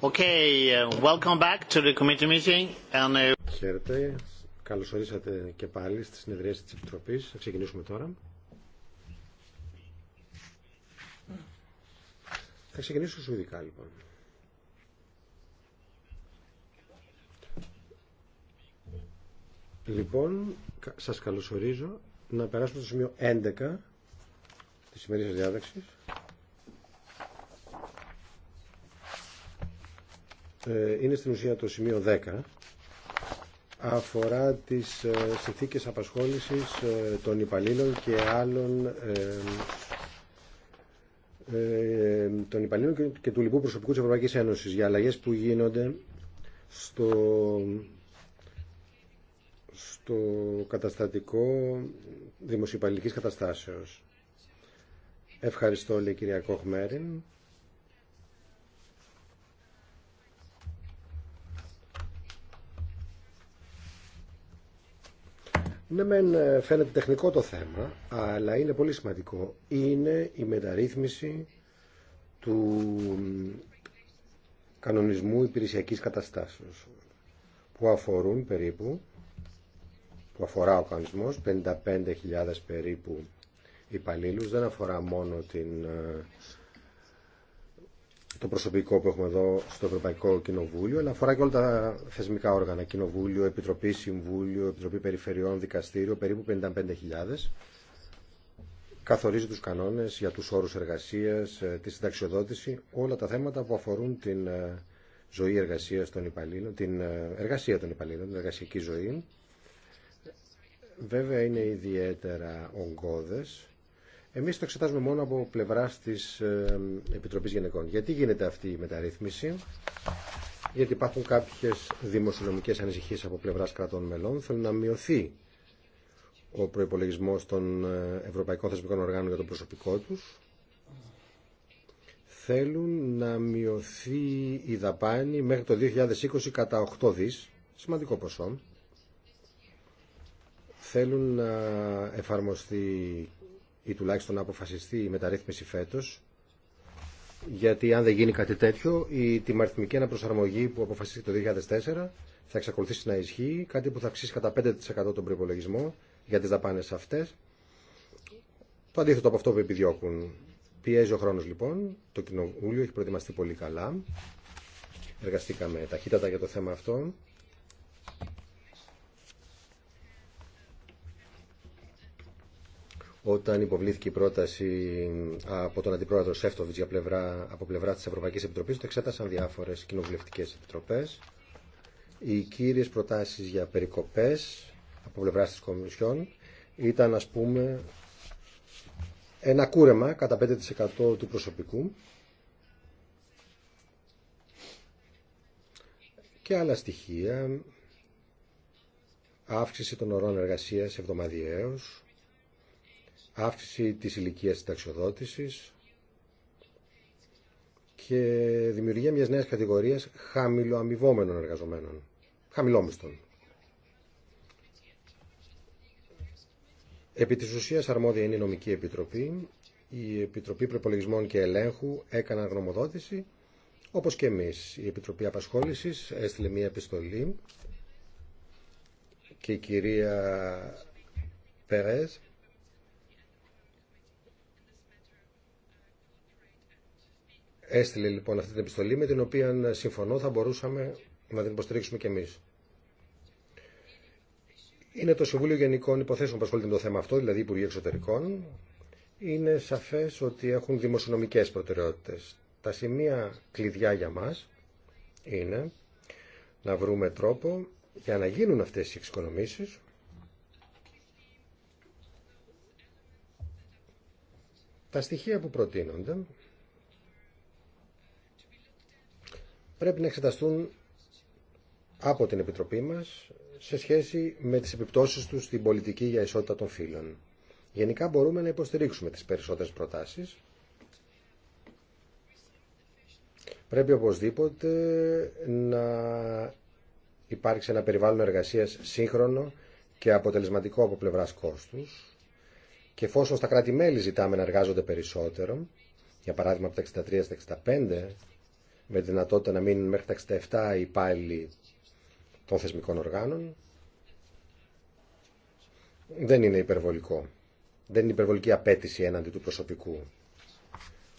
Okay, uh, welcome back uh, Χαίρετε. Καλώς ορίσατε και πάλι στη συνεδρία της Επιτροπής. Θα ξεκινήσουμε τώρα. Θα ξεκινήσω σου λοιπόν. Λοιπόν, σας καλωσορίζω να περάσουμε στο σημείο 11 της σημερινής διάταξης. Ε, είναι στην ουσία το σημείο 10 αφορά τις ε, συνθήκες απασχόλησης ε, των υπαλλήλων και άλλων των υπαλλήλων και του λοιπού προσωπικού της Ευρωπαϊκής Ένωσης για αλλαγές που γίνονται στο, στο καταστατικό δημοσιοπαλληλικής καταστάσεως. Ευχαριστώ, λέει κυρία Κοχμέριν. Ναι, μεν ε, φαίνεται τεχνικό το θέμα, αλλά είναι πολύ σημαντικό. Είναι η μεταρρύθμιση του κανονισμού υπηρεσιακής καταστάσεως που αφορούν περίπου που αφορά ο κανονισμός 55.000 περίπου υπαλλήλους δεν αφορά μόνο την ε, το προσωπικό που έχουμε εδώ στο Ευρωπαϊκό Κοινοβούλιο, αλλά αφορά και όλα τα θεσμικά όργανα. Κοινοβούλιο, Επιτροπή Συμβούλιο, Επιτροπή Περιφερειών, Δικαστήριο, περίπου 55.000. Καθορίζει τους κανόνες για τους όρους εργασίας, ε, τη συνταξιοδότηση, όλα τα θέματα που αφορούν την ε, ζωή εργασία των υπαλλήλων, την ε, εργασία των υπαλλήλων, την εργασιακή ζωή. Βέβαια είναι ιδιαίτερα ογκώδες εμείς το εξετάζουμε μόνο από πλευράς της ε, Επιτροπής Γυναικών. Γιατί γίνεται αυτή η μεταρρύθμιση, γιατί υπάρχουν κάποιες δημοσιονομικές ανησυχίες από πλευράς κρατών μελών, θέλουν να μειωθεί ο προϋπολογισμός των ε, Ευρωπαϊκών Θεσμικών Οργάνων για το προσωπικό τους, θέλουν να μειωθεί η δαπάνη μέχρι το 2020 κατά 8 δις, σημαντικό ποσό, θέλουν να εφαρμοστεί ή τουλάχιστον να αποφασιστεί η μεταρρύθμιση φέτος, γιατί αν δεν γίνει κάτι τέτοιο, η τιμαριθμική αναπροσαρμογή που αποφασίστηκε το 2004 θα εξακολουθήσει να ισχύει, κάτι που θα αυξήσει κατά 5% τον προπολογισμό για τις δαπάνε αυτές. Το αντίθετο από αυτό που επιδιώκουν. Πιέζει ο χρόνο λοιπόν, το Κοινοβούλιο έχει προετοιμαστεί πολύ καλά, εργαστήκαμε ταχύτατα για το θέμα αυτό όταν υποβλήθηκε η πρόταση από τον αντιπρόεδρο Σεύτοβιτ για πλευρά, από πλευρά τη Ευρωπαϊκή Επιτροπή, το εξέτασαν διάφορε κοινοβουλευτικέ επιτροπέ. Οι κύριε προτάσει για περικοπέ από πλευρά τη Κομισιόν ήταν, α πούμε, ένα κούρεμα κατά 5% του προσωπικού και άλλα στοιχεία αύξηση των ωρών εργασίας εβδομαδιαίως αύξηση της ηλικία της ταξιοδότησης και δημιουργία μιας νέας κατηγορίας χαμηλοαμοιβόμενων εργαζομένων, χαμηλόμισθων. Επί της ουσίας αρμόδια είναι η Νομική Επιτροπή. Η Επιτροπή Προπολογισμών και Ελέγχου έκανε γνωμοδότηση, όπως και εμείς. Η Επιτροπή Απασχόλησης έστειλε μία επιστολή και η κυρία Περές Έστειλε λοιπόν αυτή την επιστολή με την οποία ε, συμφωνώ θα μπορούσαμε να την υποστηρίξουμε κι εμείς. Είναι το Συμβούλιο Γενικών Υποθέσεων που ασχολείται με το θέμα αυτό, δηλαδή Υπουργοί Εξωτερικών. Είναι σαφές ότι έχουν δημοσιονομικές προτεραιότητες. Τα σημεία κλειδιά για μας είναι να βρούμε τρόπο για να γίνουν αυτές οι εξοικονομήσεις τα στοιχεία που προτείνονται πρέπει να εξεταστούν από την Επιτροπή μας σε σχέση με τις επιπτώσεις τους στην πολιτική για ισότητα των φύλων. Γενικά μπορούμε να υποστηρίξουμε τις περισσότερες προτάσεις. Πρέπει οπωσδήποτε να υπάρξει ένα περιβάλλον εργασίας σύγχρονο και αποτελεσματικό από πλευράς κόστους και εφόσον στα κράτη-μέλη ζητάμε να εργάζονται περισσότερο, για παράδειγμα από τα 63 στα 65 με δυνατότητα να μείνουν μέχρι τα 67 υπάλληλοι των θεσμικών οργάνων δεν είναι υπερβολικό. Δεν είναι υπερβολική απέτηση έναντι του προσωπικού.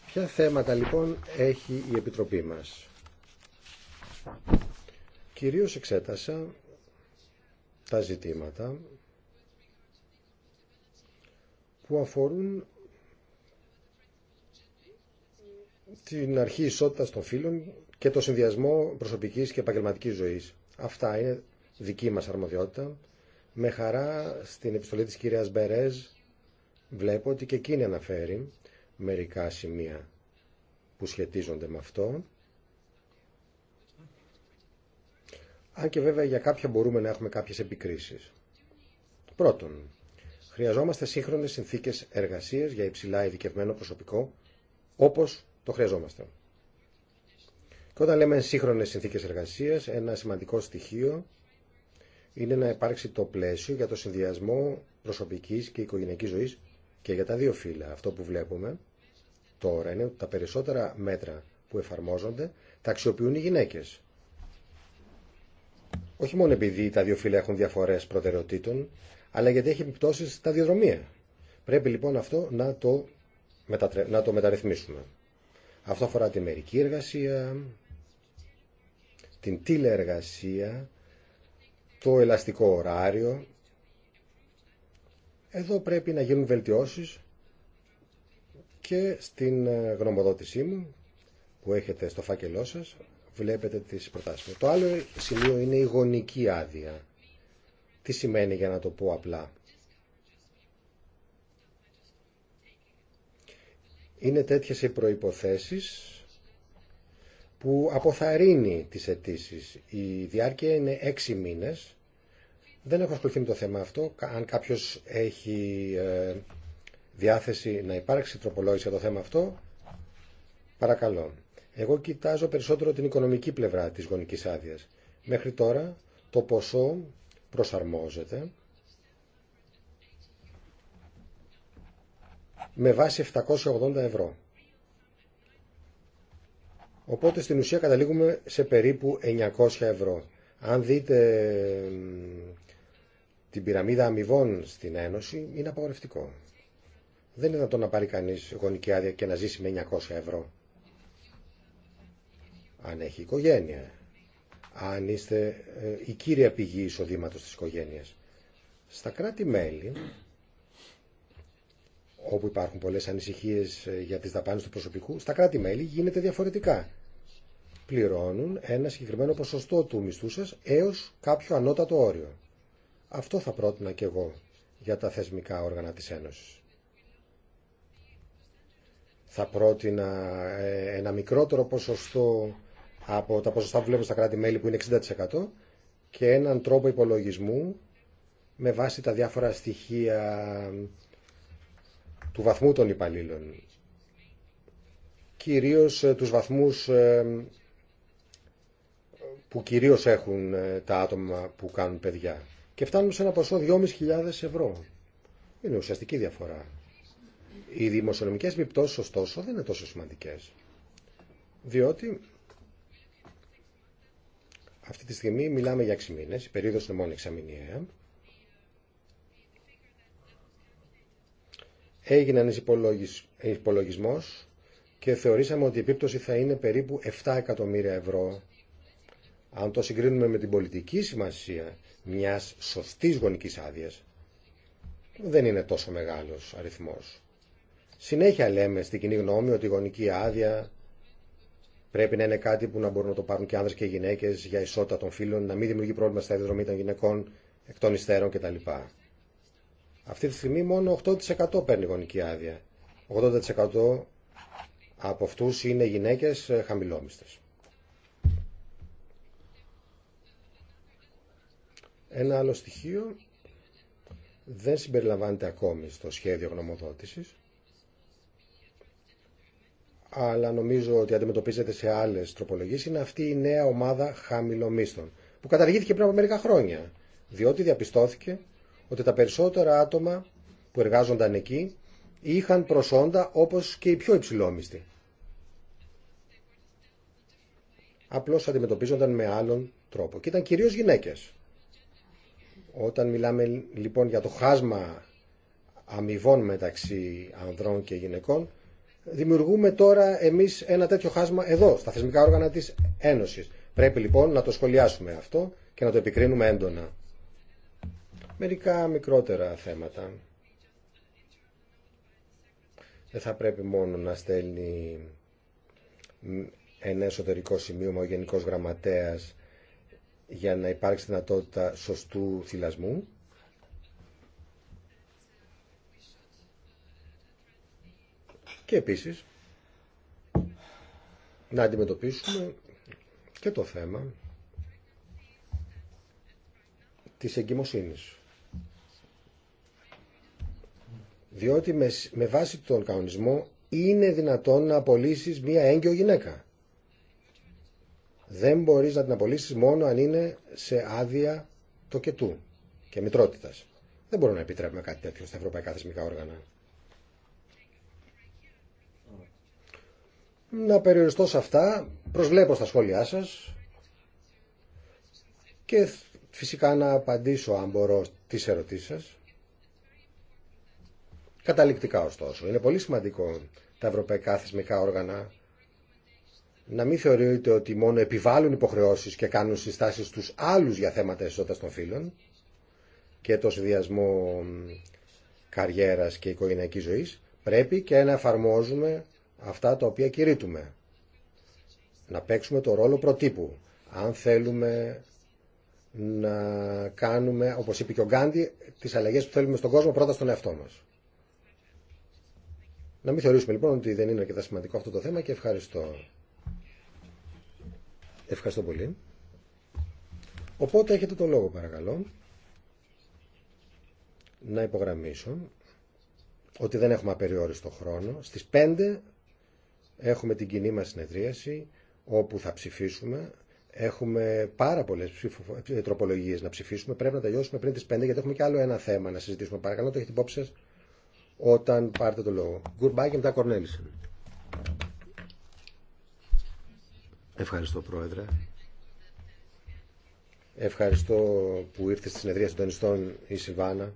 Ποια θέματα λοιπόν έχει η Επιτροπή μας. Κυρίως εξέτασα τα ζητήματα που αφορούν την αρχή ισότητα των φύλων και το συνδυασμό προσωπικής και επαγγελματική ζωής. Αυτά είναι δική μας αρμοδιότητα. Με χαρά στην επιστολή της κυρίας Μπερέζ βλέπω ότι και εκείνη αναφέρει μερικά σημεία που σχετίζονται με αυτό. Αν και βέβαια για κάποια μπορούμε να έχουμε κάποιες επικρίσεις. Πρώτον, χρειαζόμαστε σύγχρονες συνθήκες εργασίας για υψηλά ειδικευμένο προσωπικό, όπως το χρειαζόμαστε. Και όταν λέμε σύγχρονε συνθήκε εργασία, ένα σημαντικό στοιχείο είναι να υπάρξει το πλαίσιο για το συνδυασμό προσωπική και οικογενειακή ζωή και για τα δύο φύλλα. Αυτό που βλέπουμε τώρα είναι ότι τα περισσότερα μέτρα που εφαρμόζονται τα αξιοποιούν οι γυναίκε. Όχι μόνο επειδή τα δύο φύλλα έχουν διαφορέ προτεραιοτήτων, αλλά γιατί έχει επιπτώσει στα διαδρομία. Πρέπει λοιπόν αυτό να το, μετατρε... να το μεταρρυθμίσουμε. Αυτό αφορά τη μερική εργασία, την τηλεεργασία, το ελαστικό ωράριο. Εδώ πρέπει να γίνουν βελτιώσεις και στην ε, γνωμοδότησή μου που έχετε στο φάκελό σας βλέπετε τις προτάσεις μου. Το άλλο σημείο είναι η γονική άδεια. Τι σημαίνει για να το πω απλά. Είναι τέτοιες οι προϋποθέσεις που αποθαρρύνει τις αιτήσει. Η διάρκεια είναι έξι μήνες. Δεν έχω ασχοληθεί με το θέμα αυτό. Αν κάποιος έχει ε, διάθεση να υπάρξει τροπολόγηση για το θέμα αυτό, παρακαλώ. Εγώ κοιτάζω περισσότερο την οικονομική πλευρά της γονικής άδειας. Μέχρι τώρα το ποσό προσαρμόζεται με βάση 780 ευρώ. Οπότε στην ουσία καταλήγουμε σε περίπου 900 ευρώ. Αν δείτε την πυραμίδα αμοιβών στην Ένωση, είναι απαγορευτικό. Δεν είναι δυνατόν να πάρει κανείς γονική άδεια και να ζήσει με 900 ευρώ. Αν έχει οικογένεια, αν είστε ε, η κύρια πηγή εισοδήματος της οικογένειας. Στα κράτη-μέλη όπου υπάρχουν πολλές ανησυχίες ε, για τις δαπάνες του προσωπικού, στα κράτη-μέλη γίνεται διαφορετικά. Πληρώνουν ένα συγκεκριμένο ποσοστό του μισθού σας έως κάποιο ανώτατο όριο. Αυτό θα πρότεινα και εγώ για τα θεσμικά όργανα της Ένωσης. Θα πρότεινα ε, ένα μικρότερο ποσοστό από τα ποσοστά που βλέπουμε στα κράτη-μέλη που είναι 60% και έναν τρόπο υπολογισμού με βάση τα διάφορα στοιχεία του βαθμού των υπαλλήλων. Κυρίως ε, τους βαθμούς ε, που κυρίως έχουν ε, τα άτομα που κάνουν παιδιά. Και φτάνουν σε ένα ποσό 2.500 ευρώ. Είναι ουσιαστική διαφορά. Οι δημοσιονομικές επιπτώσεις ωστόσο δεν είναι τόσο σημαντικές. Διότι αυτή τη στιγμή μιλάμε για 6 μήνες, η περίοδος είναι μόνο εξαμηνιαία Έγιναν υπολογισμός και θεωρήσαμε ότι η επίπτωση θα είναι περίπου 7 εκατομμύρια ευρώ. Αν το συγκρίνουμε με την πολιτική σημασία μιας σωστής γονικής άδειας, δεν είναι τόσο μεγάλος αριθμός. Συνέχεια λέμε στην κοινή γνώμη ότι η γονική άδεια πρέπει να είναι κάτι που να μπορούν να το πάρουν και άνδρες και γυναίκες για ισότητα των φίλων, να μην δημιουργεί πρόβλημα στα υδρομή των γυναικών εκ των υστέρων κτλ. Αυτή τη στιγμή μόνο 8% παίρνει γονική άδεια. 80% από αυτούς είναι γυναίκες ε, χαμηλόμιστες. Ένα άλλο στοιχείο δεν συμπεριλαμβάνεται ακόμη στο σχέδιο γνωμοδότησης, αλλά νομίζω ότι αντιμετωπίζεται σε άλλες τροπολογίες, είναι αυτή η νέα ομάδα χαμηλομίστων, που καταργήθηκε πριν από μερικά χρόνια, διότι διαπιστώθηκε ότι τα περισσότερα άτομα που εργάζονταν εκεί είχαν προσόντα όπως και οι πιο υψηλόμιστοι. Απλώς αντιμετωπίζονταν με άλλον τρόπο. Και ήταν κυρίως γυναίκες. Όταν μιλάμε λοιπόν για το χάσμα αμοιβών μεταξύ ανδρών και γυναικών, δημιουργούμε τώρα εμείς ένα τέτοιο χάσμα εδώ, στα θεσμικά όργανα της Ένωσης. Πρέπει λοιπόν να το σχολιάσουμε αυτό και να το επικρίνουμε έντονα. Μερικά μικρότερα θέματα. Δεν θα πρέπει μόνο να στέλνει ένα εσωτερικό σημείωμα ο Γενικός Γραμματέας για να υπάρξει δυνατότητα σωστού θυλασμού. Και επίσης να αντιμετωπίσουμε και το θέμα της εγκυμοσύνης. διότι με, βάση τον κανονισμό είναι δυνατόν να απολύσεις μία έγκυο γυναίκα. Δεν μπορείς να την απολύσεις μόνο αν είναι σε άδεια τοκετού και μητρότητας. Δεν μπορούμε να επιτρέπουμε κάτι τέτοιο στα ευρωπαϊκά θεσμικά όργανα. Να περιοριστώ σε αυτά, προσβλέπω στα σχόλιά σας και φυσικά να απαντήσω αν μπορώ τις ερωτήσεις σας. Καταληκτικά ωστόσο, είναι πολύ σημαντικό τα ευρωπαϊκά θεσμικά όργανα να μην θεωρείται ότι μόνο επιβάλλουν υποχρεώσεις και κάνουν συστάσεις στους άλλους για θέματα ισότητας των φύλων και το συνδυασμό καριέρας και οικογενειακής ζωής, πρέπει και να εφαρμόζουμε αυτά τα οποία κηρύττουμε. Να παίξουμε το ρόλο προτύπου. Αν θέλουμε να κάνουμε, όπως είπε και ο Γκάντι, τις αλλαγές που θέλουμε στον κόσμο πρώτα στον εαυτό μας. Να μην θεωρήσουμε λοιπόν ότι δεν είναι αρκετά σημαντικό αυτό το θέμα και ευχαριστώ. Ευχαριστώ πολύ. Οπότε έχετε το λόγο παρακαλώ να υπογραμμίσω ότι δεν έχουμε απεριόριστο χρόνο. Στις 5 έχουμε την κοινή μας συνεδρίαση όπου θα ψηφίσουμε. Έχουμε πάρα πολλέ ε, τροπολογίε να ψηφίσουμε. Πρέπει να τελειώσουμε πριν τι 5 γιατί έχουμε και άλλο ένα θέμα να συζητήσουμε. Παρακαλώ, το έχετε υπόψη σας όταν πάρετε το λόγο. και μετά Ευχαριστώ Πρόεδρε. Ευχαριστώ που ήρθε στη συνεδρία των τονιστών η Σιβάνα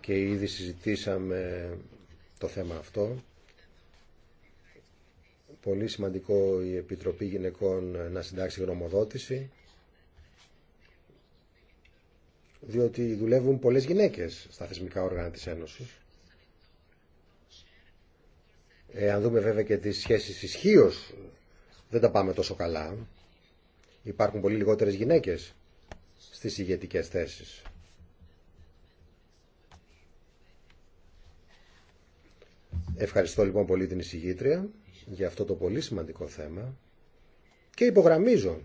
και ήδη συζητήσαμε το θέμα αυτό. Πολύ σημαντικό η Επιτροπή Γυναικών να συντάξει γνωμοδότηση διότι δουλεύουν πολλές γυναίκες στα θεσμικά όργανα της Ένωσης ε, αν δούμε βέβαια και τις σχέσεις ισχύω, δεν τα πάμε τόσο καλά. Υπάρχουν πολύ λιγότερες γυναίκες στις ηγετικές θέσεις. Ευχαριστώ λοιπόν πολύ την εισηγήτρια για αυτό το πολύ σημαντικό θέμα και υπογραμμίζω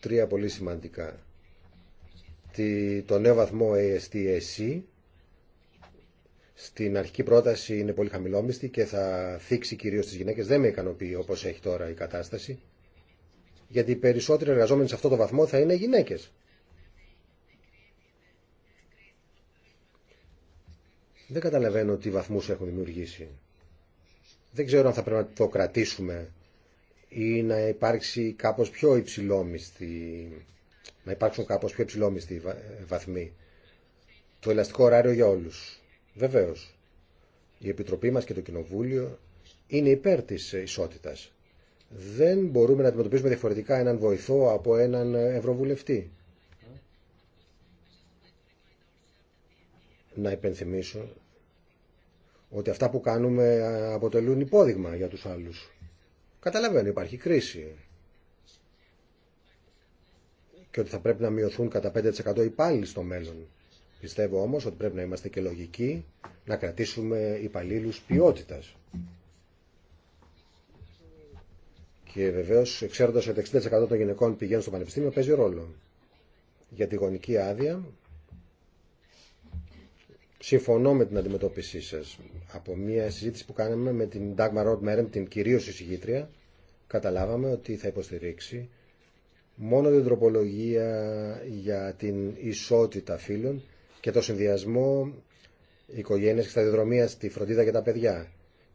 τρία πολύ σημαντικά. το νέο βαθμό ASTSC στην αρχική πρόταση είναι πολύ χαμηλόμιστη και θα θίξει κυρίως τις γυναίκες. Δεν με ικανοποιεί όπως έχει τώρα η κατάσταση. Γιατί οι περισσότεροι εργαζόμενοι σε αυτό το βαθμό θα είναι γυναίκες. Δεν καταλαβαίνω τι βαθμούς έχουν δημιουργήσει. Δεν ξέρω αν θα πρέπει να το κρατήσουμε ή να υπάρξει κάπως πιο υψηλόμιστη, να υπάρξουν κάπως πιο υψηλόμιστοι ε, βαθμοί. Το ελαστικό ωράριο για όλους. Βεβαίω, η Επιτροπή μας και το Κοινοβούλιο είναι υπέρ της ισότητας. Δεν μπορούμε να αντιμετωπίσουμε διαφορετικά έναν βοηθό από έναν ευρωβουλευτή. Να υπενθυμίσω ότι αυτά που κάνουμε αποτελούν υπόδειγμα για τους άλλους. Καταλαβαίνω, υπάρχει κρίση. Και ότι θα πρέπει να μειωθούν κατά 5% οι πάλι στο μέλλον. Πιστεύω όμως ότι πρέπει να είμαστε και λογικοί, να κρατήσουμε υπαλλήλου ποιότητας. Και βεβαίω ξέροντας ότι 60% των γυναικών πηγαίνουν στο πανεπιστήμιο παίζει ρόλο. Για τη γονική άδεια συμφωνώ με την αντιμετώπιση σας. Από μια συζήτηση που κάναμε με την Dagmar Rod Merem, την κυρίω εισηγήτρια, καταλάβαμε ότι θα υποστηρίξει μόνο την τροπολογία για την ισότητα φίλων και το συνδυασμό οικογένειας και σταδιοδρομία στη φροντίδα για τα παιδιά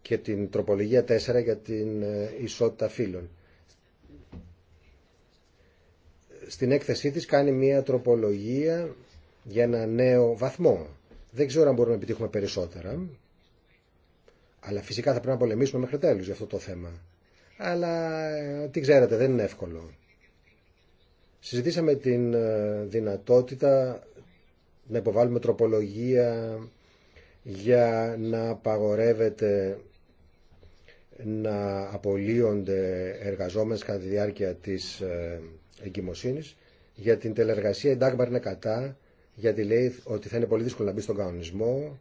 και την τροπολογία 4 για την ε, ισότητα φύλων. Στην έκθεσή της κάνει μια τροπολογία για ένα νέο βαθμό. Δεν ξέρω αν μπορούμε να επιτύχουμε περισσότερα, αλλά φυσικά θα πρέπει να πολεμήσουμε μέχρι τέλους για αυτό το θέμα. Αλλά ε, τι ξέρετε, δεν είναι εύκολο. Συζητήσαμε την ε, δυνατότητα να υποβάλουμε τροπολογία για να απαγορεύεται να απολύονται εργαζόμενες κατά τη διάρκεια της ε, εγκυμοσύνης. Για την τελεργασία η Ντάγμαρ είναι κατά, γιατί λέει ότι θα είναι πολύ δύσκολο να μπει στον κανονισμό,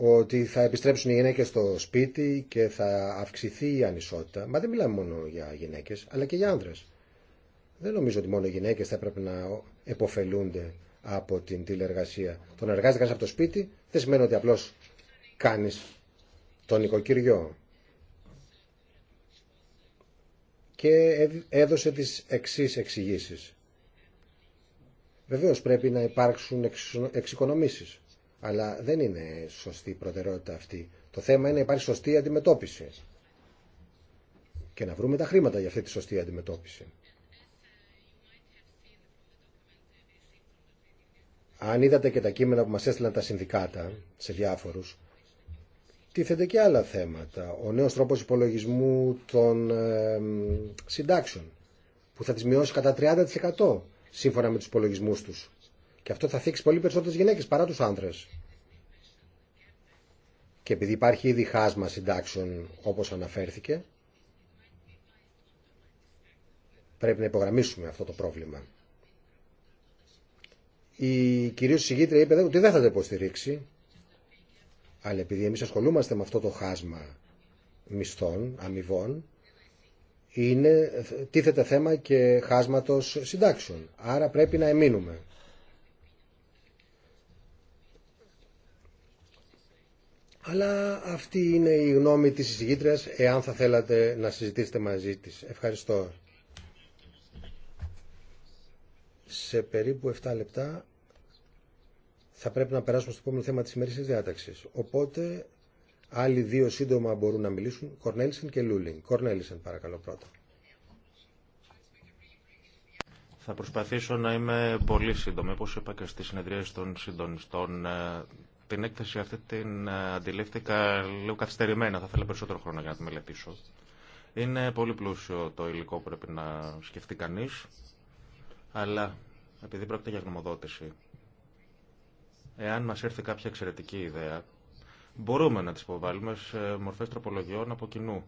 ότι θα επιστρέψουν οι γυναίκες στο σπίτι και θα αυξηθεί η ανισότητα. Μα δεν μιλάμε μόνο για γυναίκες, αλλά και για άνδρες. Δεν νομίζω ότι μόνο οι γυναίκες θα έπρεπε να εποφελούνται από την τηλεργασία. Το να εργάζεται κανείς από το σπίτι δεν σημαίνει ότι απλώς κάνεις τον οικοκυριό Και έδωσε τις εξής εξηγήσει. Βεβαίως πρέπει να υπάρξουν εξοικονομήσεις, αλλά δεν είναι σωστή η προτεραιότητα αυτή. Το θέμα είναι να υπάρχει σωστή αντιμετώπιση και να βρούμε τα χρήματα για αυτή τη σωστή αντιμετώπιση. Αν είδατε και τα κείμενα που μας έστειλαν τα συνδικάτα σε διάφορους, τίθεται και άλλα θέματα. Ο νέος τρόπος υπολογισμού των ε, συντάξεων, που θα τις μειώσει κατά 30% σύμφωνα με τους υπολογισμούς τους. Και αυτό θα θίξει πολύ περισσότερες γυναίκες παρά τους άνδρες. Και επειδή υπάρχει ήδη χάσμα συντάξεων όπως αναφέρθηκε, πρέπει να υπογραμμίσουμε αυτό το πρόβλημα η κυρία συγγήτρια είπε ότι δεν θα την υποστηρίξει, αλλά επειδή εμείς ασχολούμαστε με αυτό το χάσμα μισθών, αμοιβών, είναι, τίθεται θέμα και χάσματος συντάξεων. Άρα πρέπει να εμείνουμε. Αλλά αυτή είναι η γνώμη της συζητήτριας, εάν θα θέλατε να συζητήσετε μαζί της. Ευχαριστώ. σε περίπου 7 λεπτά θα πρέπει να περάσουμε στο επόμενο θέμα της σημερινής διάταξης. Οπότε άλλοι δύο σύντομα μπορούν να μιλήσουν, Κορνέλισεν και Λούλινγκ. Κορνέλισεν παρακαλώ πρώτα. Θα προσπαθήσω να είμαι πολύ σύντομη. Όπως είπα και στις συνεδρίες των συντονιστών, ε, την έκθεση αυτή την ε, αντιλήφθηκα λίγο καθυστερημένα. Θα ήθελα περισσότερο χρόνο για να τη μελετήσω. Είναι πολύ πλούσιο το υλικό που πρέπει να σκεφτεί κανείς. Αλλά επειδή πρόκειται για γνωμοδότηση, εάν μας έρθει κάποια εξαιρετική ιδέα, μπορούμε να τις υποβάλουμε σε μορφές τροπολογιών από κοινού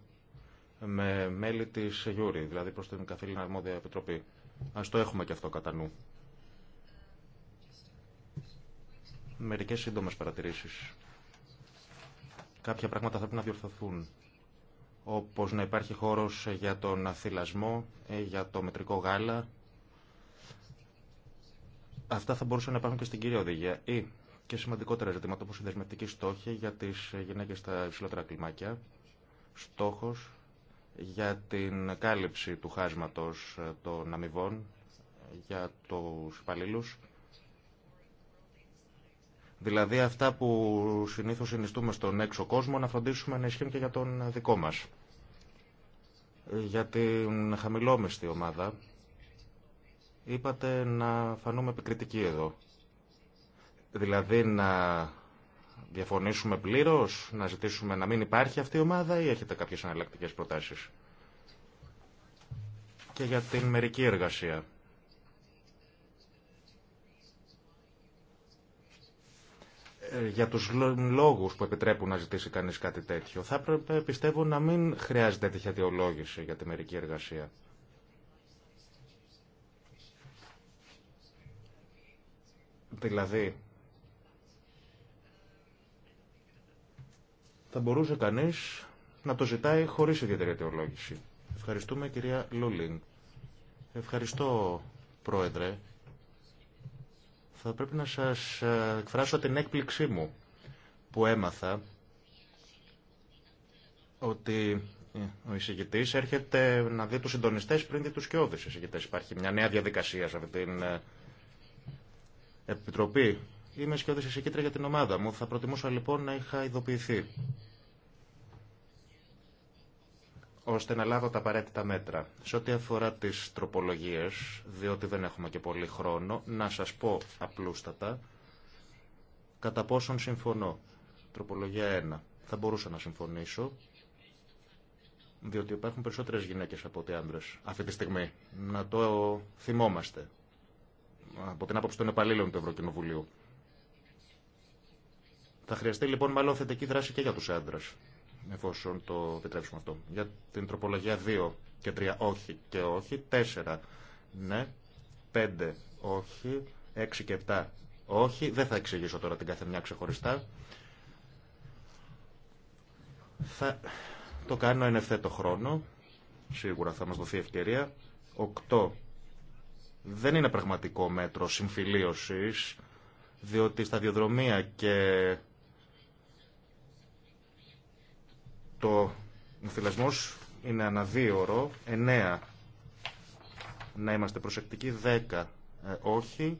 με μέλη της Γιούρη, δηλαδή προς την Καθήλυνα Αρμόδια Επιτροπή. Ας το έχουμε και αυτό κατά νου. Μερικές σύντομες παρατηρήσεις. Κάποια πράγματα θα πρέπει να διορθωθούν, όπως να υπάρχει χώρος για τον αθυλασμό, ε, για το μετρικό γάλα, Αυτά θα μπορούσαν να υπάρχουν και στην κυρία οδηγία ή και σημαντικότερα ζητήματα οπω στόχη για τι γυναίκε στα υψηλότερα κλιμάκια, στόχος για την κάλυψη του χάσματος ε, των αμοιβών ε, για του υπαλλήλου. Δηλαδή αυτά που συνήθως συνιστούμε στον έξω κόσμο να φροντίσουμε να ισχύουν και για τον δικό μας. Ε, για την χαμηλόμεστη ομάδα είπατε να φανούμε επικριτικοί εδώ. Δηλαδή να διαφωνήσουμε πλήρως, να ζητήσουμε να μην υπάρχει αυτή η ομάδα ή έχετε κάποιες αναλλακτικέ προτάσεις. Και για την μερική εργασία. Ε, για τους λόγους που επιτρέπουν να ζητήσει κανείς κάτι τέτοιο. Θα έπρεπε, πιστεύω, να μην χρειάζεται τέτοια διολόγηση για τη μερική εργασία. Δηλαδή, θα μπορούσε κανείς να το ζητάει χωρίς ιδιαίτερη αιτιολόγηση. Ευχαριστούμε κυρία Λούλιν. Ευχαριστώ πρόεδρε. Θα πρέπει να σας ε, εκφράσω την έκπληξή μου που έμαθα ότι ε, ο εισηγητής έρχεται να δει τους συντονιστές πριν δει τους σκιώδει εισηγητές. Υπάρχει μια νέα διαδικασία σε αυτή την ε, Επιτροπή. Είμαι σκιώδης εισηγήτρια για την ομάδα μου. Θα προτιμούσα λοιπόν να είχα ειδοποιηθεί ώστε να λάβω τα απαραίτητα μέτρα. Σε ό,τι αφορά τις τροπολογίες, διότι δεν έχουμε και πολύ χρόνο, να σας πω απλούστατα κατά πόσον συμφωνώ. Τροπολογία 1. Θα μπορούσα να συμφωνήσω, διότι υπάρχουν περισσότερες γυναίκες από ότι άντρες αυτή τη στιγμή. Να το θυμόμαστε από την άποψη των επαλλήλων του Ευρωκοινοβουλίου. Θα χρειαστεί λοιπόν μάλλον θετική δράση και για του άντρε. εφόσον το επιτρέψουμε αυτό. Για την τροπολογία 2 και 3 όχι και όχι, 4 ναι, 5 όχι, 6 και 7 όχι. Δεν θα εξηγήσω τώρα την καθεμιά ξεχωριστά. Θα το κάνω εν ευθέτω χρόνο. Σίγουρα θα μας δοθεί ευκαιρία. 8 δεν είναι πραγματικό μέτρο συμφιλίωσης, διότι διοδρομία και το θυλασμός είναι ανά δύο εννέα να είμαστε προσεκτικοί, δέκα ε, όχι,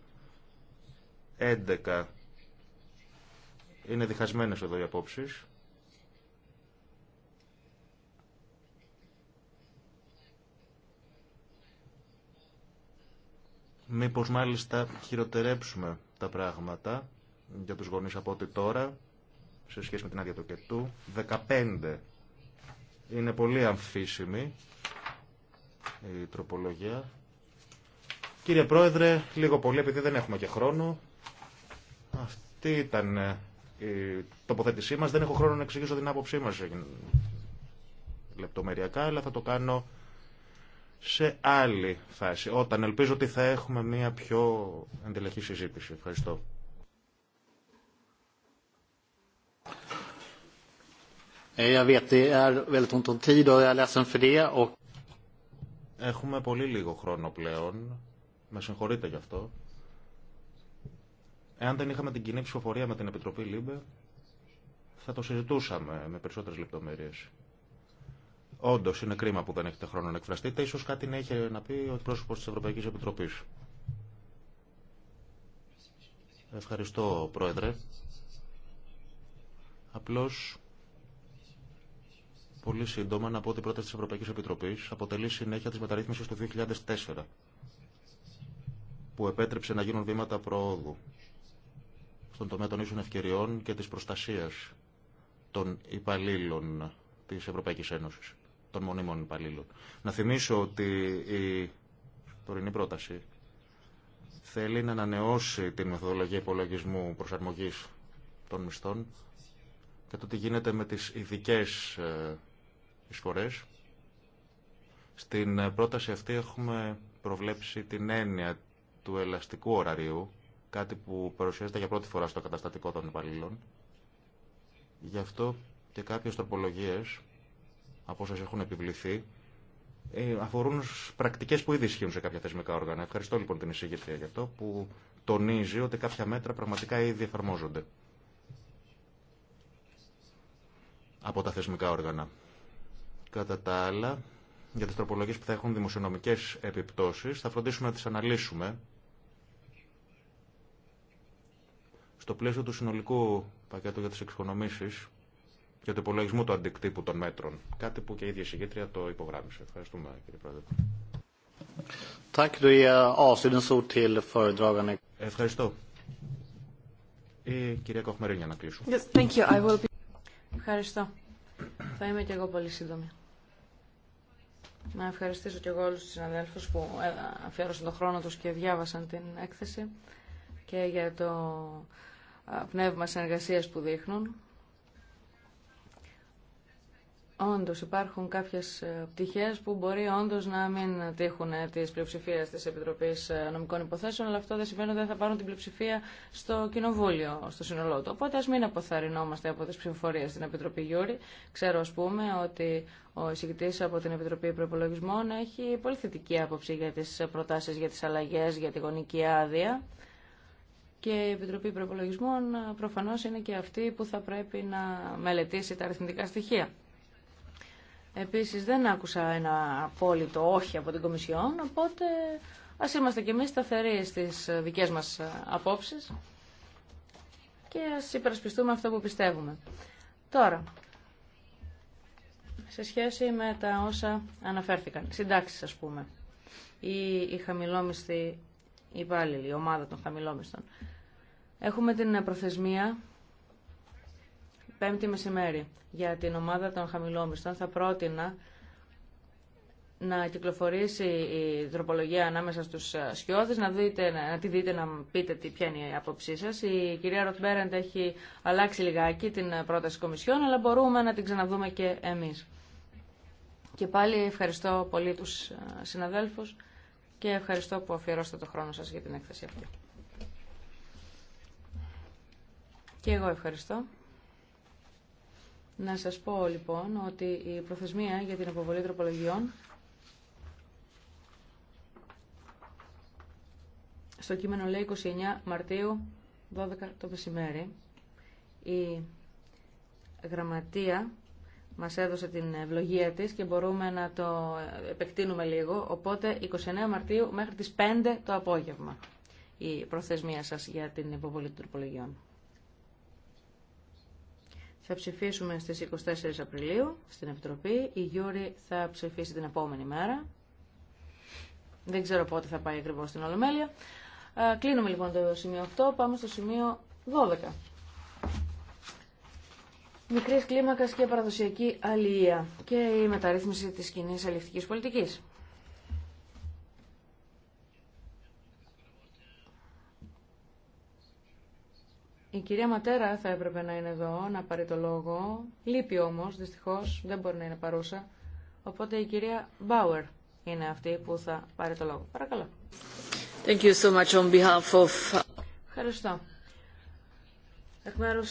έντεκα είναι διχασμένες εδώ οι απόψεις. Μήπως μάλιστα χειροτερέψουμε τα πράγματα για τους γονείς από ό,τι τώρα, σε σχέση με την άδεια του κετού. 15 είναι πολύ αμφίσιμη η τροπολογία. Κύριε Πρόεδρε, λίγο πολύ, επειδή δεν έχουμε και χρόνο, αυτή ήταν ε, η τοποθέτησή μας. Δεν έχω χρόνο να εξηγήσω την άποψή μας ε, λεπτομεριακά, αλλά θα το κάνω σε άλλη φάση, όταν ελπίζω ότι θα έχουμε μια πιο εντελεχή συζήτηση. Ευχαριστώ. Έχουμε πολύ λίγο χρόνο πλέον. Με συγχωρείτε γι' αυτό. Εάν δεν είχαμε την κοινή ψηφοφορία με την Επιτροπή ΛΥΜΠΕ, θα το συζητούσαμε με περισσότερες λεπτομέρειες. Όντω, είναι κρίμα που δεν έχετε χρόνο να εκφραστείτε. σω κάτι να έχει να πει ο εκπρόσωπο τη Ευρωπαϊκή Επιτροπή. Ευχαριστώ, Πρόεδρε. Απλώ, πολύ σύντομα να πω ότι η πρόταση τη Ευρωπαϊκή Επιτροπή αποτελεί συνέχεια τη μεταρρύθμιση του 2004 που επέτρεψε να γίνουν βήματα προόδου στον τομέα των ίσων ευκαιριών και της προστασίας των υπαλλήλων της Ευρωπαϊκής Ένωσης των μονίμων υπαλλήλων. Να θυμίσω ότι η τωρινή πρόταση θέλει να ανανεώσει την μεθοδολογία υπολογισμού προσαρμογής των μισθών και το τι γίνεται με τις ειδικέ ε, εισφορές. Στην ε, πρόταση αυτή έχουμε προβλέψει την έννοια του ελαστικού ωραρίου, κάτι που παρουσιάζεται για πρώτη φορά στο καταστατικό των υπαλλήλων. Γι' αυτό και κάποιες τροπολογίες από όσες έχουν επιβληθεί ε, αφορούν πρακτικέ που ήδη ισχύουν σε κάποια θεσμικά όργανα. Ευχαριστώ λοιπόν την εισηγήτρια για αυτό που τονίζει ότι κάποια μέτρα πραγματικά ήδη εφαρμόζονται από τα θεσμικά όργανα. Κατά τα άλλα, για τι τροπολογίε που θα έχουν δημοσιονομικές επιπτώσεις, θα φροντίσουμε να τις αναλύσουμε στο πλαίσιο του συνολικού πακέτου για τι εξοικονομήσει για το υπολογισμό του αντικτύπου των μέτρων. Κάτι που και η ίδια συγκέντρια το υπογράμμισε. Ευχαριστούμε κύριε Πρόεδρε. Eh, Ευχαριστώ. Η ε, κυρία Κοχμερή για να κλείσω. Ευχαριστώ. Θα είμαι και εγώ πολύ σύντομη. Να ευχαριστήσω και εγώ όλους τους συναδέλφους που ε, αφιέρωσαν τον χρόνο τους και διάβασαν την έκθεση και για το ε, πνεύμα συνεργασίας που δείχνουν. Όντω υπάρχουν κάποιε πτυχέ που μπορεί όντω να μην τύχουν ε, τη πλειοψηφία τη Επιτροπή ε, Νομικών Υποθέσεων, αλλά αυτό δεν σημαίνει ότι δεν θα πάρουν την πλειοψηφία στο Κοινοβούλιο, στο σύνολό του. Οπότε α μην αποθαρρυνόμαστε από τι ψηφοφορίε στην Επιτροπή Γιούρη. Ξέρω, α πούμε, ότι ο εισηγητή από την Επιτροπή Προπολογισμών έχει πολύ θετική άποψη για τι προτάσει, για τι αλλαγέ, για τη γονική άδεια. Και η Επιτροπή Προπολογισμών ε, προφανώ είναι και αυτή που θα πρέπει να μελετήσει τα αριθμητικά στοιχεία. Επίσης δεν άκουσα ένα απόλυτο όχι από την Κομισιόν, οπότε ας είμαστε κι εμείς σταθεροί στις δικές μας ε, απόψεις και ας υπερασπιστούμε αυτό που πιστεύουμε. Τώρα, σε σχέση με τα όσα αναφέρθηκαν, συντάξεις ας πούμε, ή η χαμηλόμισθη υπάλληλη, η ομάδα των χαμηλόμισθων, έχουμε την προθεσμία πέμπτη μεσημέρι για την ομάδα των χαμηλόμισθων θα πρότεινα να κυκλοφορήσει η τροπολογία ανάμεσα στους ε, σκιώδες, να, δείτε, να τη δείτε, να πείτε τι, ποια είναι η άποψή σας. Η κυρία Ροτμπέρεντ έχει αλλάξει λιγάκι την ε, πρόταση κομισιόν, αλλά μπορούμε να την ξαναδούμε και εμείς. Και πάλι ευχαριστώ πολύ τους ε, συναδέλφους και ευχαριστώ που αφιερώσατε το χρόνο σας για την έκθεση αυτή. Και εγώ ευχαριστώ. Να σας πω λοιπόν ότι η προθεσμία για την αποβολή τροπολογιών στο κείμενο λέει 29 Μαρτίου 12 το μεσημέρι. Η γραμματεία μας έδωσε την ευλογία της και μπορούμε να το επεκτείνουμε λίγο. Οπότε 29 Μαρτίου μέχρι τις 5 το απόγευμα η προθεσμία σας για την υποβολή των τροπολογιών. Θα ψηφίσουμε στις 24 Απριλίου στην Επιτροπή. Η Γιούρη θα ψηφίσει την επόμενη μέρα. Δεν ξέρω πότε θα πάει ακριβώς στην Ολομέλεια. κλείνουμε λοιπόν το σημείο 8. Πάμε στο σημείο 12. Μικρής κλίμακας και παραδοσιακή αλληλεία και η μεταρρύθμιση της κοινή αλληλευτικής πολιτικής. Η κυρία Ματέρα θα έπρεπε να είναι εδώ, να πάρει το λόγο. Λείπει όμως, δυστυχώς, δεν μπορεί να είναι παρούσα. Οπότε η κυρία Μπάουερ είναι αυτή που θα πάρει το λόγο. Παρακαλώ. Thank you so much on behalf of... Ευχαριστώ. Εκ μέρου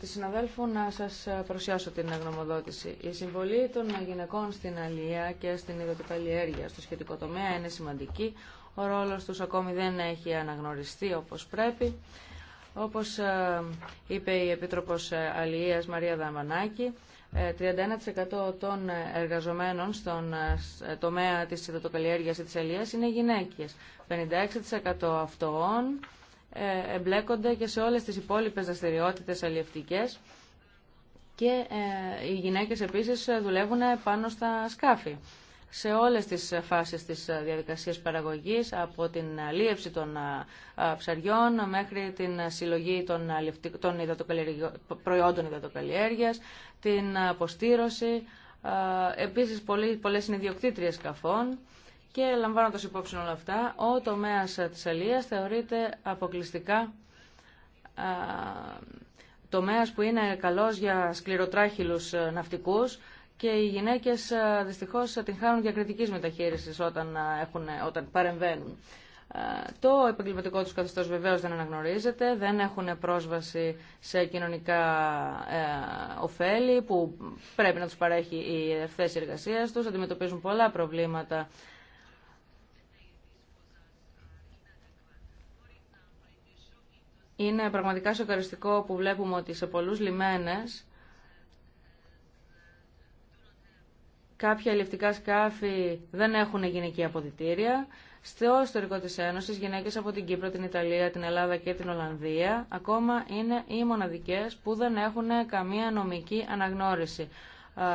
τη συναδέλφου να σα παρουσιάσω την γνωμοδότηση. Η συμβολή των γυναικών στην αλληλεία και στην υδατοκαλλιέργεια στο σχετικό τομέα είναι σημαντική. Ο ρόλο του ακόμη δεν έχει αναγνωριστεί όπω πρέπει. Όπως ε, είπε η Επίτροπος ε, Αλληλείας Μαρία Δαμανάκη, 31% ε, των εργαζομένων στον τομέα της υδατοκαλλιέργειας τη της είναι γυναίκες. 56% αυτών εμπλέκονται και σε όλες τις υπόλοιπες δραστηριότητε αλληλευτικές και οι γυναίκες επίσης δουλεύουν πάνω στα σκάφη σε όλες τις φάσεις της διαδικασίας παραγωγής, από την αλίευση των ψαριών μέχρι την συλλογή των προϊόντων υδατοκαλλιέργειας, την αποστήρωση, επίσης πολλές είναι ιδιοκτήτριες καφών και λαμβάνοντας υπόψη όλα αυτά, ο τομέας της αλίας θεωρείται αποκλειστικά τομέας που είναι καλός για σκληροτράχυλους ε, ναυτικούς, και οι γυναίκες ε, δυστυχώς την χάνουν διακριτικής μεταχείρισης όταν, ε, έχουν, ε, όταν παρεμβαίνουν. Το επαγγελματικό τους καθεστώς βεβαίως δεν αναγνωρίζεται, δεν έχουν πρόσβαση σε κοινωνικά ωφέλη που πρέπει να τους παρέχει η ευθέση εργασία τους, αντιμετωπίζουν πολλά προβλήματα Είναι πραγματικά σοκαριστικό που βλέπουμε ότι σε πολλούς λιμένες κάποια ελευτικά σκάφη δεν έχουν γυναική αποδητήρια. Στο ιστορικό της Ένωσης, γυναίκες από την Κύπρο, την Ιταλία, την Ελλάδα και την Ολλανδία ακόμα είναι οι μοναδικές που δεν έχουν καμία νομική αναγνώριση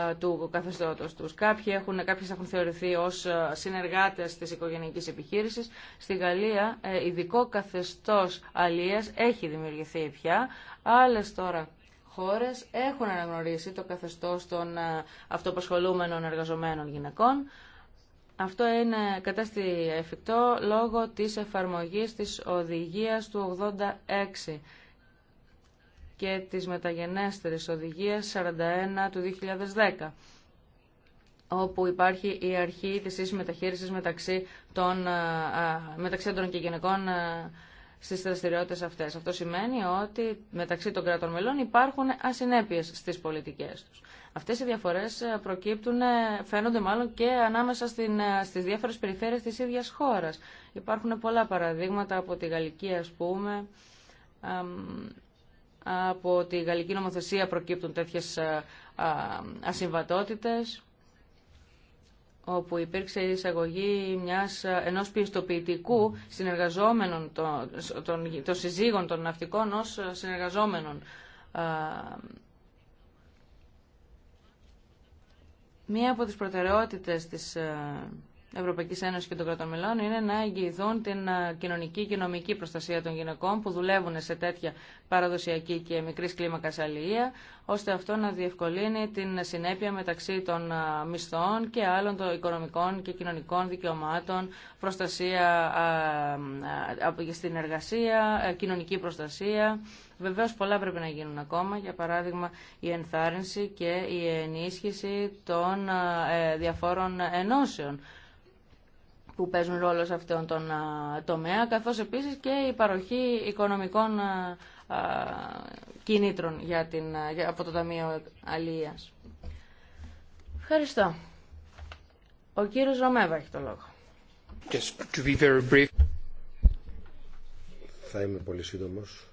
ε, του καθεστώτος τους. Κάποιοι έχουν, κάποιες έχουν θεωρηθεί ως ε, συνεργάτες της οικογενειακής επιχείρησης. Στη Γαλλία ε, ειδικό καθεστώς αλίας έχει δημιουργηθεί πια. Άλλες τώρα χώρες έχουν αναγνωρίσει το καθεστώς των ε, αυτοπασχολούμενων εργαζομένων γυναικών. Αυτό είναι κατάστη εφικτό λόγω της εφαρμογής της οδηγίας του 86 και της μεταγενέστερης οδηγίας 41 του 2010 όπου υπάρχει η αρχή της ίσης μεταχείρισης μεταξύ, των, ε, ε, μεταξύ των και γυναικών στις δραστηριότητες αυτές. Αυτό σημαίνει ότι μεταξύ των κρατών μελών υπάρχουν ασυνέπειες στις πολιτικές τους. Αυτές οι διαφορές ε, προκύπτουν, ε, φαίνονται μάλλον και ανάμεσα στην, ε, στις διάφορες περιφέρειες της ίδιας χώρας. Υπάρχουν πολλά παραδείγματα από τη Γαλλική ας πούμε, από τη Γαλλική νομοθεσία προκύπτουν τέτοιες ασυμβατότητες όπου υπήρξε η εισαγωγή μιας, ενός πιστοποιητικού συνεργαζόμενων των, των, των συζύγων των ναυτικών ως συνεργαζόμενων. Μία από τις προτεραιότητες της ε, Ευρωπαϊκή Ένωση και των κρατών μελών είναι να εγγυηθούν την κοινωνική και νομική προστασία των γυναικών που δουλεύουν σε τέτοια παραδοσιακή και μικρής κλίμακα αλληλεία, ώστε αυτό να διευκολύνει την συνέπεια μεταξύ των μισθών και άλλων των οικονομικών και κοινωνικών δικαιωμάτων, προστασία στην εργασία, κοινωνική προστασία. Βεβαίως πολλά πρέπει να γίνουν ακόμα, για παράδειγμα η ενθάρρυνση και η ενίσχυση των ε, διαφόρων ενώσεων που παίζουν ρόλο σε αυτόν τον τομέα, καθώς επίσης και η παροχή οικονομικών κινήτρων για την, από το Ταμείο Αλίας. Ευχαριστώ. Ο κύριος Ρωμέβα έχει το λόγο. Just to be very brief. Θα είμαι πολύ σύντομος.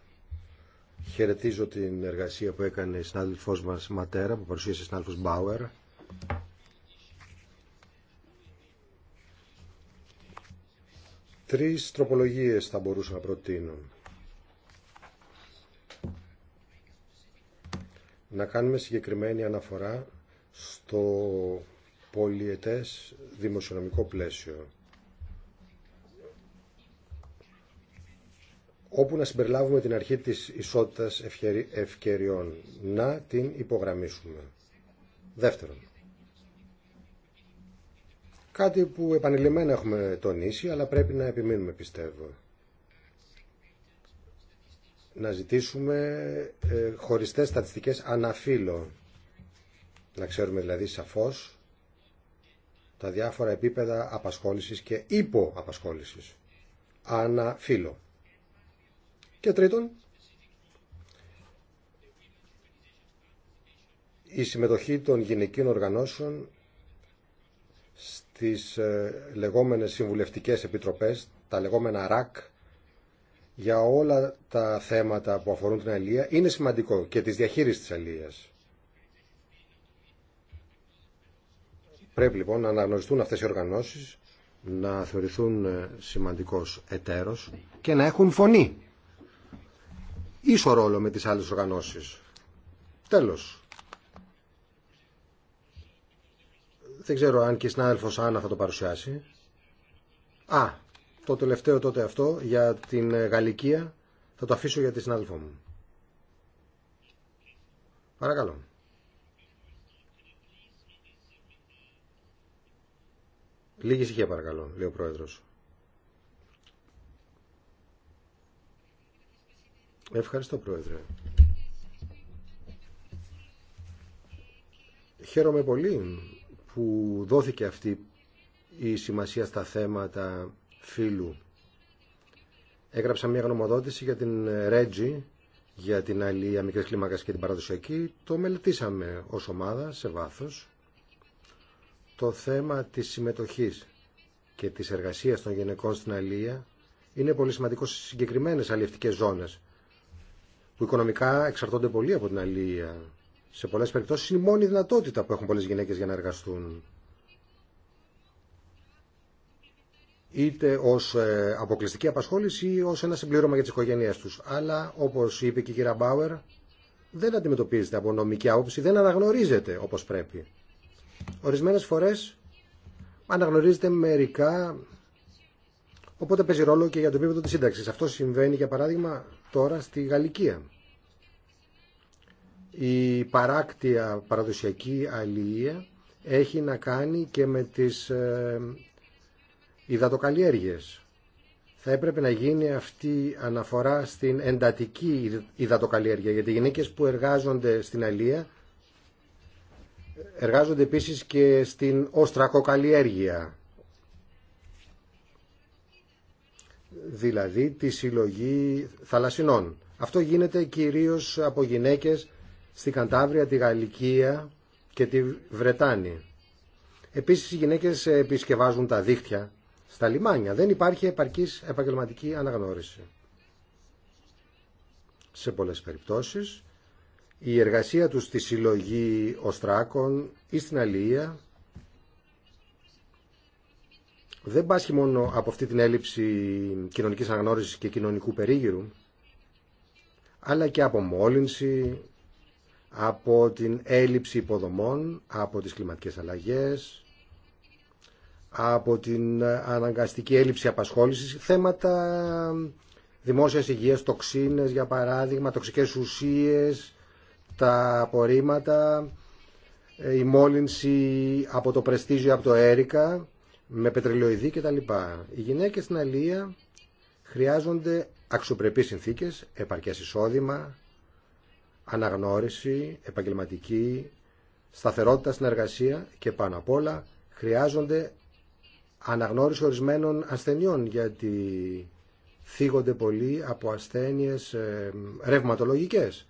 Χαιρετίζω την εργασία που έκανε η συνάδελφός μας Ματέρα, που παρουσίασε η συνάδελφος Μπάουερ Τρεις τροπολογίες θα μπορούσα να προτείνω. Να κάνουμε συγκεκριμένη αναφορά στο πολιετές δημοσιονομικό πλαίσιο. όπου να συμπεριλάβουμε την αρχή της ισότητας ευκαιριών. Να την υπογραμμίσουμε. Δεύτερον, Κάτι που επανειλημμένα έχουμε τονίσει, αλλά πρέπει να επιμείνουμε, πιστεύω. Να ζητήσουμε ε, χωριστές στατιστικές αναφύλω. Να ξέρουμε δηλαδή σαφώς τα διάφορα επίπεδα απασχόλησης και υποαπασχόλησης. Αναφύλω. Και τρίτον, η συμμετοχή των γυναικείων οργανώσεων στις ε, λεγόμενες συμβουλευτικές επιτροπές, τα λεγόμενα ΡΑΚ, για όλα τα θέματα που αφορούν την αλληλεία είναι σημαντικό και της διαχείρισης της αλληλείας. Πρέπει λοιπόν να αναγνωριστούν αυτές οι οργανώσεις, να θεωρηθούν ε, σημαντικός εταίρος και να έχουν φωνή. Ίσο ρόλο με τις άλλες οργανώσεις. Τέλος. δεν ξέρω αν και η συνάδελφος Άννα θα το παρουσιάσει. Α, το τελευταίο τότε αυτό για την ε, Γαλλικία θα το αφήσω για τη συνάδελφό μου. Παρακαλώ. Λίγη ησυχία παρακαλώ, λέει ο Πρόεδρος. Ευχαριστώ Πρόεδρε. Χαίρομαι πολύ που δόθηκε αυτή η σημασία στα θέματα φίλου. Έγραψα μια γνωμοδότηση για την Ρέτζι, για την αλληλεία μικρής κλίμακας και την παραδοσιακή. Το μελετήσαμε ως ομάδα σε βάθος. Το θέμα της συμμετοχής και της εργασίας των γυναικών στην αλληλεία είναι πολύ σημαντικό σε συγκεκριμένες αλληλευτικές ζώνες που οικονομικά εξαρτώνται πολύ από την αλληλεία σε πολλές περιπτώσεις είναι η μόνη δυνατότητα που έχουν πολλές γυναίκες για να εργαστούν. είτε ως ε, αποκλειστική απασχόληση ή ως ένα συμπλήρωμα για τις οικογένειές τους. Αλλά, όπως είπε και η κυρία Μπάουερ, δεν αντιμετωπίζεται από νομική άποψη, δεν αναγνωρίζεται όπως πρέπει. Ορισμένες φορές αναγνωρίζεται μερικά, οπότε παίζει ρόλο και για το επίπεδο της σύνταξης. Αυτό συμβαίνει, για παράδειγμα, τώρα στη Γαλλικία. Η παράκτια παραδοσιακή αλληλεία έχει να κάνει και με τις ε, υδατοκαλλιέργειες. Θα έπρεπε να γίνει αυτή η αναφορά στην εντατική υδατοκαλλιέργεια, γιατί οι γυναίκες που εργάζονται στην αλληλεία εργάζονται επίσης και στην οστρακοκαλλιέργεια. Δηλαδή τη συλλογή θαλασσινών. Αυτό γίνεται κυρίως από γυναίκες στη Καντάβρια, τη Γαλλικία και τη Βρετάνη. Επίσης οι γυναίκες επισκευάζουν τα δίχτυα στα λιμάνια. Δεν υπάρχει επαρκής επαγγελματική αναγνώριση. Σε πολλές περιπτώσεις η εργασία τους στη συλλογή οστράκων ή στην αλληλεία δεν πάσχει μόνο από αυτή την έλλειψη κοινωνικής αναγνώρισης και κοινωνικού περίγυρου, αλλά και από μόλυνση, από την έλλειψη υποδομών, από τις κλιματικές αλλαγές, από την αναγκαστική έλλειψη απασχόλησης, θέματα δημόσιας υγείας, τοξίνες για παράδειγμα, τοξικές ουσίες, τα απορρίμματα, ε, η μόλυνση από το πρεστίζιο από το έρικα, με πετρελαιοειδή κτλ. Οι γυναίκες στην Αλία χρειάζονται αξιοπρεπείς συνθήκες, επαρκές εισόδημα, αναγνώριση, επαγγελματική, σταθερότητα στην εργασία και πάνω απ' όλα χρειάζονται αναγνώριση ορισμένων ασθενειών γιατί θίγονται πολύ από ασθένειες ε, ρευματολογικές.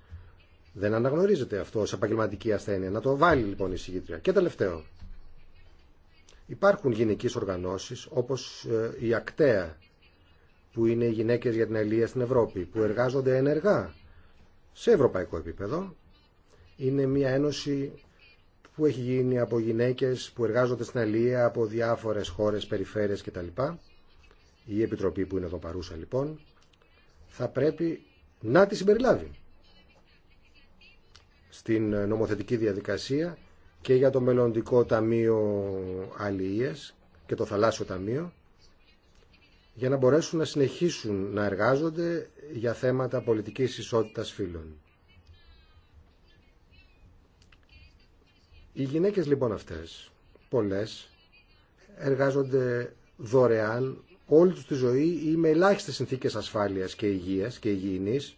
Δεν αναγνωρίζεται αυτό ως επαγγελματική ασθένεια. Να το βάλει λοιπόν η συγκήτρια. Και τελευταίο. Υπάρχουν γυναικείς οργανώσεις όπως ε, η ΑΚΤΕΑ που είναι οι γυναίκες για την αλληλεία στην Ευρώπη που εργάζονται ενεργά σε ευρωπαϊκό επίπεδο. Είναι μια ένωση που έχει γίνει από γυναίκες που εργάζονται στην Αλία, από διάφορες χώρες, περιφέρειες κτλ. Η Επιτροπή που είναι εδώ παρούσα λοιπόν θα πρέπει να τη συμπεριλάβει στην νομοθετική διαδικασία και για το μελλοντικό Ταμείο Αλίες και το Θαλάσσιο Ταμείο για να μπορέσουν να συνεχίσουν να εργάζονται για θέματα πολιτικής ισότητας φύλων. Οι γυναίκες λοιπόν αυτές, πολλές, εργάζονται δωρεάν όλη τους τη ζωή ή με ελάχιστες συνθήκες ασφάλειας και υγείας και υγιεινής.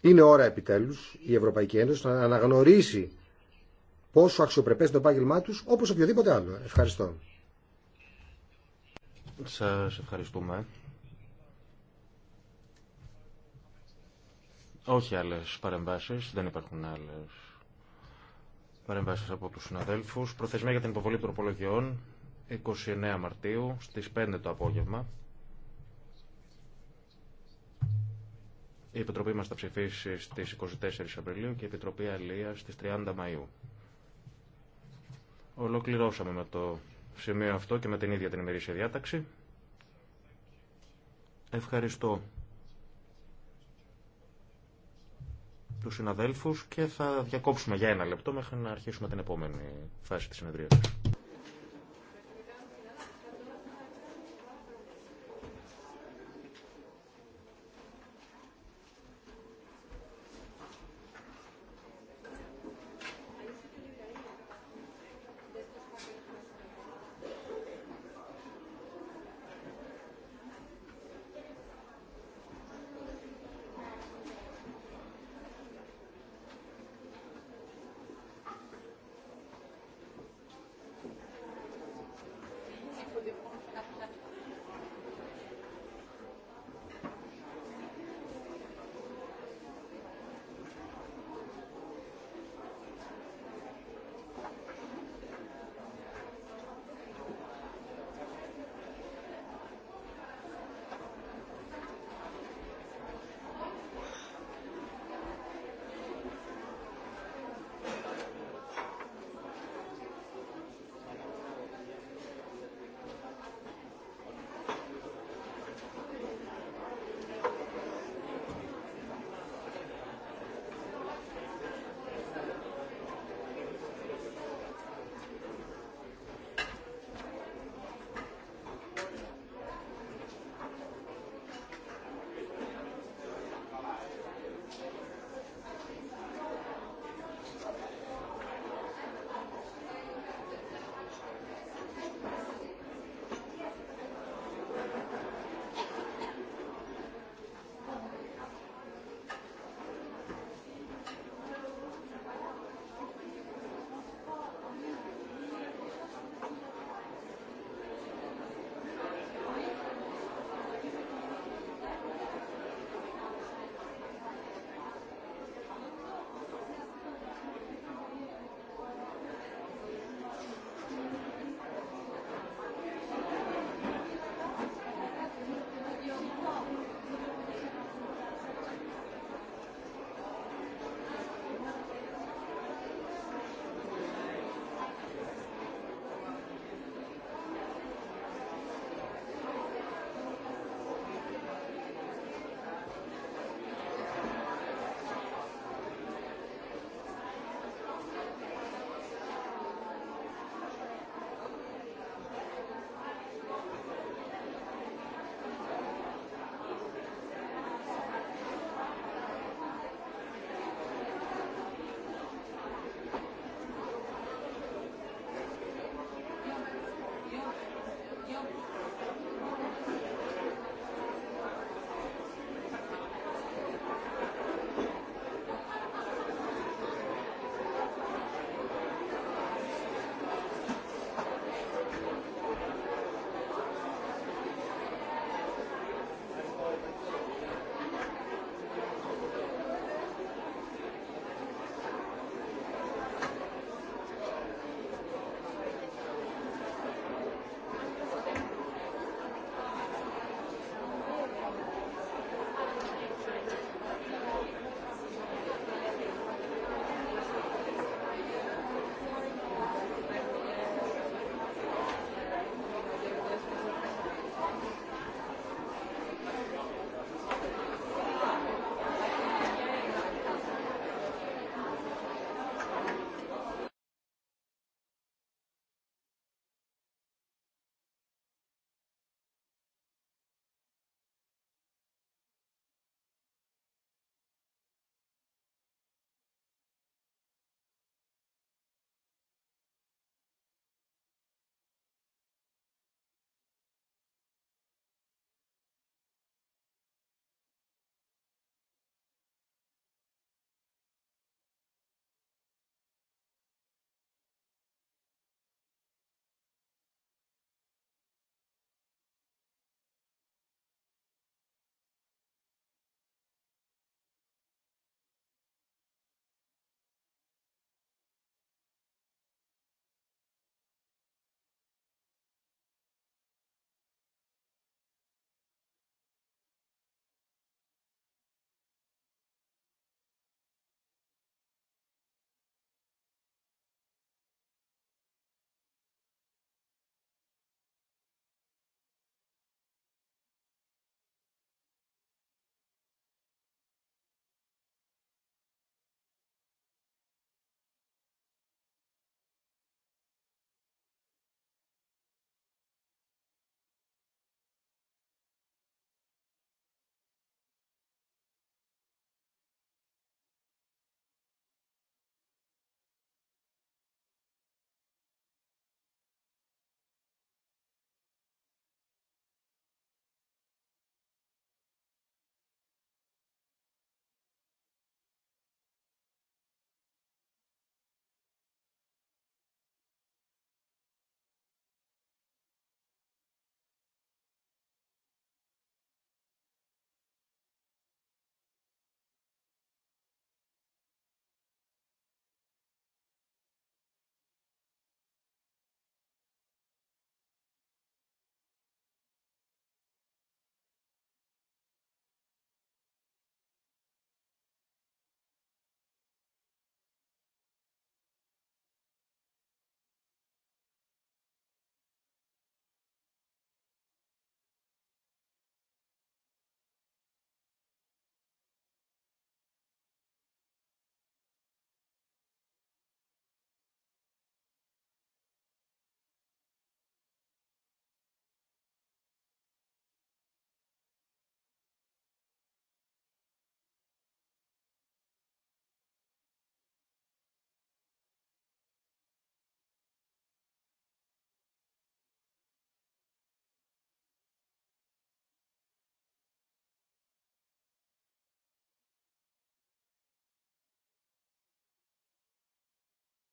Είναι ώρα επιτέλους η Ευρωπαϊκή Ένωση να αναγνωρίσει πόσο αξιοπρεπές είναι το επάγγελμά τους όπως οποιοδήποτε άλλο. Ευχαριστώ. Σας ευχαριστούμε. Όχι άλλες παρεμβάσεις, δεν υπάρχουν άλλες παρεμβάσεις από τους συναδέλφους. Προθεσμία για την υποβολή τροπολογιών 29 Μαρτίου στις 5 το απόγευμα. Η Επιτροπή μας θα ψηφίσει στις 24 Απριλίου και η Επιτροπή Αλία στις 30 Μαΐου. Ολοκληρώσαμε με το σημείο αυτό και με την ίδια την ημερήσια διάταξη. Ευχαριστώ τους συναδέλφους και θα διακόψουμε για ένα λεπτό μέχρι να αρχίσουμε την επόμενη φάση της συνεδρίας.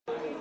Thank you.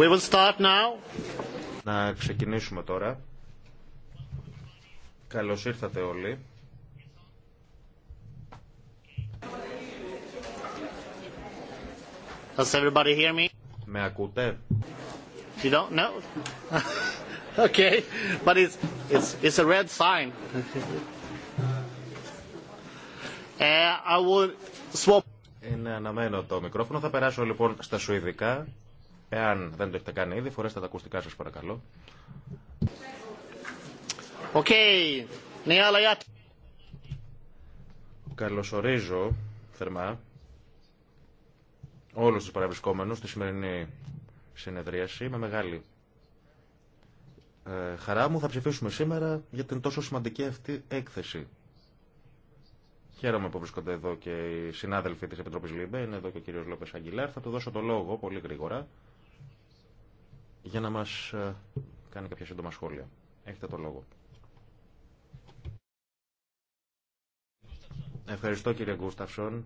We will start now. Να ξεκινήσουμε τώρα. Καλώς ήρθατε όλοι. Does everybody hear me? Με ακούτε? You don't know? okay, but it's, it's, it's a red sign. Eh, I will swap. Είναι αναμένο το μικρόφωνο. Θα περάσω λοιπόν στα σουηδικά. Εάν δεν το έχετε κάνει ήδη, φορέστε τα ακουστικά σας παρακαλώ. Okay. Ναι, Καλωσορίζω θερμά όλους τους παραβρισκόμενους στη σημερινή συνεδρίαση με μεγάλη ε, χαρά μου θα ψηφίσουμε σήμερα για την τόσο σημαντική αυτή έκθεση. Χαίρομαι που βρίσκονται εδώ και οι συνάδελφοι της Επιτροπής ΛΥΜΠΕ, είναι εδώ και ο κύριος Λόπες Αγγιλάρ. Θα του δώσω το λόγο πολύ γρήγορα για να μας ε, κάνει κάποια σύντομα σχόλια. Έχετε το λόγο. Ευχαριστώ κύριε Γκούσταυσον.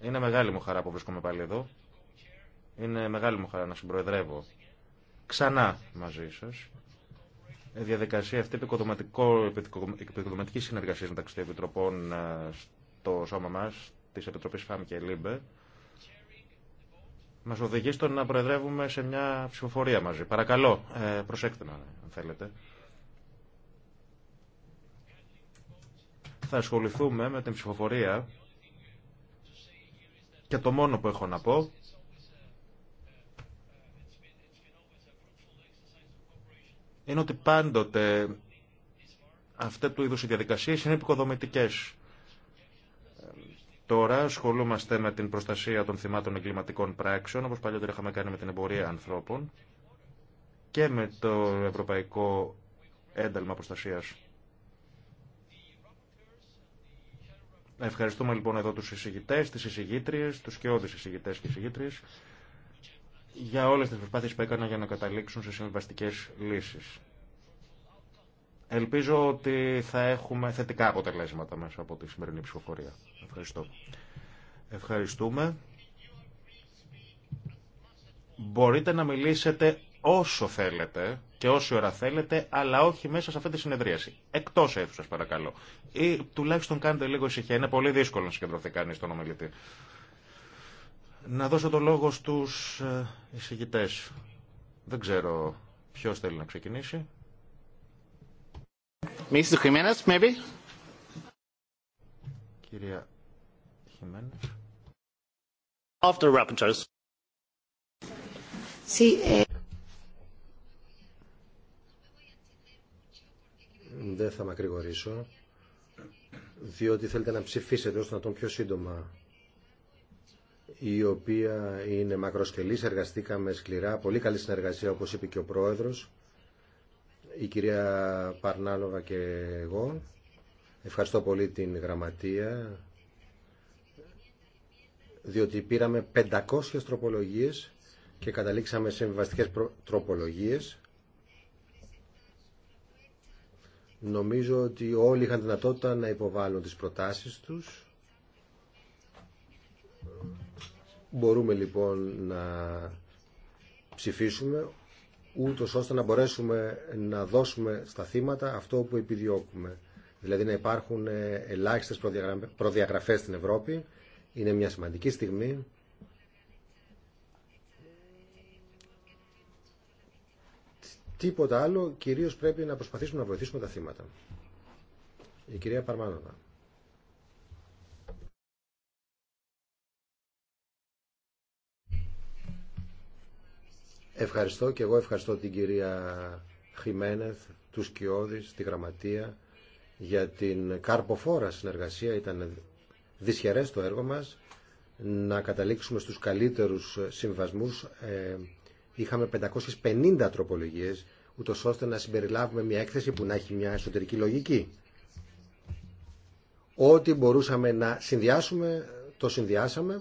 Είναι μεγάλη μου χαρά που βρίσκομαι πάλι εδώ. Είναι μεγάλη μου χαρά να συμπροεδρεύω ξανά μαζί σας. Η διαδικασία αυτή επικοδοματική συνεργασία μεταξύ των επιτροπών ε, στο σώμα μας, της Επιτροπής ΦΑΜ και ΛΥΜΠΕ, μας οδηγεί στο να προεδρεύουμε σε μια ψηφοφορία μαζί. Παρακαλώ, ε, προσέξτε να, αν θέλετε. Θα ασχοληθούμε με την ψηφοφορία και το μόνο που έχω να πω είναι ότι πάντοτε αυτέ του είδους οι διαδικασίες είναι επικοδομητικές. Τώρα ασχολούμαστε με την προστασία των θυμάτων εγκληματικών πράξεων, όπως παλιότερα είχαμε κάνει με την εμπορία ανθρώπων και με το Ευρωπαϊκό Ένταλμα Προστασίας. Ευχαριστούμε λοιπόν εδώ τους εισηγητές, τις εισηγήτριες, τους σκιώδεις εισηγητές και εισηγήτριες για όλες τις προσπάθειες που έκαναν για να καταλήξουν σε συμβαστικές λύσεις. Ελπίζω ότι θα έχουμε θετικά αποτελέσματα μέσα από τη σημερινή ψηφοφορία. Ευχαριστώ. Ευχαριστούμε. Μπορείτε να μιλήσετε όσο θέλετε και όση ώρα θέλετε, αλλά όχι μέσα σε αυτή τη συνεδρίαση. Εκτό αίθουσα, παρακαλώ. Ή τουλάχιστον κάντε λίγο ησυχία. Είναι πολύ δύσκολο να συγκεντρωθεί κανεί στον ομιλητή. Να δώσω το λόγο στου ε, εισηγητέ. Δεν ξέρω ποιο θέλει να ξεκινήσει. Eh. Δεν θα μακρηγορήσω, διότι θέλετε να ψηφίσετε ώστε να τον πιο σύντομα η οποία είναι μακροσκελής, εργαστήκαμε σκληρά, πολύ καλή συνεργασία όπως είπε και ο Πρόεδρος η κυρία Παρνάλοβα και εγώ. Ευχαριστώ πολύ την γραμματεία, διότι πήραμε 500 τροπολογίες και καταλήξαμε σε βασικές τροπολογίες. Νομίζω ότι όλοι είχαν δυνατότητα να υποβάλουν τις προτάσεις τους. Μπορούμε λοιπόν να ψηφίσουμε ούτως ώστε να μπορέσουμε να δώσουμε στα θύματα αυτό που επιδιώκουμε. Δηλαδή να υπάρχουν ε, ελάχιστες προδιαγραφές στην Ευρώπη. Είναι μια σημαντική στιγμή. Τίποτα άλλο, κυρίως πρέπει να προσπαθήσουμε να βοηθήσουμε τα θύματα. Η κυρία Παρμάνοδα. Ευχαριστώ και εγώ ευχαριστώ την κυρία Χιμένεθ, τους Κιώδης, τη Γραμματεία για την καρποφόρα συνεργασία. Ήταν δυσχερές το έργο μας να καταλήξουμε στους καλύτερους συμβασμούς. Ε, είχαμε 550 τροπολογίες, ούτως ώστε να συμπεριλάβουμε μια έκθεση που να έχει μια εσωτερική λογική. Ό,τι μπορούσαμε να συνδυάσουμε, το συνδυάσαμε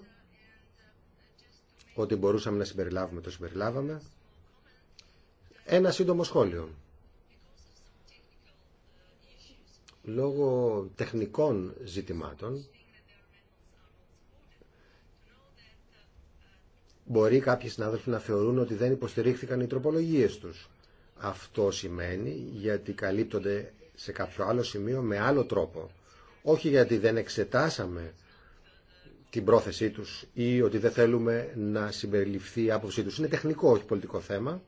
Ό,τι μπορούσαμε να συμπεριλάβουμε το συμπεριλάβαμε. Ένα σύντομο σχόλιο. Λόγω τεχνικών ζητημάτων μπορεί κάποιοι συνάδελφοι να θεωρούν ότι δεν υποστηρίχθηκαν οι τροπολογίες τους. Αυτό σημαίνει γιατί καλύπτονται σε κάποιο άλλο σημείο με άλλο τρόπο. Όχι γιατί δεν εξετάσαμε την πρόθεσή τους ή ότι δεν θέλουμε να συμπεριληφθεί η άποψή τους. Είναι τεχνικό, όχι πολιτικό θέμα.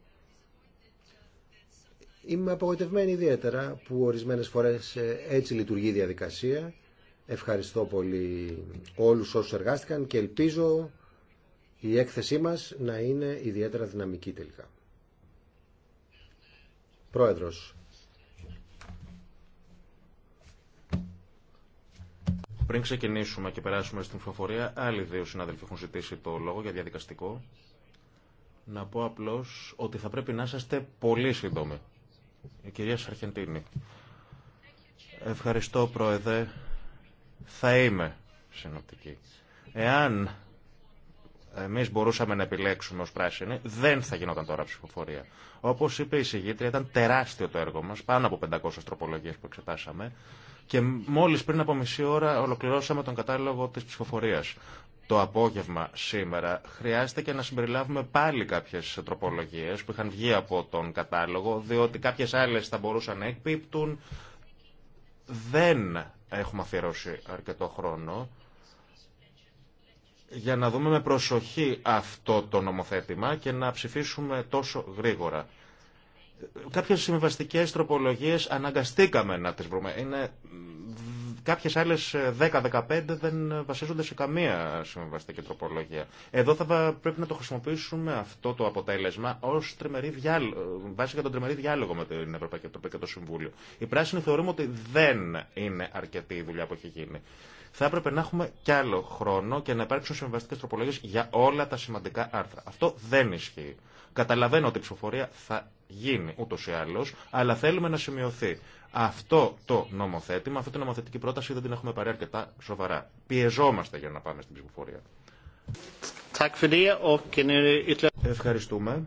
Είμαι απογοητευμένη ιδιαίτερα που ορισμένες φορές ε, έτσι λειτουργεί η διαδικασία. Ευχαριστώ πολύ όλους όσους εργάστηκαν και ελπίζω η έκθεσή μας να είναι ιδιαίτερα δυναμική τελικά. Πρόεδρος, Πριν ξεκινήσουμε και περάσουμε στην ψηφοφορία, άλλοι δύο συνάδελφοι έχουν ζητήσει το λόγο για διαδικαστικό. Να πω απλώ ότι θα πρέπει να είσαστε πολύ σύντομοι. Η κυρία Σαρχεντίνη. Ευχαριστώ, Πρόεδρε. Θα είμαι συνοπτική. Εάν εμεί μπορούσαμε να επιλέξουμε ω πράσινοι, δεν θα γινόταν τώρα ψηφοφορία. Όπω είπε η συγγήτρια, ήταν τεράστιο το έργο μα, πάνω από 500 τροπολογίε που εξετάσαμε και μόλις πριν από μισή ώρα ολοκληρώσαμε τον κατάλογο της ψηφοφορίας. Το απόγευμα σήμερα χρειάζεται και να συμπεριλάβουμε πάλι κάποιες τροπολογίες που είχαν βγει από τον κατάλογο, διότι κάποιες άλλες θα μπορούσαν να εκπίπτουν. Δεν έχουμε αφιερώσει αρκετό χρόνο για να δούμε με προσοχή αυτό το νομοθέτημα και να ψηφίσουμε τόσο γρήγορα κάποιες συμβαστικές τροπολογίες αναγκαστήκαμε να τις βρούμε. Είναι, κάποιες άλλες 10-15 δεν βασίζονται σε καμία συμβαστική τροπολογία. Εδώ θα πρέπει να το χρησιμοποιήσουμε αυτό το αποτέλεσμα ως τριμερή βάση για τον τριμερή διάλογο με την Ευρωπαϊκή Επιτροπή και το Συμβούλιο. Οι πράσινοι θεωρούμε ότι δεν είναι αρκετή η δουλειά που έχει γίνει. Θα έπρεπε να έχουμε κι άλλο χρόνο και να υπάρξουν συμβαστικές τροπολογίες για όλα τα σημαντικά άρθρα. Αυτό δεν ισχύει. Καταλαβαίνω ότι η ψηφοφορία θα γίνει ούτω ή άλλω, αλλά θέλουμε να σημειωθεί. Αυτό το νομοθέτημα, αυτή την νομοθετική πρόταση δεν την έχουμε πάρει αρκετά σοβαρά. Πιεζόμαστε για να πάμε στην ψηφοφορία. Eh, Ευχαριστούμε.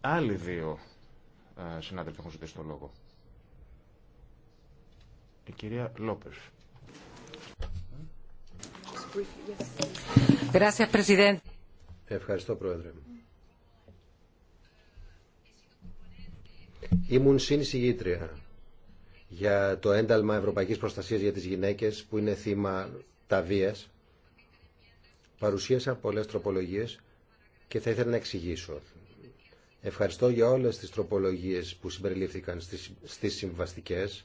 Άλλοι δύο ε, συνάδελφοι έχουν ζητήσει το λόγο. Η κυρία Λόπε. Ευχαριστώ, Πρόεδρε. Ήμουν συνεισηγήτρια για το ένταλμα Ευρωπαϊκής Προστασίας για τις γυναίκες που είναι θύμα βίας. Παρουσίασα πολλές τροπολογίες και θα ήθελα να εξηγήσω. Ευχαριστώ για όλες τις τροπολογίες που συμπεριλήφθηκαν στις συμβαστικές,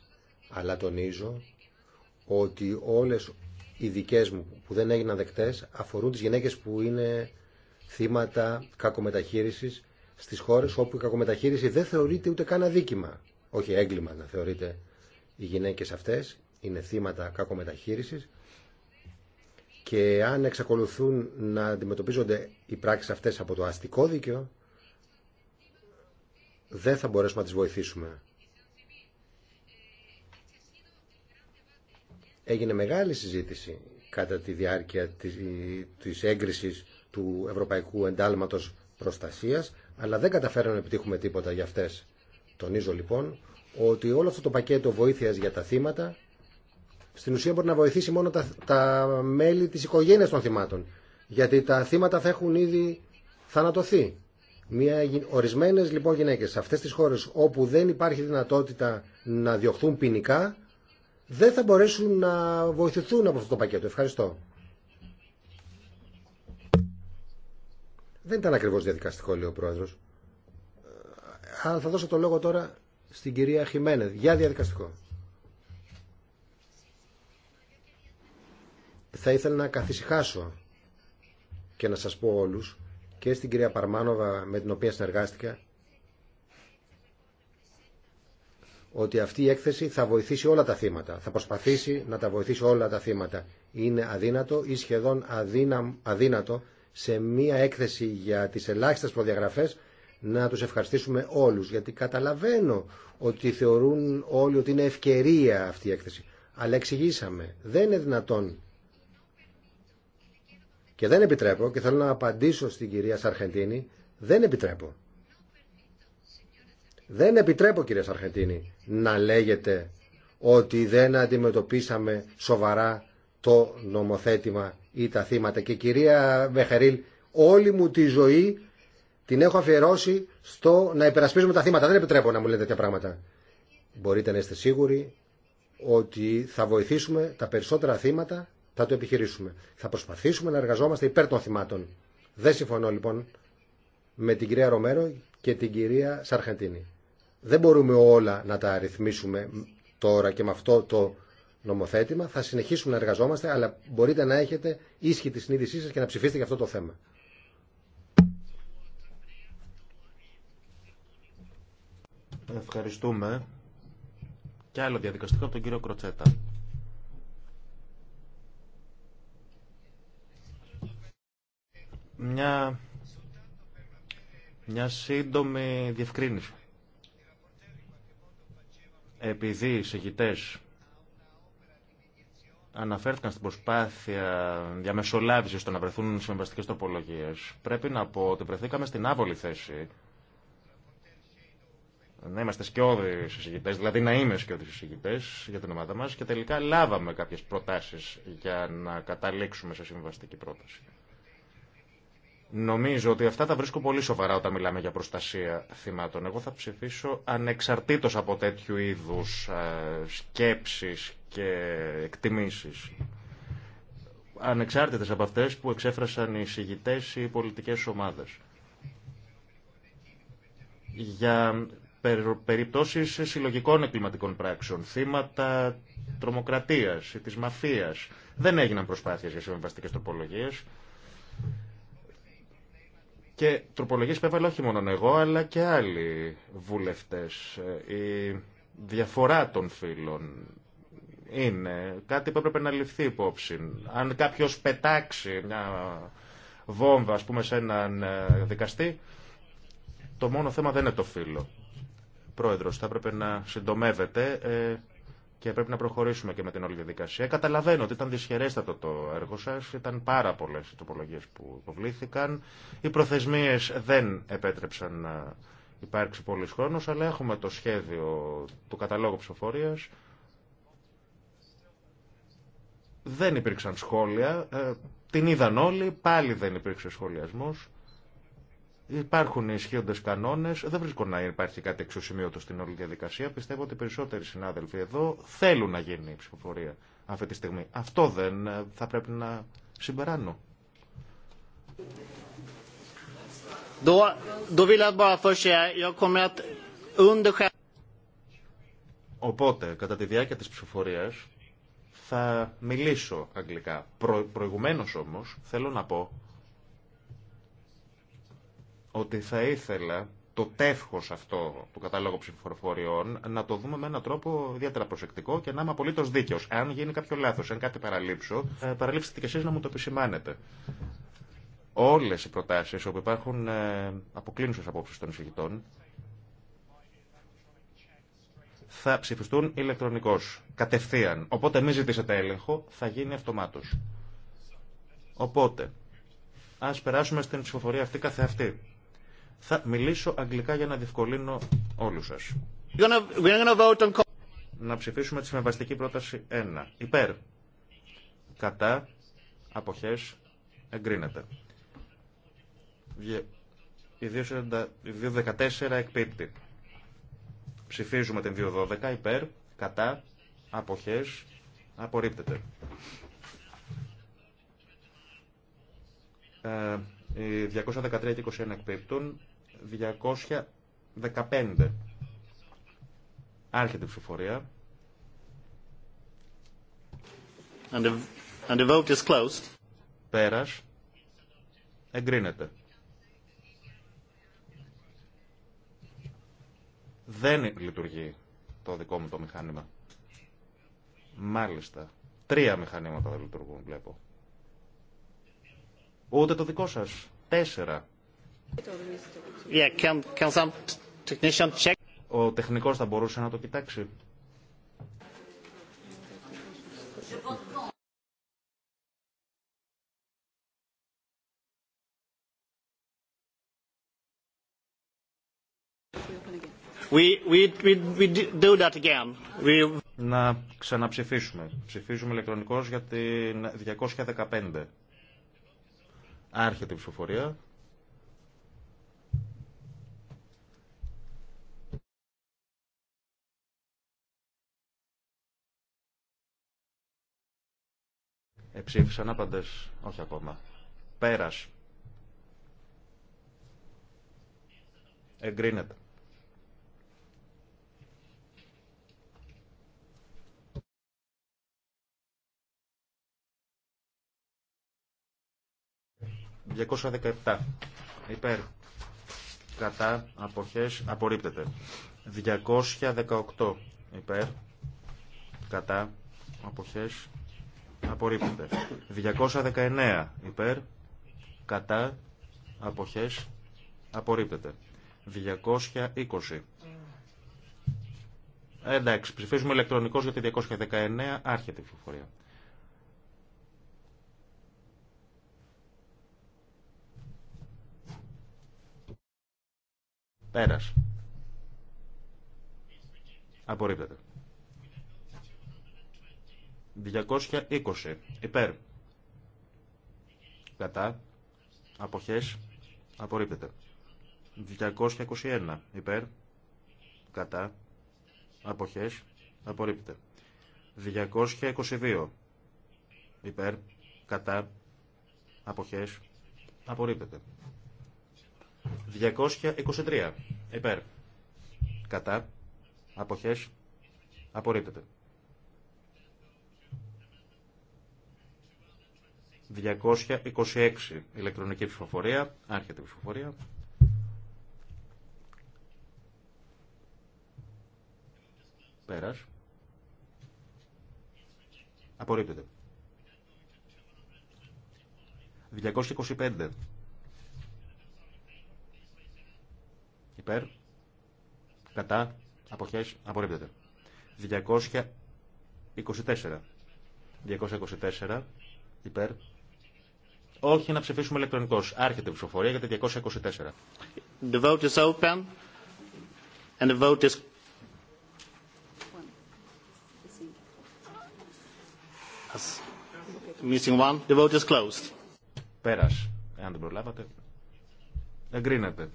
αλλά τονίζω ότι όλες οι δικές μου που δεν έγιναν δεκτές αφορούν τις γυναίκες που είναι θύματα κακομεταχείρισης στις χώρες όπου η κακομεταχείριση δεν θεωρείται ούτε καν αδίκημα. Όχι έγκλημα να θεωρείται. Οι γυναίκες αυτές είναι θύματα κακομεταχείριση. και αν εξακολουθούν να αντιμετωπίζονται οι πράξεις αυτές από το αστικό δίκαιο, δεν θα μπορέσουμε να τις βοηθήσουμε. Έγινε μεγάλη συζήτηση κατά τη διάρκεια της έγκρισης του Ευρωπαϊκού Εντάλματος Προστασίας αλλά δεν καταφέραμε να επιτύχουμε τίποτα για αυτές. Τονίζω λοιπόν ότι όλο αυτό το πακέτο βοήθειας για τα θύματα στην ουσία μπορεί να βοηθήσει μόνο τα, μέλη της οικογένειας των θυμάτων. Γιατί τα θύματα θα έχουν ήδη θανατωθεί. Μια, ορισμένες λοιπόν γυναίκες σε αυτές τις χώρες όπου δεν υπάρχει δυνατότητα να διωχθούν ποινικά δεν θα μπορέσουν να βοηθηθούν από αυτό το πακέτο. Ευχαριστώ. Δεν ήταν ακριβώ διαδικαστικό, λέει ο πρόεδρο. Ε, αλλά θα δώσω το λόγο τώρα στην κυρία Χιμένεθ για διαδικαστικό. Θα ήθελα να καθησυχάσω και να σας πω όλους και στην κυρία Παρμάνοβα με την οποία συνεργάστηκα ότι αυτή η έκθεση θα βοηθήσει όλα τα θύματα. Θα προσπαθήσει να τα βοηθήσει όλα τα θύματα. Είναι αδύνατο ή σχεδόν αδύνατο σε μία έκθεση για τις ελάχιστες προδιαγραφές να τους ευχαριστήσουμε όλους γιατί καταλαβαίνω ότι θεωρούν όλοι ότι είναι ευκαιρία αυτή η έκθεση αλλά εξηγήσαμε δεν είναι δυνατόν και δεν επιτρέπω και θέλω να απαντήσω στην κυρία Σαρχεντίνη δεν επιτρέπω δεν επιτρέπω κυρία Σαρχεντίνη να λέγεται ότι δεν αντιμετωπίσαμε σοβαρά το νομοθέτημα ή τα θύματα. Και κυρία Βεχερίλ, όλη μου τη ζωή την έχω αφιερώσει στο να υπερασπίζουμε τα θύματα. Δεν επιτρέπω να μου λέτε τέτοια πράγματα. Μπορείτε να είστε σίγουροι ότι θα βοηθήσουμε τα περισσότερα θύματα, θα το επιχειρήσουμε. Θα προσπαθήσουμε να εργαζόμαστε υπέρ των θυμάτων. Δεν συμφωνώ λοιπόν με την κυρία Ρομέρο και την κυρία Σαρχαντίνη. Δεν μπορούμε όλα να τα αριθμίσουμε τώρα και με αυτό το νομοθέτημα. Θα συνεχίσουμε να εργαζόμαστε, αλλά μπορείτε να έχετε ίσχυ τη συνείδησή σα και να ψηφίσετε για αυτό το θέμα. Ευχαριστούμε. Και άλλο διαδικαστικό από τον κύριο Κροτσέτα. Μια, μια σύντομη διευκρίνηση. Επειδή οι συγητές αναφέρθηκαν στην προσπάθεια διαμεσολάβηση στο να βρεθούν συμβαστικέ τροπολογίε, πρέπει να πω ότι βρεθήκαμε στην άβολη θέση να είμαστε σκιώδει συζητητέ, δηλαδή να είμαι σκιώδη συζητητέ για την ομάδα μα και τελικά λάβαμε κάποιε προτάσει για να καταλήξουμε σε συμβαστική πρόταση. Νομίζω ότι αυτά τα βρίσκω πολύ σοβαρά όταν μιλάμε για προστασία θυμάτων. Εγώ θα ψηφίσω ανεξαρτήτως από τέτοιου είδους ε, σκέψεις και εκτιμήσεις. Ανεξάρτητες από αυτές που εξέφρασαν οι συγητές ή οι πολιτικές ομάδες. Για περιπτώσεις συλλογικών εκκληματικών πράξεων, θύματα τρομοκρατίας ή της μαφίας. Δεν έγιναν προσπάθειες για συμβαστικές τροπολογίες. Και τροπολογίες που έβαλα όχι μόνο εγώ, αλλά και άλλοι βουλευτές. Ε, η διαφορά των φίλων είναι κάτι που έπρεπε να ληφθεί υπόψη. Αν κάποιος πετάξει μια βόμβα, ας πούμε, σε έναν ε, δικαστή, το μόνο θέμα δεν είναι το φίλο, Πρόεδρος, θα έπρεπε να συντομεύεται. Ε, και πρέπει να προχωρήσουμε και με την όλη διαδικασία. Καταλαβαίνω ότι ήταν δυσχερέστατο το έργο σα, ήταν πάρα πολλέ οι τροπολογίε που υποβλήθηκαν. Οι προθεσμίε δεν επέτρεψαν να υπάρξει πολλή χρόνο, αλλά έχουμε το σχέδιο του καταλόγου ψηφοφορία. Δεν υπήρξαν σχόλια. Ε, την είδαν όλοι, πάλι δεν υπήρξε σχολιασμός. Υπάρχουν ισχύοντε κανόνε. Δεν βρίσκω να υπάρχει κάτι εξωσημείωτο στην όλη διαδικασία. Πιστεύω ότι περισσότεροι συνάδελφοι εδώ θέλουν να γίνει η ψηφοφορία αυτή τη στιγμή. Αυτό δεν ε, θα πρέπει να συμπεράνω. Οπότε, κατά τη διάρκεια της ψηφοφορίας, θα μιλήσω αγγλικά. Προ, προηγουμένως όμως, θέλω να πω ότι θα ήθελα το τεύχος αυτό του κατάλογου ψηφοφοριών να το δούμε με έναν τρόπο ιδιαίτερα προσεκτικό και να είμαι απολύτω δίκαιο. Αν γίνει κάποιο λάθο, αν κάτι παραλείψω, ε, παραλείψτε και εσεί να μου το επισημάνετε. Όλε οι προτάσει όπου υπάρχουν ε, αποκλίνουσε απόψει των εισηγητών θα ψηφιστούν ηλεκτρονικώ, κατευθείαν. Οπότε μην ζητήσετε έλεγχο, θα γίνει αυτομάτω. Οπότε, ας περάσουμε στην ψηφοφορία αυτή καθεαυτή. Θα μιλήσω αγγλικά για να διευκολύνω όλους σας. Να ψηφίσουμε τη συμβαστική πρόταση 1. Υπέρ. Κατά. Αποχές. Εγκρίνεται. Η 2.14 εκπίπτει. Ψηφίζουμε την 2.12 υπέρ, κατά, αποχές, απορρίπτεται. Ε, οι 213 και 21 εκπίπτουν. 215. Άρχεται η ψηφοφορία. And the, vote is closed. Πέρας. Εγκρίνεται. Δεν λειτουργεί το δικό μου το μηχάνημα. Μάλιστα. Τρία μηχανήματα δεν λειτουργούν, βλέπω. Ούτε το δικό σας. Τέσσερα. Ο τεχνικός θα μπορούσε να το κοιτάξει. We, we, we, do that again. Να ξαναψηφίσουμε. Ψηφίζουμε ηλεκτρονικώς για την 215. Άρχεται η ψηφοφορία. Εψήφισαν άπαντες. Όχι ακόμα. πέρα Εγκρίνεται. ...217 υπέρ κατά αποχές απορρίπτεται 218 υπέρ κατά αποχές Απορρίπτεται. 219 υπέρ. Κατά. Αποχές. Απορρίπτεται. 220. Ε, εντάξει, ψηφίζουμε ηλεκτρονικώς για τη 219. Άρχεται η ψηφοφορία. Πέρας. Απορρίπτεται. 220 υπέρ. Κατά. Αποχές. Απορρίπτεται. 221 υπέρ. Κατά. Αποχές. Απορρίπτεται. 222 υπέρ. Κατά. Αποχές. Απορρίπτεται. 223 υπέρ. Κατά. Αποχές. Απορρίπτεται. 226 ηλεκτρονική ψηφοφορία, άρχεται η ψηφοφορία. Πέρας. Απορρίπτεται. 225. Υπέρ. Κατά. Αποχές. Απορρίπτεται. 224. 224. Υπέρ. Όχι, να ψηφίσουμε ηλεκτρονικος Άρχεται η ψηφοφορία για το 224. The vote is open and the vote is missing one. The vote is closed. Πέρας, εάν δεν προλάβατε. Εγκρίνεται.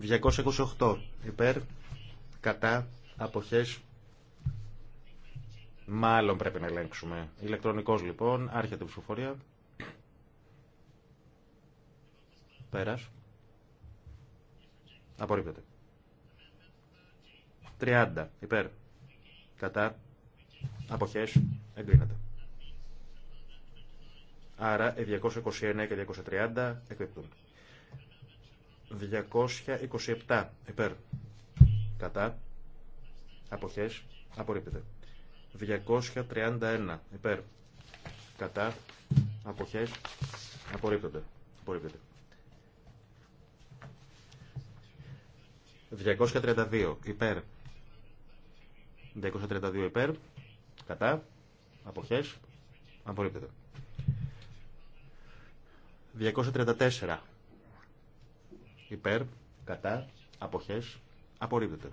228 υπέρ, κατά, αποχές, μάλλον πρέπει να ελέγξουμε. Ηλεκτρονικός λοιπόν, άρχεται η ψηφοφορία. Πέρας. Απορρίπτεται. 30 υπέρ, κατά, αποχές, εγκρίνεται. Άρα 221 και 230 εκπίπτουν. 227 υπέρ κατά αποχέ, απορρίπτεται 231 υπέρ κατά αποχές απορρίπτεται απορρίπτεται 232 υπέρ 232 υπέρ κατά αποχές απορρίπτεται 234 υπέρ, κατά, αποχές, απορρίπτεται.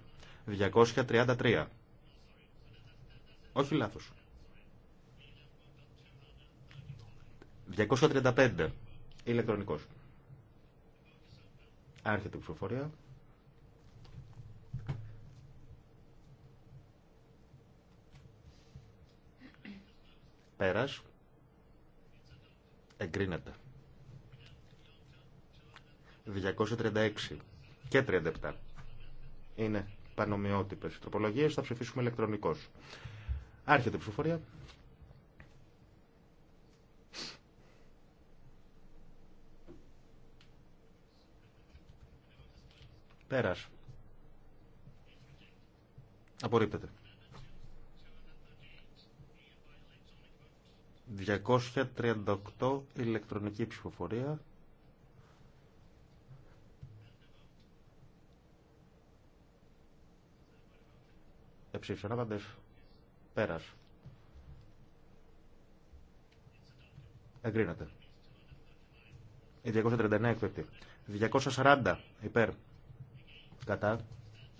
233. Όχι λάθος. 235. Ηλεκτρονικός. Άρχεται η ψηφοφορία. Πέρας. Εγκρίνεται. 236 και 37 είναι πανομοιότυπες τροπολογίες, θα ψηφίσουμε ηλεκτρονικώς. Άρχεται η ψηφοφορία. Πέρας. Απορρίπτεται. 238 ηλεκτρονική ψηφοφορία. Εψήφισαν άπαντες. Πέρασε. Εγκρίνεται. Η 239 εκπαιδευτεί. 240 υπέρ. Κατά.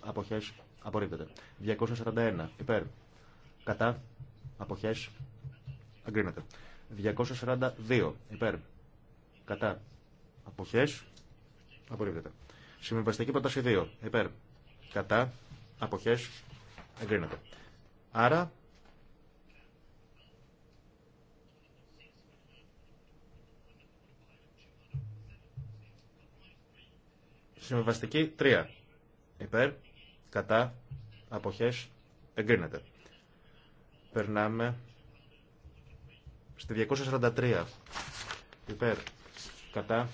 απόχέ, Απορρίπτεται. 241 υπέρ. Κατά. αποχέ. Εγκρίνεται. 242 υπέρ. Κατά. αποχέ, Απορρίπτεται. Συμβιβαστική πρόταση 2. Υπέρ. Κατά. Αποχές. Εγκρίνεται. Άρα, Συμβαστική 3. Υπέρ, κατά, αποχές, εγκρίνεται. Περνάμε στη 243. Υπέρ, κατά,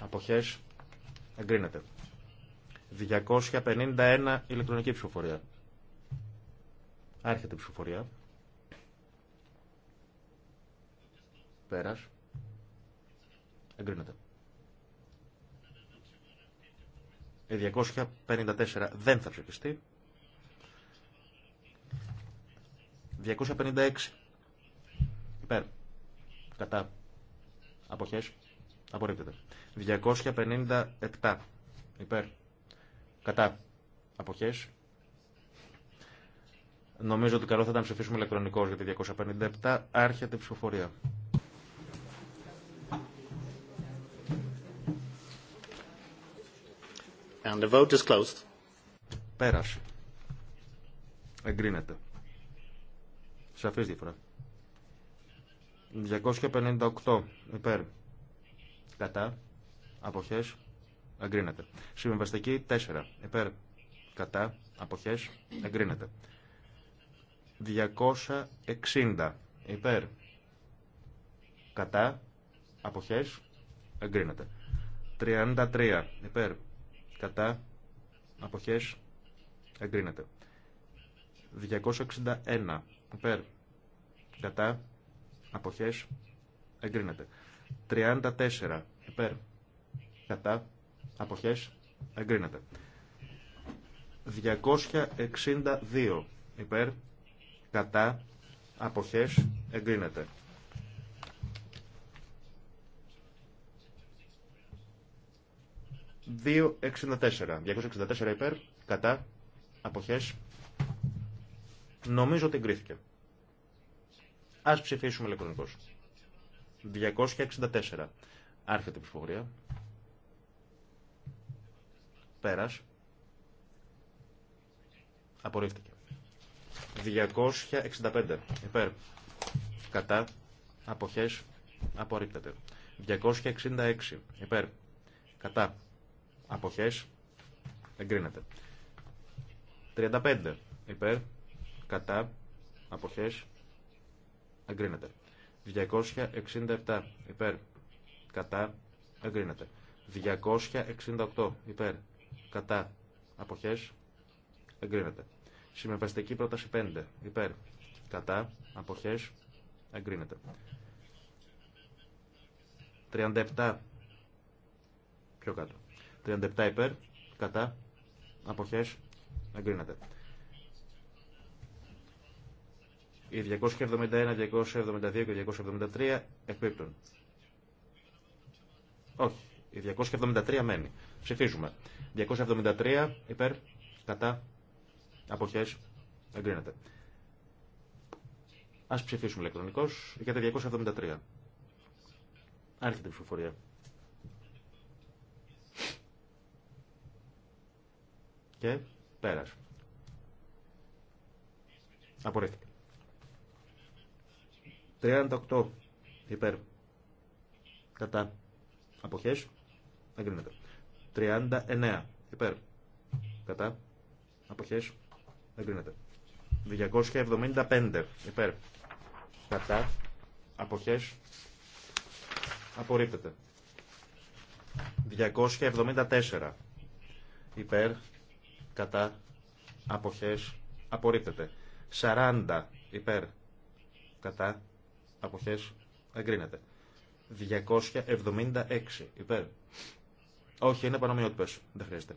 αποχές, εγκρίνεται. 251 ηλεκτρονική ψηφοφορία. Άρχεται η ψηφοφορία. Πέρας. Εγκρίνεται. Η 254 δεν θα ψηφιστεί. 256. Υπέρ. Κατά. Αποχές. Απορρίπτεται. 257. Υπέρ. Κατά. Αποχές. Νομίζω ότι καλό θα ήταν να ψηφίσουμε ηλεκτρονικώς για τη 257. Άρχεται η ψηφοφορία. And the vote is closed. Πέρασε. Εγκρίνεται. Σαφής διαφορά. 258 υπέρ. Κατά. Αποχές. Εγκρίνεται. Συμβαστική 4 υπέρ. Κατά. Αποχές. Εγκρίνεται. 260 υπέρ κατά αποχές εγκρίνεται 33 υπέρ κατά αποχές εγκρίνεται 261 υπέρ κατά αποχές εγκρίνεται 34 υπέρ κατά αποχές εγκρίνεται 262 υπέρ κατά, αποχές, εγκρίνεται. Δύο 264 υπέρ, κατά, αποχές, νομίζω ότι εγκρίθηκε. Ας ψηφίσουμε ηλεκτρονικώς. 264. Άρχεται η ψηφοφορία. Πέρας. Απορρίφθηκε. 265 υπέρ κατά αποχές απορρίπτεται 266 υπέρ κατά αποχές εγκρίνεται 35 υπέρ κατά αποχές εγκρίνεται 267 υπέρ κατά εγκρίνεται 268 υπέρ κατά αποχές εγκρίνεται Συμβαστική πρόταση 5. Υπέρ. Κατά. Αποχές. Εγκρίνεται. 37. Πιο κάτω. 37 υπέρ. Κατά. Αποχές. Εγκρίνεται. Οι 271, 272 και 273 εκπίπτουν. Όχι. Η 273 μένει. Ψηφίζουμε. 273 υπέρ. Κατά. Αποχές. Εγκρίνεται. Ας ψηφίσουμε ηλεκτρονικώς για τα 273. Άρχεται η ψηφοφορία. Και πέρασε. Απορρίφθηκε. 38 υπέρ. Κατά. Αποχές. Εγκρίνεται. 39 υπέρ. Κατά. Αποχές. Εγκρίνεται. 275 υπέρ. Κατά. αποχέ. Απορρίπτεται. 274 υπέρ. Κατά. αποχέ. Απορρίπτεται. 40 υπέρ. Κατά. αποχέ. Εγκρίνεται. 276 υπέρ. Όχι, είναι πανομοιότυπε. Δεν χρειάζεται.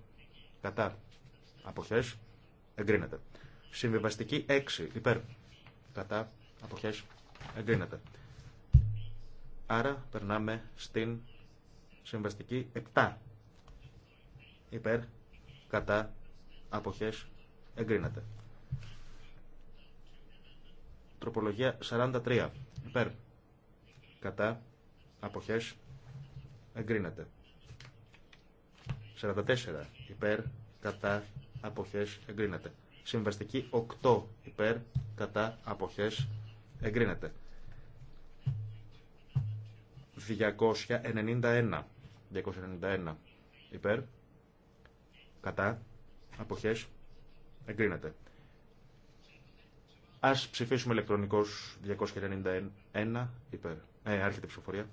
Κατά. Αποχές. Εγκρίνεται. Συμβιβαστική 6. Υπέρ. Κατά. αποχέ, Εγκρίνεται. Άρα περνάμε στην συμβαστική 7. Υπέρ. Κατά. απόχέ, Εγκρίνεται. Τροπολογία 43. Υπέρ. Κατά. αποχέ. Εγκρίνεται. 44 υπέρ, κατά, αποχές, εγκρίνεται. Συμβαστική 8 υπέρ, κατά, αποχές, εγκρίνεται. 291. 291 υπέρ, κατά, αποχές, εγκρίνεται. Ας ψηφίσουμε ηλεκτρονικός 291 υπέρ. Ε, άρχεται η ψηφοφορία.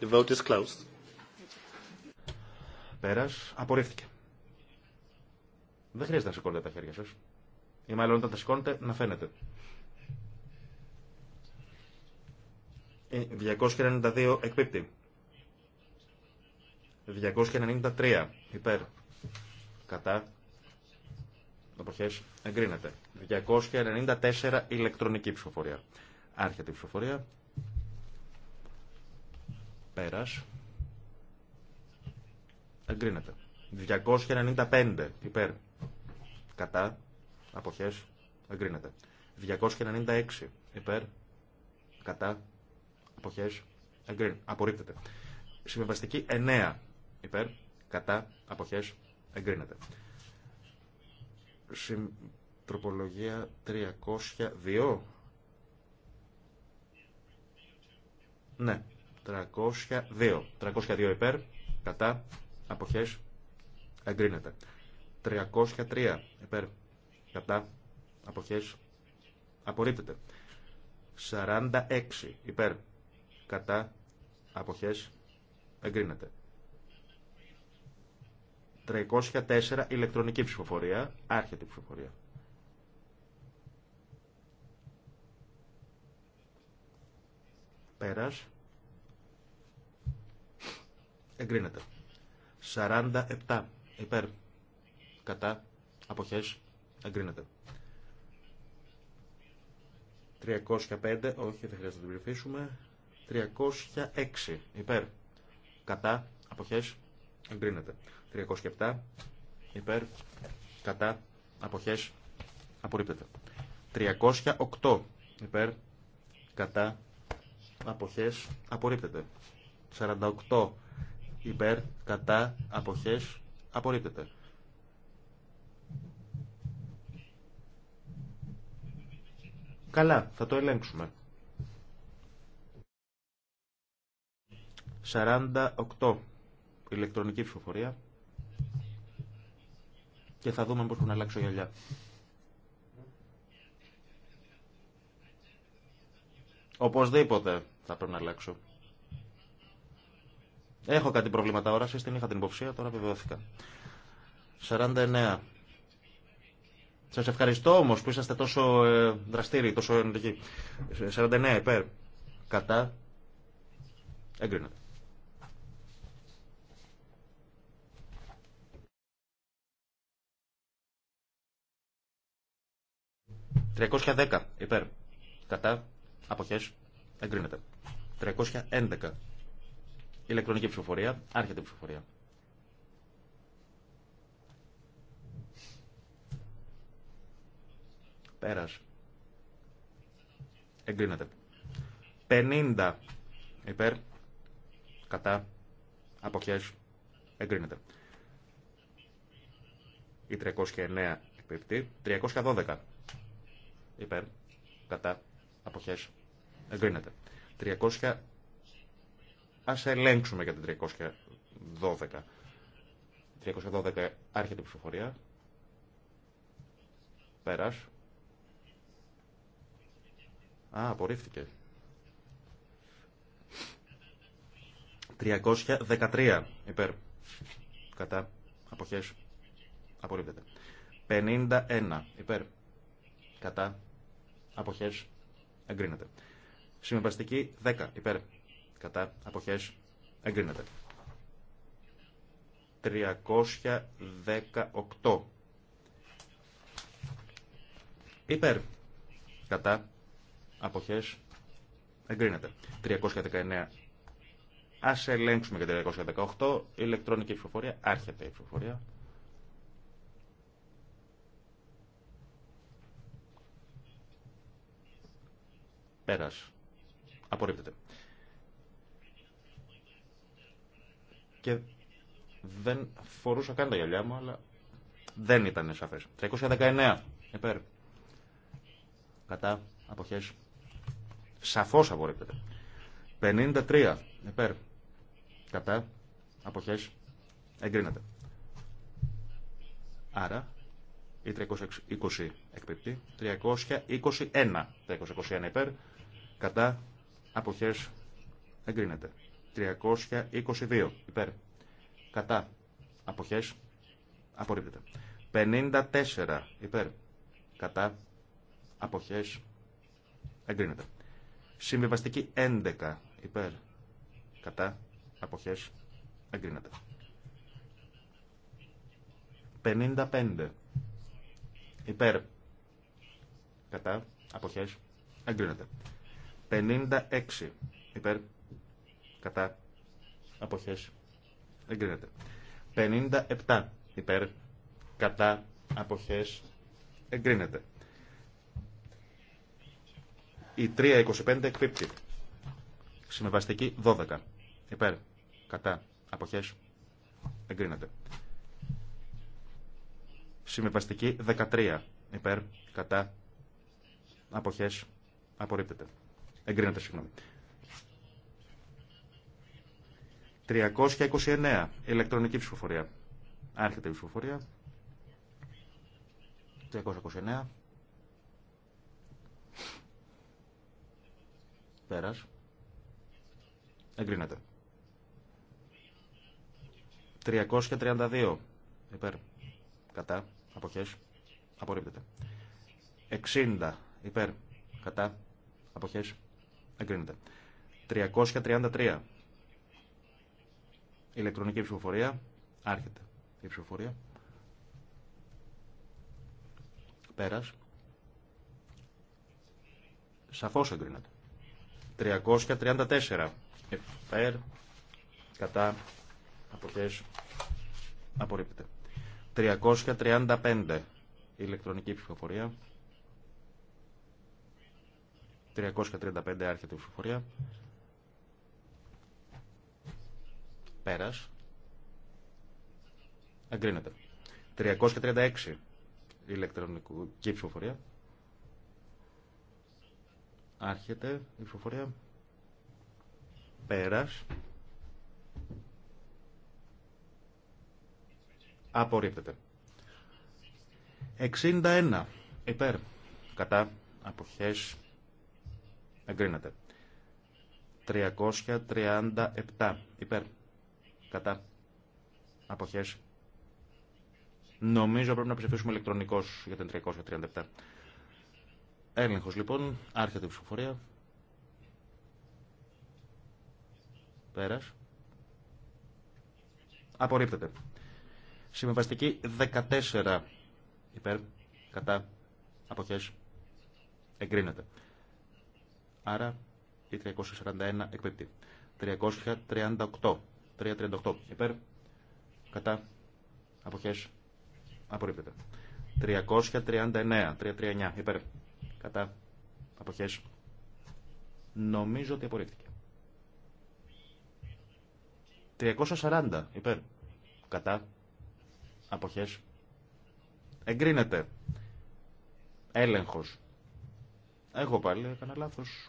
The vote is closed. Πέρας. Απορρίφθηκε. Δεν χρειάζεται να σηκώνετε τα χέρια σας. Ή μάλλον όταν τα σηκώνετε να φαίνεται. 292 ε, εκπίπτει. 293 υπέρ. Κατά. Αποχές. Εγκρίνεται. 294 ηλεκτρονική ψηφοφορία. Άρχεται η ψηφοφορία. κατα αποχε εγκρινεται 294 ηλεκτρονικη ψηφοφορια αρχεται η ψηφοφορια περας Εγκρίνεται. 295 υπέρ. Κατά. Αποχές. Εγκρίνεται. 296 υπέρ. Κατά. Αποχές. Εγκρίνεται. Απορρίπτεται. Συμβεβαστική 9 υπέρ. Κατά. Αποχές. Εγκρίνεται. Συμ... Τροπολογία 302. Ναι. 302. 302 υπέρ. Κατά. Αποχές. Εγκρίνεται. 303 υπέρ. Κατά. Αποχές. Απορρίπτεται. 46 υπέρ. Κατά. Αποχές. Εγκρίνεται. 304 ηλεκτρονική ψηφοφορία. Άρχεται η ψηφοφορία. Πέρας. Εγκρίνεται. 47 υπέρ κατά αποχές εγκρίνεται. 305, όχι δεν χρειάζεται να την ψηφίσουμε. 306 υπέρ κατά αποχές εγκρίνεται. 307 υπέρ κατά αποχές απορρίπτεται. 308 υπέρ κατά αποχές απορρίπτεται. 48 υπέρ, κατά, αποχές, απορρίπτεται. Καλά, θα το ελέγξουμε. 48 ηλεκτρονική ψηφοφορία και θα δούμε πώς να αλλάξω γυαλιά. Οπωσδήποτε θα πρέπει να αλλάξω. Έχω κάτι προβλήματα όραση, την είχα την υποψία, τώρα βεβαιώθηκα. 49. Σα ευχαριστώ όμω που είσαστε τόσο ε, δραστήριοι, τόσο ενεργοί. 49 υπέρ. Κατά. Τριακόσια «310 υπέρ, κατά, αποχές, εγκρίνεται. 311 Ηλεκτρονική ψηφοφορία. Άρχεται η ψηφοφορία. Πέρας. Εγκρίνεται. 50 υπέρ. Κατά. Αποχές. Εγκρίνεται. Η 309 επιπτή. 312 υπέρ. Κατά. Αποχές. Εγκρίνεται. Ας ελέγξουμε για την 312. 312 άρχεται η ψηφοφορία. Πέρας. Α, απορρίφθηκε. 313 υπέρ. Κατά. Αποχές. Απορρίπτεται. 51 υπέρ. Κατά. Αποχές. Εγκρίνεται. Συμβαστική 10 υπέρ. Κατά. Αποχές. Εγκρίνεται. 318. Υπέρ. Κατά. Αποχές. Εγκρίνεται. 319. Ας ελέγξουμε για 318. Ηλεκτρονική ψηφοφορία. Άρχεται η ψηφοφορία. Πέρας. Απορρίπτεται. και δεν φορούσα καν τα γυαλιά μου, αλλά δεν ήταν σαφές. 319, υπέρ. Κατά, αποχές. Σαφώς απορρίπτεται. 53, υπέρ. Κατά, αποχές. Εγκρίνεται. Άρα, η 320 εκπληκτή 321, 321 υπέρ. Κατά, αποχές. Εγκρίνεται. 322. Υπέρ. Κατά. Αποχές. Απορρίπτεται. 54. Υπέρ. Κατά. Αποχές. Εγκρίνεται. Συμβιβαστική 11. Υπέρ. Κατά. Αποχές. Εγκρίνεται. 55. Υπέρ. Κατά. Αποχές. Εγκρίνεται. 56. Υπέρ κατά αποχές εγκρίνεται. 57 υπέρ κατά αποχές εγκρίνεται. Η 3.25 εκπίπτει. Συμμεβαστική 12 υπέρ κατά αποχές εγκρίνεται. Συμμεβαστική 13 υπέρ κατά αποχές απορρίπτεται. Εγκρίνεται, συγγνώμη. 329. Ηλεκτρονική ψηφοφορία. Άρχεται η ψηφοφορία. 329. Πέρας. Εγκρίνεται. 332. Υπέρ. Κατά. Αποχές. Απορρίπτεται. 60. Υπέρ. Κατά. Αποχές. Εγκρίνεται. 333. Ηλεκτρονική ψηφοφορία. Άρχεται η ψηφοφορία. Πέρα. Σαφώ εγκρίνεται. 334. Υπέρ. Κατά. Αποχές. Απορρίπτεται. 335. Ηλεκτρονική ψηφοφορία. 335 άρχεται η ψηφοφορία. Πέρας. Εγκρίνεται. 336 ηλεκτρονικού και ψηφοφορία. Άρχεται η ψηφοφορία. Πέρας. Απορρίπτεται. 61 υπέρ. Κατά. Αποχές. Εγκρίνεται. 337 υπέρ. Κατά. απόχέ. Νομίζω πρέπει να ψηφίσουμε ηλεκτρονικώς για την 337. Έλεγχο λοιπόν. Άρχεται η ψηφοφορία. Πέρα. Απορρίπτεται. Συμβαστική 14 υπέρ, κατά, αποχές, εγκρίνεται. Άρα η 341 εκπίπτει. 338 3.38 υπέρ κατά αποχές απορρίπτεται 339 339 υπέρ κατά αποχές νομίζω ότι απορρίφθηκε 340 υπέρ κατά αποχές εγκρίνεται έλεγχος Έχω πάλι έκανα λάθος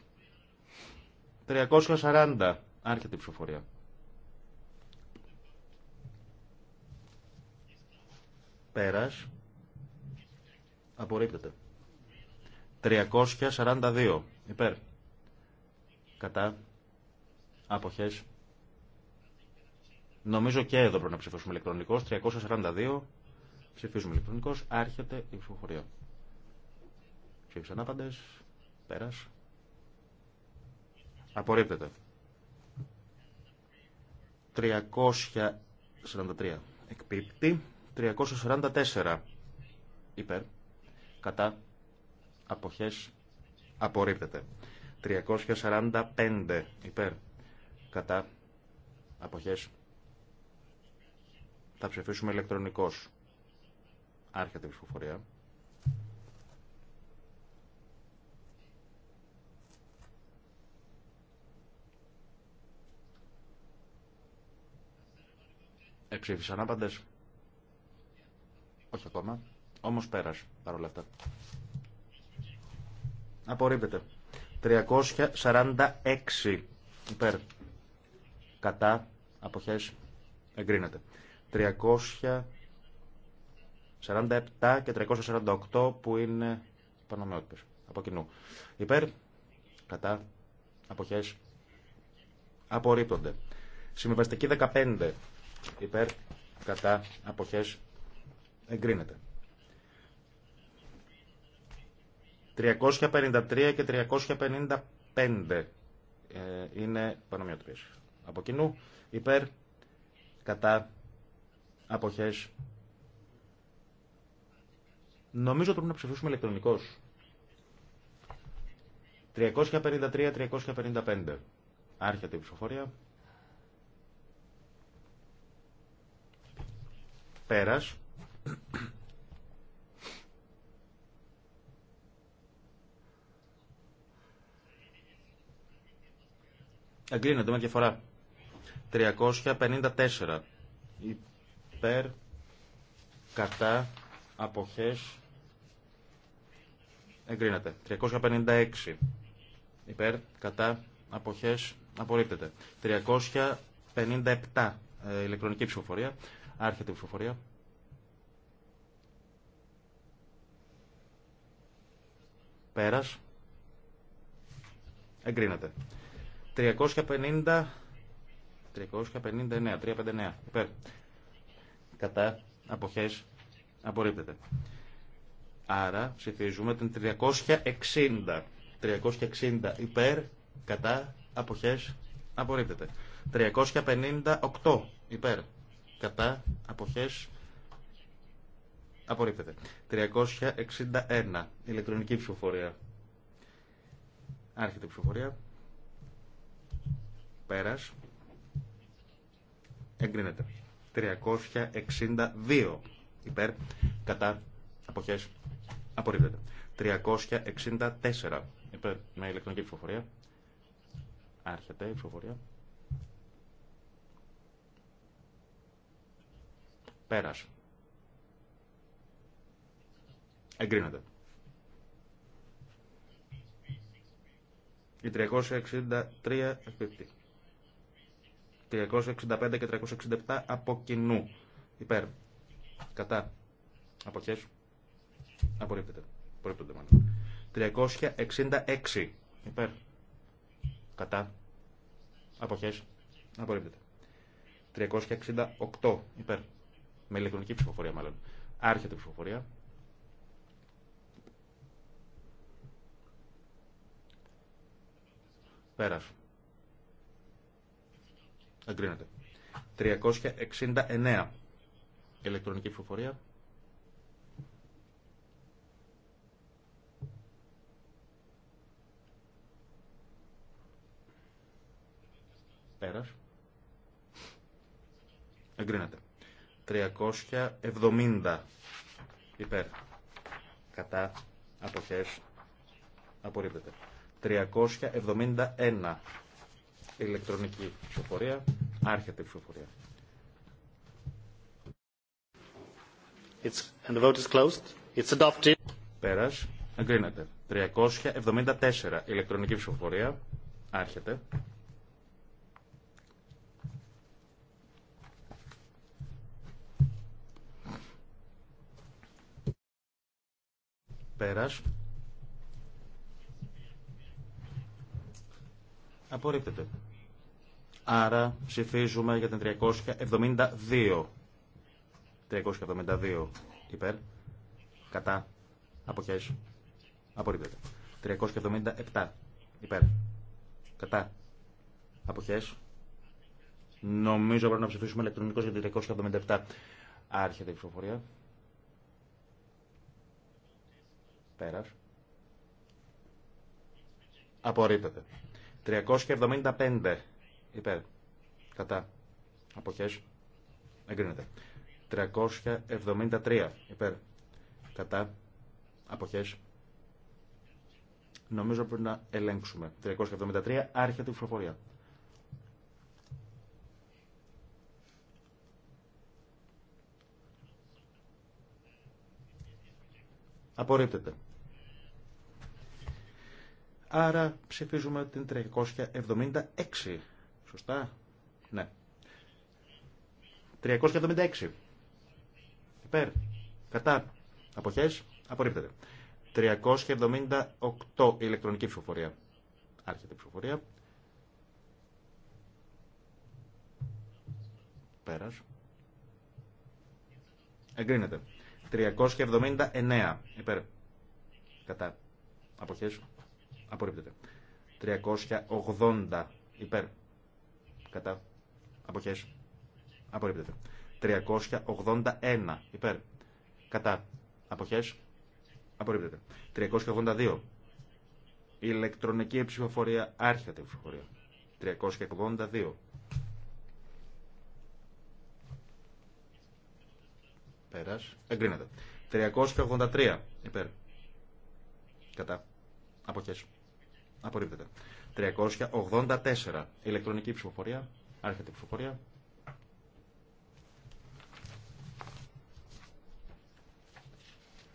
340 άρχεται η ψηφοφορία Πέρας. Απορρίπτεται. 342. Υπέρ. Κατά. Αποχές. Νομίζω και εδώ πρέπει να ψηφίσουμε ηλεκτρονικός. 342. Ψηφίζουμε ηλεκτρονικός. Άρχεται η ψηφοφορία. Ψήφισαν ανάπαντες. Πέρας. Απορρίπτεται. 343. Εκπίπτει. 344 υπέρ, κατά, αποχές, απορρίπτεται. 345 υπέρ, κατά, αποχές, θα ψηφίσουμε ηλεκτρονικός. Άρχεται η ψηφοφορία. Εψήφισαν άπαντες. Όχι ακόμα. Όμω πέρασε παρόλα αυτά. Απορρίπτεται. 346 υπέρ. Κατά. Αποχές. Εγκρίνεται. 347 και 348 που είναι πανομοιότυπες. Από κοινού. Υπέρ. Κατά. Αποχές. Απορρίπτονται. Συμβαστική 15 υπέρ. Κατά. Αποχές Εγκρίνεται. 353 και 355 ε, είναι πανομοιότυπες. Από κοινού, υπέρ, κατά, αποχές. Νομίζω πρέπει να ψηφίσουμε ηλεκτρονικώς. 353-355. Άρχεται η ψηφοφορία. Πέρας. Εγκρίνεται με διαφορά. 354 υπέρ, κατά, αποχές, εγκρίνεται. 356 υπέρ, κατά, αποχές, απορρίπτεται. 357 ε, ηλεκτρονική ψηφοφορία, άρχεται η ψηφοφορία. Πέρας, εγκρίνεται. 350... 359, 359, υπέρ. Κατά, αποχές, απορρίπτεται. Άρα ψηφίζουμε την 360. 360 υπέρ, κατά, αποχές, απορρίπτεται. 358 υπέρ, κατά, αποχές, απορρίπτεται. 361 ηλεκτρονική ψηφοφορία. Άρχεται η ψηφοφορία. Πέρας. Εγκρίνεται. 362 υπέρ. Κατά. Αποχές. Απορρίπτεται. 364 υπέρ. Με ηλεκτρονική ψηφοφορία. Άρχεται η ψηφοφορία. Πέρας. Εγκρίνεται. Η 363 εκπίπτει. 365 και 367 από κοινού. Υπέρ. Κατά. Αποχές. Απορρίπτεται. Απορρίπτονται μάλλον. 366. Υπέρ. Κατά. Αποχές. Απορρίπτεται. 368. Υπέρ. Με ηλεκτρονική ψηφοφορία μάλλον. Άρχεται η ψηφοφορία. Πέρασε. Εγκρίνεται. 369. Ηλεκτρονική ψηφοφορία. Πέρας. Εγκρίνεται. 370 υπέρ. Κατά. Αποχές. Απορρίπτεται. 371 ηλεκτρονική ψηφοφορία. Άρχεται η ψηφοφορία. It's, and the vote is closed. It's adopted. Πέρας. Εγκρίνεται. 374 ηλεκτρονική ψηφοφορία. Άρχεται. Πέρας. Απορρίπτεται. Άρα ψηφίζουμε για την 372. 372 υπέρ. Κατά. Αποχές. Απορρίπτεται. 377 υπέρ. Κατά. Αποχές. Νομίζω πρέπει να ψηφίσουμε ηλεκτρονικώς για την 377. Άρχεται η ψηφοφορία. Πέρας. Απορρίπτεται. 375 Υπέρ. Κατά. Αποχές. Εγκρίνεται. 373. Υπέρ. Κατά. Αποχές. Νομίζω πρέπει να ελέγξουμε. 373. Άρχεται η ψηφοφορία. Απορρίπτεται. Άρα ψηφίζουμε την 376 Σωστά. Ναι. 376. Υπέρ. Κατά. Αποχές. Απορρίπτεται. 378 ηλεκτρονική ψηφοφορία. Άρχεται η ψηφοφορία. Πέρας. Εγκρίνεται. 379 υπέρ. Κατά. Αποχές. Απορρίπτεται. 380 υπέρ. Κατά. Αποχές. Απορρίπτεται. 381 υπέρ. Κατά. Αποχές. Απορρίπτεται. 382. Ηλεκτρονική ψηφοφορία. Άρχεται η ψηφοφορία. 382. Πέρας. Εγκρίνεται. 383 υπέρ. Κατά. Αποχές. Απορρίπτεται. 384. Ηλεκτρονική ψηφοφορία. Άρχεται η ψηφοφορία.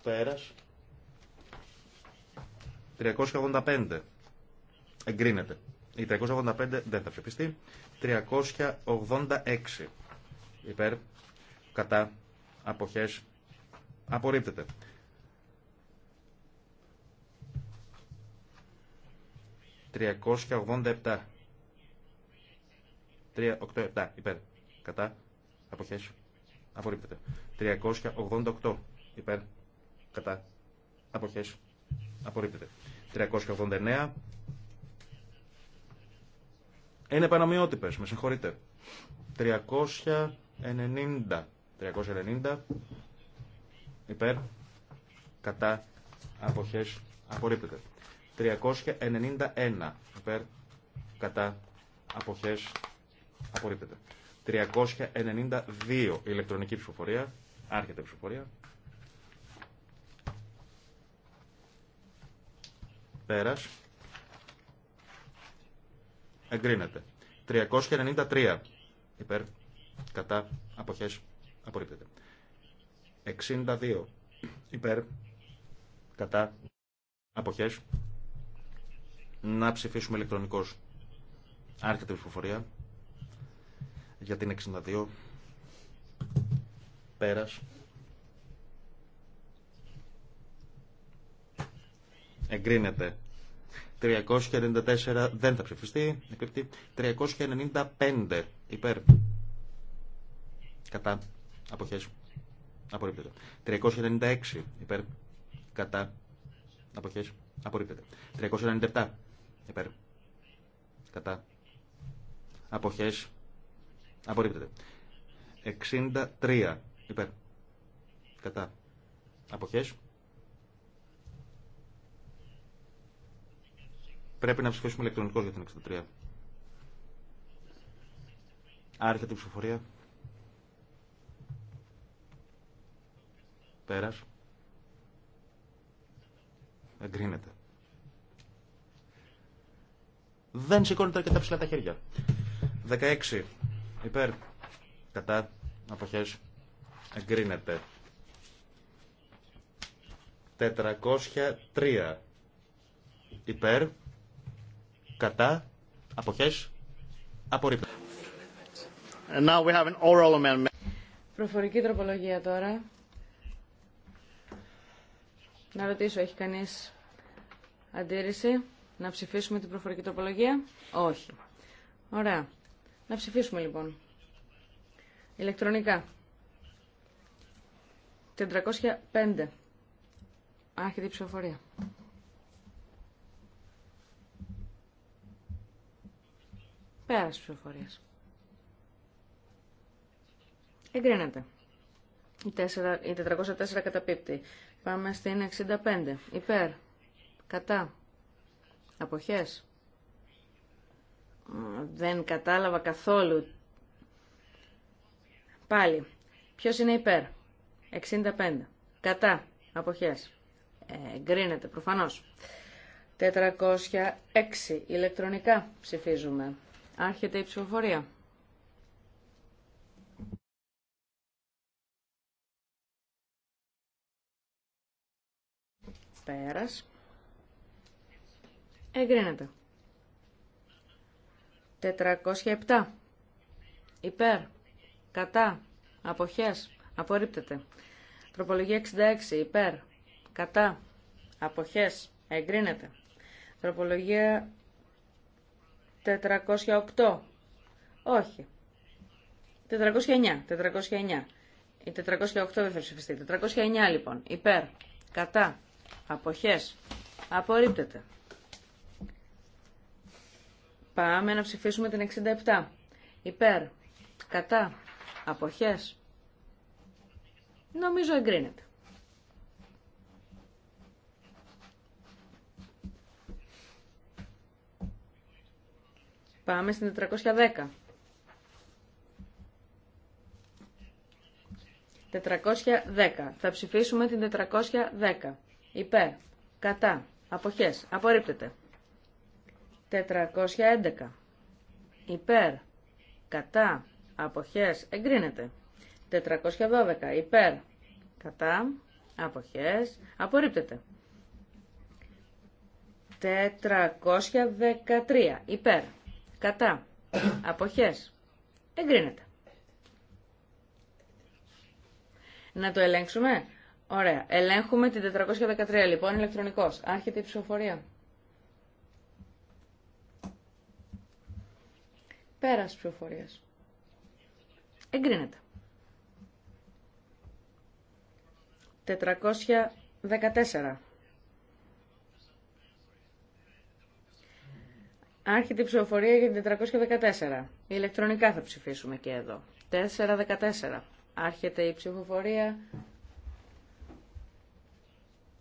Πέρας. 385. Εγκρίνεται. Η 385 δεν θα ψηφιστεί. 386. Υπέρ. Κατά. Αποχές. Απορρίπτεται. 387. 387 υπέρ. Κατά. Αποχές. Απορρίπτεται. 388 υπέρ. Κατά. Αποχές. Απορρίπτεται. 389. Είναι επανομοιότυπες. Με συγχωρείτε. 390. 390 υπέρ. Κατά. Αποχές. Απορρίπτεται. 391 υπέρ κατά αποχές απορρίπτεται. 392 ηλεκτρονική ψηφοφορία, άρχεται ψηφοφορία. Πέρας. Εγκρίνεται. 393 υπέρ κατά αποχές απορρίπτεται. 62 υπέρ κατά αποχές να ψηφίσουμε ηλεκτρονικώ. Άρχεται η ψηφοφορία για την 62. Πέρα. Εγκρίνεται. 394 δεν θα ψηφιστεί. 395 υπέρ. Κατά. Αποχές. Απορρίπτεται. 396 υπέρ. Κατά. Αποχές. Απορρίπτεται. 397 Υπέρ. Κατά. αποχέ. Απορρίπτεται. 63. Υπέρ. Κατά. Αποχέ. Πρέπει να ψηφίσουμε ηλεκτρονικό για την 63. Άρχεται η ψηφοφορία. Πέρας. Εγκρίνεται δεν σηκώνεται αρκετά ψηλά τα χέρια. 16. Υπέρ. Κατά. αποχέ, Εγκρίνεται. 403. Υπέρ. Κατά. αποχέ, Απορρίπτεται. now we have an oral amendment. Προφορική τροπολογία τώρα. Να ρωτήσω, έχει κανείς αντίρρηση. Να ψηφίσουμε την προφορική τροπολογία. Όχι. Ωραία. Να ψηφίσουμε λοιπόν. Ηλεκτρονικά. 405. Άρχεται η ψηφοφορία. Πέρας ψηφοφορίας. Εγκρίνεται. Η, 4, η 404 καταπίπτει. Πάμε στην 65. Υπέρ. Κατά. Αποχές. Δεν κατάλαβα καθόλου. Πάλι. Ποιος είναι υπέρ. 65. Κατά. Αποχές. Ε, γκρίνεται προφανώς. 406. Ηλεκτρονικά ψηφίζουμε. Άρχεται η ψηφοφορία. Πέρας. Εγκρίνεται. 407. Υπέρ. Κατά. Αποχές. Απορρίπτεται. Τροπολογία 66. Υπέρ. Κατά. Αποχές. Εγκρίνεται. Τροπολογία 408. Όχι. 409. 409. Η 408 δεν θα ψηφιστεί. 409 λοιπόν. Υπέρ. Κατά. Αποχές. Απορρίπτεται. Πάμε να ψηφίσουμε την 67. Υπέρ. Κατά. Αποχές. Νομίζω εγκρίνεται. Πάμε στην 410. 410. Θα ψηφίσουμε την 410. Υπέρ. Κατά. Αποχές. Απορρίπτεται. 411. Υπέρ. Κατά. Αποχές. Εγκρίνεται. 412. Υπέρ. Κατά. Αποχές. Απορρίπτεται. 413. Υπέρ. Κατά. Αποχές. Εγκρίνεται. Να το ελέγξουμε. Ωραία. Ελέγχουμε την 413 λοιπόν ηλεκτρονικός. Άρχεται η ψηφοφορία. Πέρας ψηφοφορίας. Εγκρίνεται. 414. Άρχεται η ψηφοφορία για την 414. Ηλεκτρονικά θα ψηφίσουμε και εδώ. 414. Άρχεται η ψηφοφορία.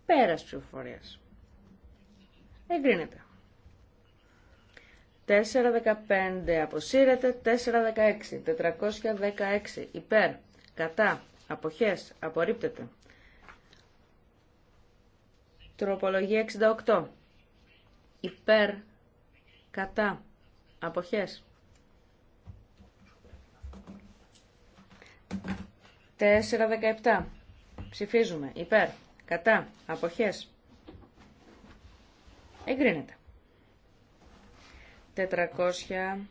Πέρας ψηφοφορίας. Εγκρίνεται. 415 αποσύρεται, 416, 416 υπέρ, κατά, αποχές, απορρίπτεται. Τροπολογία 68 υπέρ, κατά, αποχές. 417 ψηφίζουμε υπέρ, κατά, αποχές. Εγκρίνεται. 418.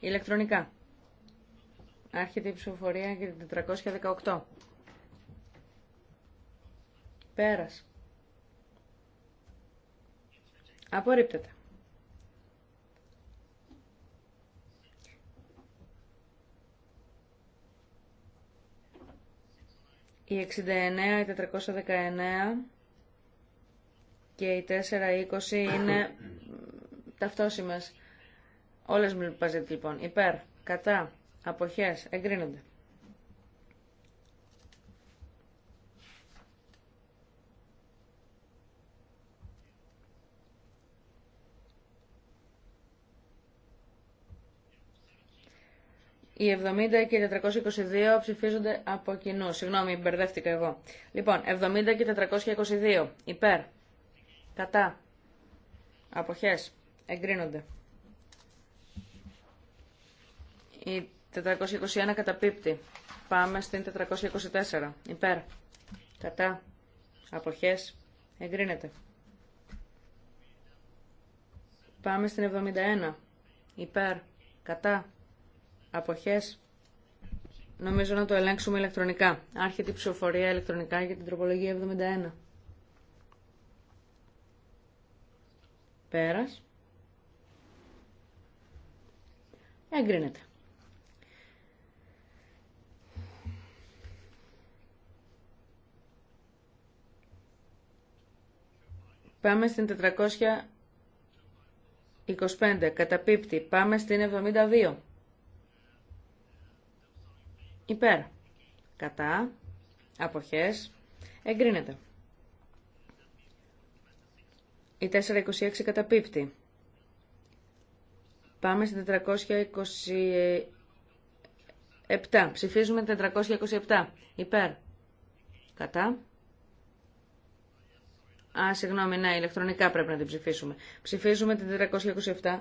Ηλεκτρονικά. Άρχεται η ψηφοφορία για την 418. Πέρας. Απορρίπτεται. Η 69, η 419 και η 420 είναι Όλε όλες μαζί λοιπόν. Υπέρ, κατά, απόχέ εγκρίνονται. Οι 70 και οι 422 ψηφίζονται από κοινού. Συγγνώμη, μπερδεύτηκα εγώ. Λοιπόν, 70 και 422. Υπέρ. Κατά. Αποχές εγκρίνονται. Η 421 καταπίπτει. Πάμε στην 424. Υπέρ. Κατά. Αποχές. Εγκρίνεται. Πάμε στην 71. Υπέρ. Κατά. Αποχές. Νομίζω να το ελέγξουμε ηλεκτρονικά. Άρχεται η ψηφοφορία ηλεκτρονικά για την τροπολογία 71. Πέρας. Εγκρίνεται. Πάμε στην 425. Καταπίπτει. Πάμε στην 72. Υπέρ. Κατά. Αποχές. Εγκρίνεται. Η 426 καταπίπτει. Πάμε στην 427. Ψηφίζουμε 427. Υπέρ. Κατά. Α, συγγνώμη, ναι, ηλεκτρονικά πρέπει να την ψηφίσουμε. Ψηφίζουμε την 427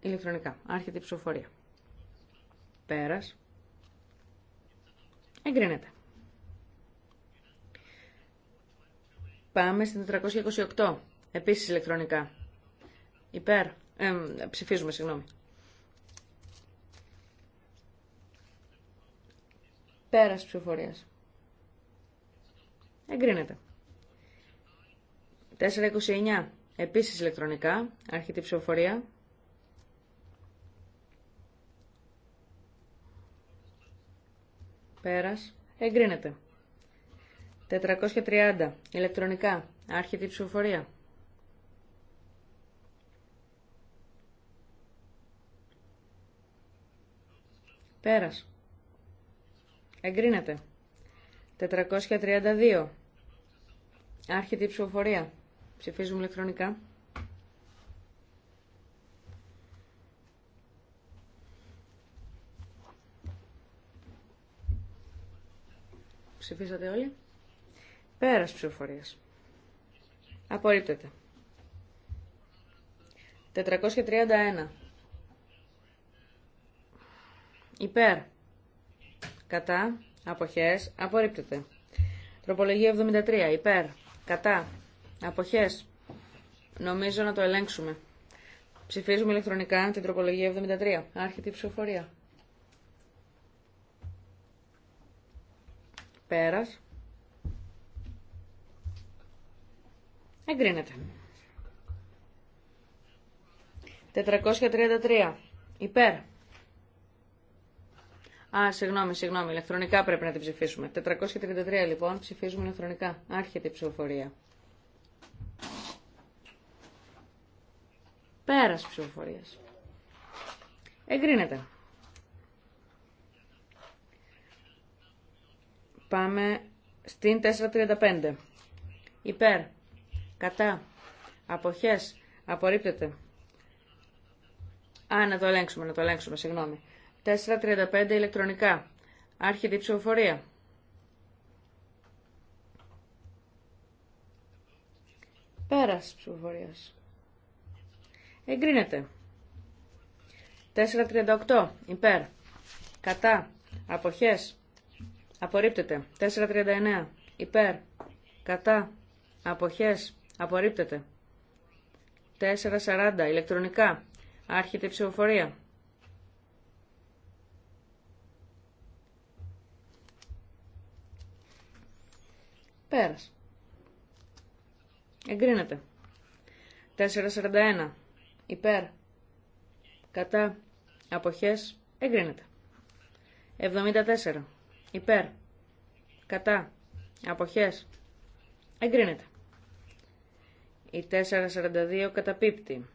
ηλεκτρονικά. Άρχεται η ψηφοφορία. Πέρας. Εγκρίνεται. Πάμε στην 428. Επίσης ηλεκτρονικά. Υπέρ. Ε, ψηφίζουμε, συγγνώμη. Πέρας ψηφοφορίας. Εγκρίνεται. 429. Επίσης ηλεκτρονικά. Αρχιτή ψηφοφορία. Πέρας. Εγκρίνεται. 430. Ηλεκτρονικά. Αρχιτή ψηφοφορία. Πέρας. Εγκρίνεται. 432. Άρχεται η ψηφοφορία. Ψηφίζουμε ηλεκτρονικά. «Ψηφίζατε όλοι. Πέρας ψηφοφορίας. Απορρίπτεται. 431. Υπέρ. Κατά. Αποχές. Απορρίπτεται. Τροπολογία 73. Υπέρ. Κατά. Αποχές. Νομίζω να το ελέγξουμε. Ψηφίζουμε ηλεκτρονικά την τροπολογία 73. Άρχεται η ψηφοφορία. Πέρας. Εγκρίνεται. 433. Υπέρ. Α, συγγνώμη, συγγνώμη, ηλεκτρονικά πρέπει να την ψηφίσουμε. 433 λοιπόν, ψηφίζουμε ηλεκτρονικά. Άρχεται η ψηφοφορία. Πέρας ψηφοφορίας. Εγκρίνεται. Πάμε στην 435. Υπέρ. Κατά. Αποχές. Απορρίπτεται. Α, να το ελέγξουμε, να το ελέγξουμε, συγγνώμη. 435 ηλεκτρονικά. Άρχεται η ψηφοφορία. Πέρας ψηφοφορίας. Εγκρίνεται. 438 υπέρ. Κατά. Αποχές. Απορρίπτεται. 439 υπέρ. Κατά. Αποχές. Απορρίπτεται. 440 ηλεκτρονικά. Άρχεται η ψηφοφορία. Πέρας. Εγκρίνεται. 441. Υπέρ. Κατά. Αποχές. Εγκρίνεται. 74. Υπέρ. Κατά. Αποχές. Εγκρίνεται. Η 442 καταπίπτει.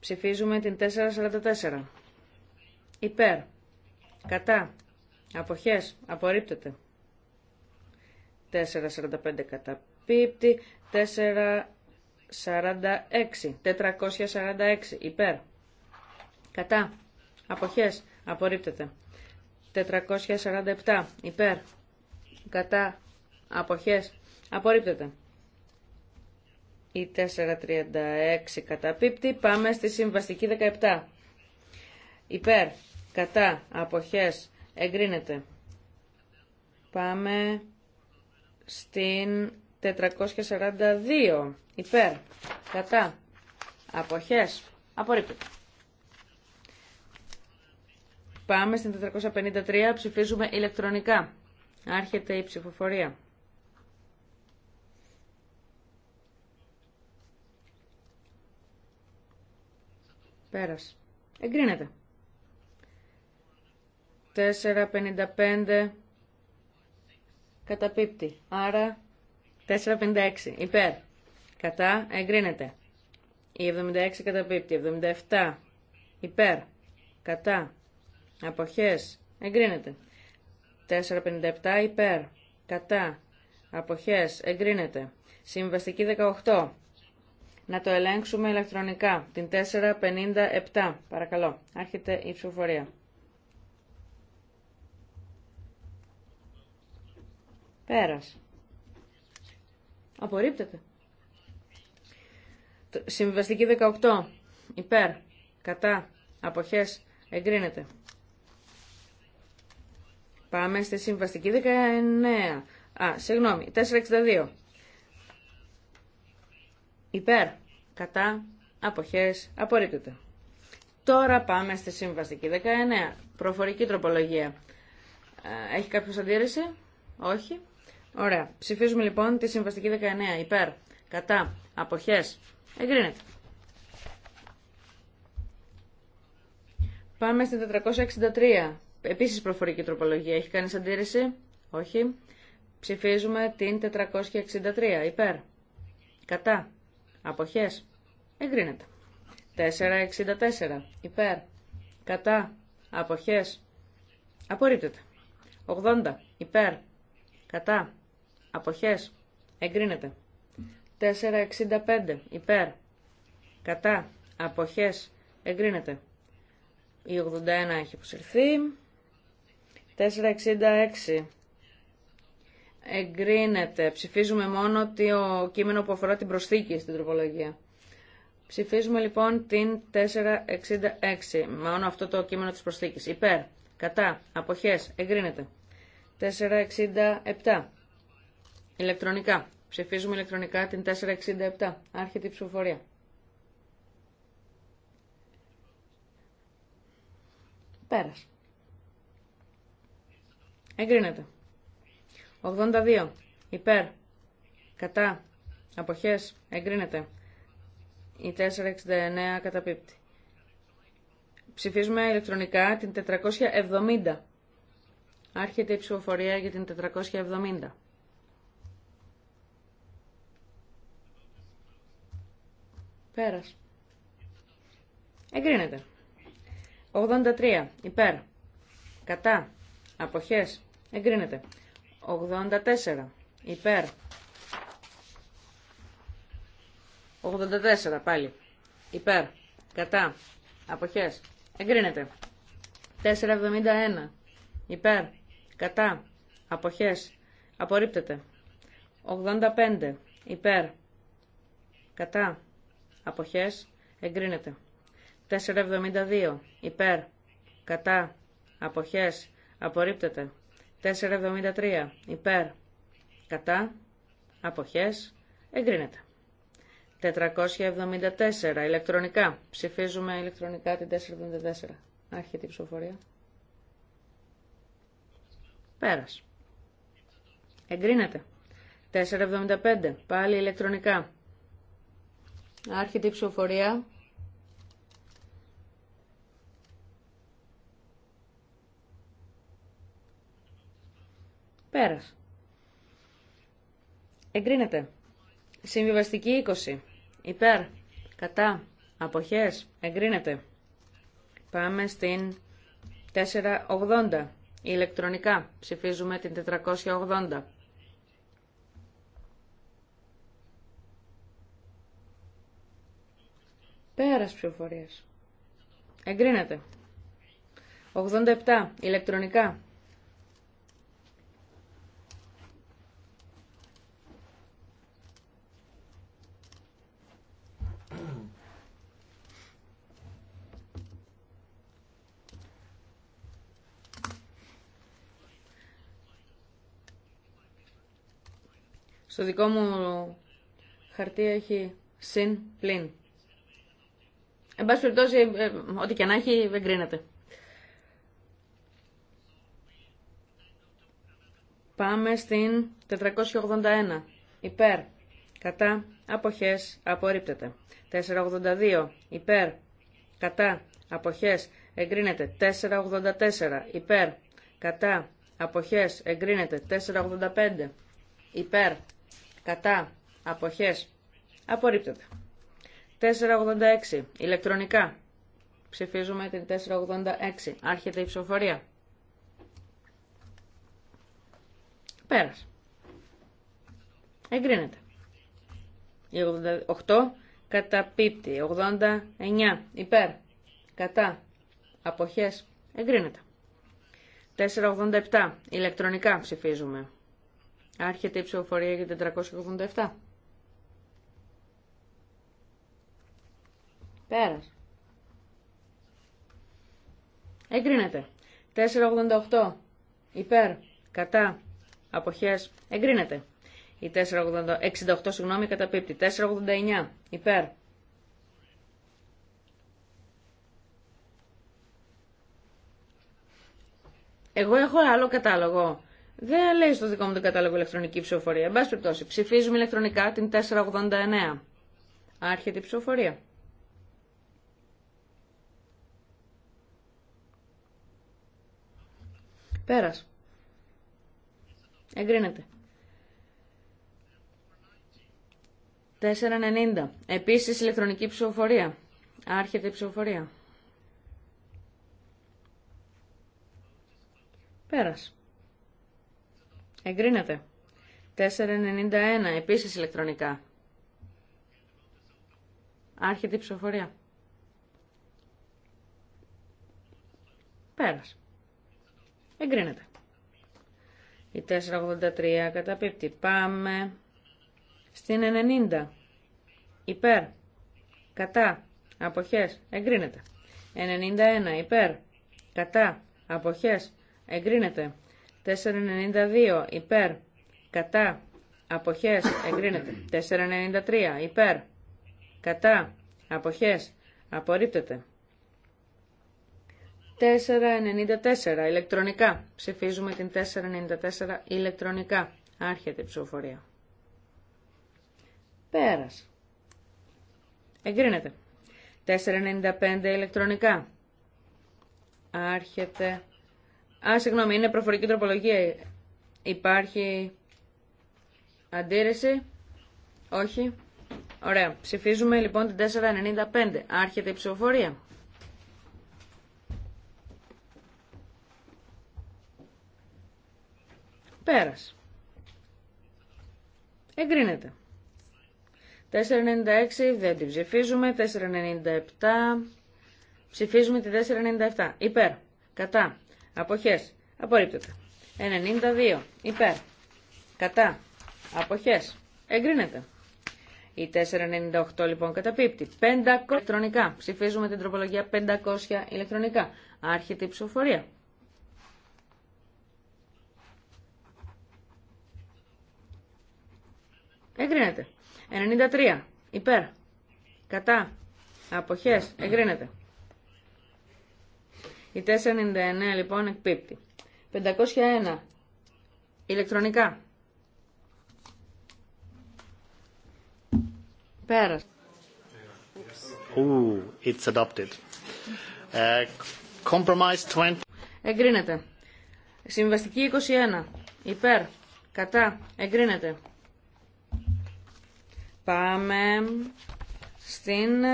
Ψηφίζουμε την 444. Υπέρ. Κατά. Αποχές. Απορρίπτεται. 445 καταπίπτει, 446, 446 υπέρ, κατά, αποχές, απορρίπτεται, 447 υπέρ, κατά, αποχές, απορρίπτεται. Η 436 καταπίπτει, πάμε στη συμβαστική 17. Υπέρ, κατά, αποχές, εγκρίνεται. Πάμε στην 442. Υπέρ. Κατά. Αποχές. Απορρίπτεται. Πάμε στην 453. Ψηφίζουμε ηλεκτρονικά. Άρχεται η ψηφοφορία. Πέρας. Εγκρίνεται. 455 καταπίπτει. Άρα 456 υπέρ. Κατά εγκρίνεται. Η 76 καταπίπτει. 77 υπέρ. Κατά. Αποχές. Εγκρίνεται. 457 υπέρ. Κατά. Αποχές. Εγκρίνεται. Συμβαστική 18. Να το ελέγξουμε ηλεκτρονικά. Την 457. Παρακαλώ. Άρχεται η ψηφοφορία. Πέρας. Απορρίπτεται. Συμβαστική 18. Υπέρ. Κατά. Αποχές. Εγκρίνεται. Πάμε στη συμβαστική 19. Α, συγγνώμη. 462. Υπέρ. Κατά. Αποχές. Απορρίπτεται. Τώρα πάμε στη συμβαστική 19. Προφορική τροπολογία. Έχει κάποιος αντίρρηση? Όχι. Ωραία. Ψηφίζουμε λοιπόν τη συμβαστική 19. Υπέρ. Κατά. Αποχές. Εγκρίνεται. Πάμε στην 463. Επίσης προφορική τροπολογία. Έχει κάνει αντίρρηση. Όχι. Ψηφίζουμε την 463. Υπέρ. Κατά. Αποχές. Εγκρίνεται. 464. Υπέρ. Κατά. Αποχές. Απορρίπτεται. 80. Υπέρ. Κατά. Αποχές. Εγκρίνεται. 465. Υπέρ. Κατά. Αποχές. Εγκρίνεται. Η 81 έχει αποσυρθεί. 466. Εγκρίνεται. Ψηφίζουμε μόνο το κείμενο που αφορά την προσθήκη στην τροπολογία. Ψηφίζουμε λοιπόν την 466. Μόνο αυτό το κείμενο της προσθήκης. Υπέρ. Κατά. Αποχές. Εγκρίνεται. 467. Ηλεκτρονικά. Ψηφίζουμε ηλεκτρονικά την 467. Άρχεται η ψηφοφορία. Πέρας. Εγκρίνεται. 82. Υπέρ. Κατά. Αποχές. Εγκρίνεται. Η 469 καταπίπτει. Ψηφίζουμε ηλεκτρονικά την 470. Άρχεται η ψηφοφορία για την 470. Πέρας. Εγκρίνεται. 83. Υπέρ. Κατά. Αποχές. Εγκρίνεται. 84. Υπέρ. 84 πάλι. Υπέρ. Κατά. Αποχές. Εγκρίνεται. 471. Υπέρ. Κατά. Αποχές. Απορρίπτεται. 85. Υπέρ. Κατά αποχές, εγκρίνεται. 472 υπέρ, κατά, αποχές, απορρίπτεται. 473 υπέρ, κατά, αποχές, εγκρίνεται. 474 ηλεκτρονικά. Ψηφίζουμε ηλεκτρονικά την 474. Άρχεται η ψηφοφορία. Πέρας. Εγκρίνεται. 475. Πάλι ηλεκτρονικά. Άρχεται η ψηφοφορία. Πέρας. Εγκρίνεται. Συμβιβαστική 20. Υπέρ. Κατά. Αποχές. Εγκρίνεται. Πάμε στην 480. Ηλεκτρονικά. Ψηφίζουμε την 480. Πέρας ψηφοφορίας. Εγκρίνεται. 87. Ηλεκτρονικά. Στο δικό μου χαρτί έχει συν πλην. Εν πάση περιπτώσει, ε, ε, ό,τι και να έχει, δεν Πάμε στην 481. Υπέρ. Κατά. Αποχές. Απορρίπτεται. 482. Υπέρ. Κατά. Αποχές. Εγκρίνεται. 484. Υπέρ. Κατά. Αποχές. Εγκρίνεται. 485. Υπέρ. Κατά. Αποχές. Απορρίπτεται. 486. Ηλεκτρονικά. Ψηφίζουμε την 486. Άρχεται η ψηφοφορία. Πέρασε. Εγκρίνεται. Η 88 καταπίπτει. 89 υπέρ. Κατά. Αποχές. Εγκρίνεται. 487. Ηλεκτρονικά ψηφίζουμε. Άρχεται η ψηφοφορία για 487. Πέρας. Εγκρίνεται. 488. Υπέρ. Κατά. Αποχές. Εγκρίνεται. Η 488, 68, συγγνώμη, καταπίπτει. 489. Υπέρ. Εγώ έχω άλλο κατάλογο. Δεν λέει στο δικό μου το κατάλογο ηλεκτρονική ψηφοφορία. Εν πάση περιπτώσει, ψηφίζουμε ηλεκτρονικά την 489. Άρχεται η ψηφοφορία. Πέρας. Εγκρίνεται. 4.90. Επίσης ηλεκτρονική ψηφοφορία. Άρχεται η ψηφοφορία. Πέρας. Εγκρίνεται. 4.91. Επίσης ηλεκτρονικά. Άρχεται η ψηφοφορία. Πέρας. Εγκρίνεται. Η 483 καταπίπτει. Πάμε στην 90. Υπέρ. Κατά. Αποχές. Εγκρίνεται. 91. Υπέρ. Κατά. Αποχές. Εγκρίνεται. 492. Υπέρ. Κατά. Αποχές. Εγκρίνεται. 493. Υπέρ. Κατά. Αποχές. Απορρίπτεται. 494 ηλεκτρονικά. Ψηφίζουμε την 494 ηλεκτρονικά. Άρχεται η ψηφοφορία. Πέρας. Εγκρίνεται. 495 ηλεκτρονικά. Άρχεται. Α, συγγνώμη, είναι προφορική τροπολογία. Υπάρχει αντίρρηση. Όχι. Ωραία. Ψηφίζουμε λοιπόν την 495. Άρχεται η ψηφοφορία. Πέρας. Εγκρίνεται. 496 δεν την ψηφίζουμε. 497 ψηφίζουμε τη 497. Υπέρ. Κατά. Αποχές. Απορρίπτεται. 92. Υπέρ. Κατά. Αποχές. Εγκρίνεται. Η 498 λοιπόν καταπίπτει. 500 ηλεκτρονικά. Ψηφίζουμε την τροπολογία 500 ηλεκτρονικά. Άρχεται η ψηφοφορία. εγκρίνεται. 93 υπέρ, κατά, αποχές, εγκρίνεται. Η 499 λοιπόν εκπίπτει. 501 ηλεκτρονικά. Πέρας. Ooh, it's adopted. Ε, compromise 20. Εγκρίνεται. Συμβαστική 21. Υπέρ. Κατά. Εγκρίνεται. Πάμε στην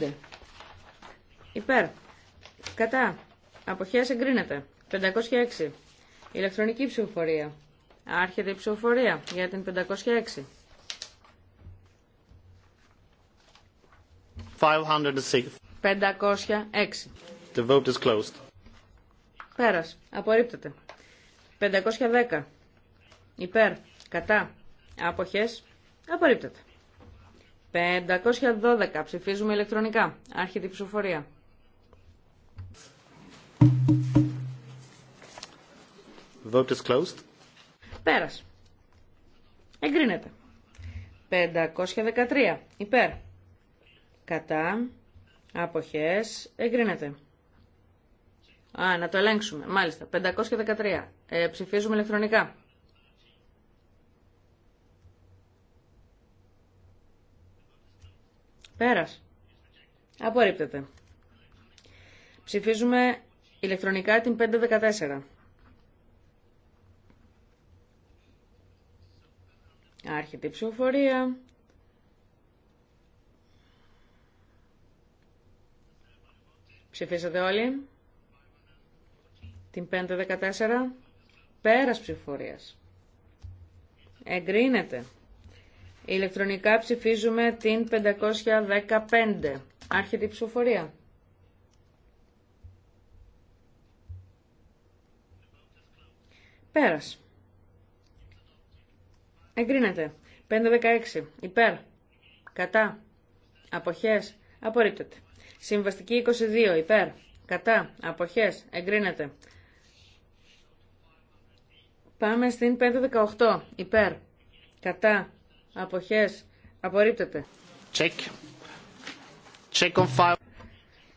505. Υπέρ. Κατά. Αποχές εγκρίνεται. 506. Ηλεκτρονική ψηφοφορία. Άρχεται η ψηφοφορία για την 506. 506. 506. The vote is closed. Πέρας. Απορρίπτεται. 510. Υπέρ. Κατά. Αποχές. Απορρίπτεται. 512. Ψηφίζουμε ηλεκτρονικά. Άρχεται η ψηφοφορία. Vote is closed. Πέρας. Εγκρίνεται. 513. Υπέρ. Κατά. Αποχές. Εγκρίνεται. Α, να το ελέγξουμε. Μάλιστα. 513. Ε, ψηφίζουμε ηλεκτρονικά. Πέρας. Απορρίπτεται. Ψηφίζουμε ηλεκτρονικά την 514. Άρχεται η ψηφοφορία. Ψηφίσατε όλοι. Την 514. Πέρας ψηφοφορίας. Εγκρίνεται. Ηλεκτρονικά ψηφίζουμε την 515. Άρχεται η ψηφοφορία. Πέρας. Εγκρίνεται. 516. Υπέρ. Κατά. Αποχές. Απορρίπτεται. Συμβαστική 22. Υπέρ. Κατά. Αποχές. Εγκρίνεται. Πάμε στην 518. Υπέρ. Κατά. Αποχές. Απορρίπτεται. Check. Check on file.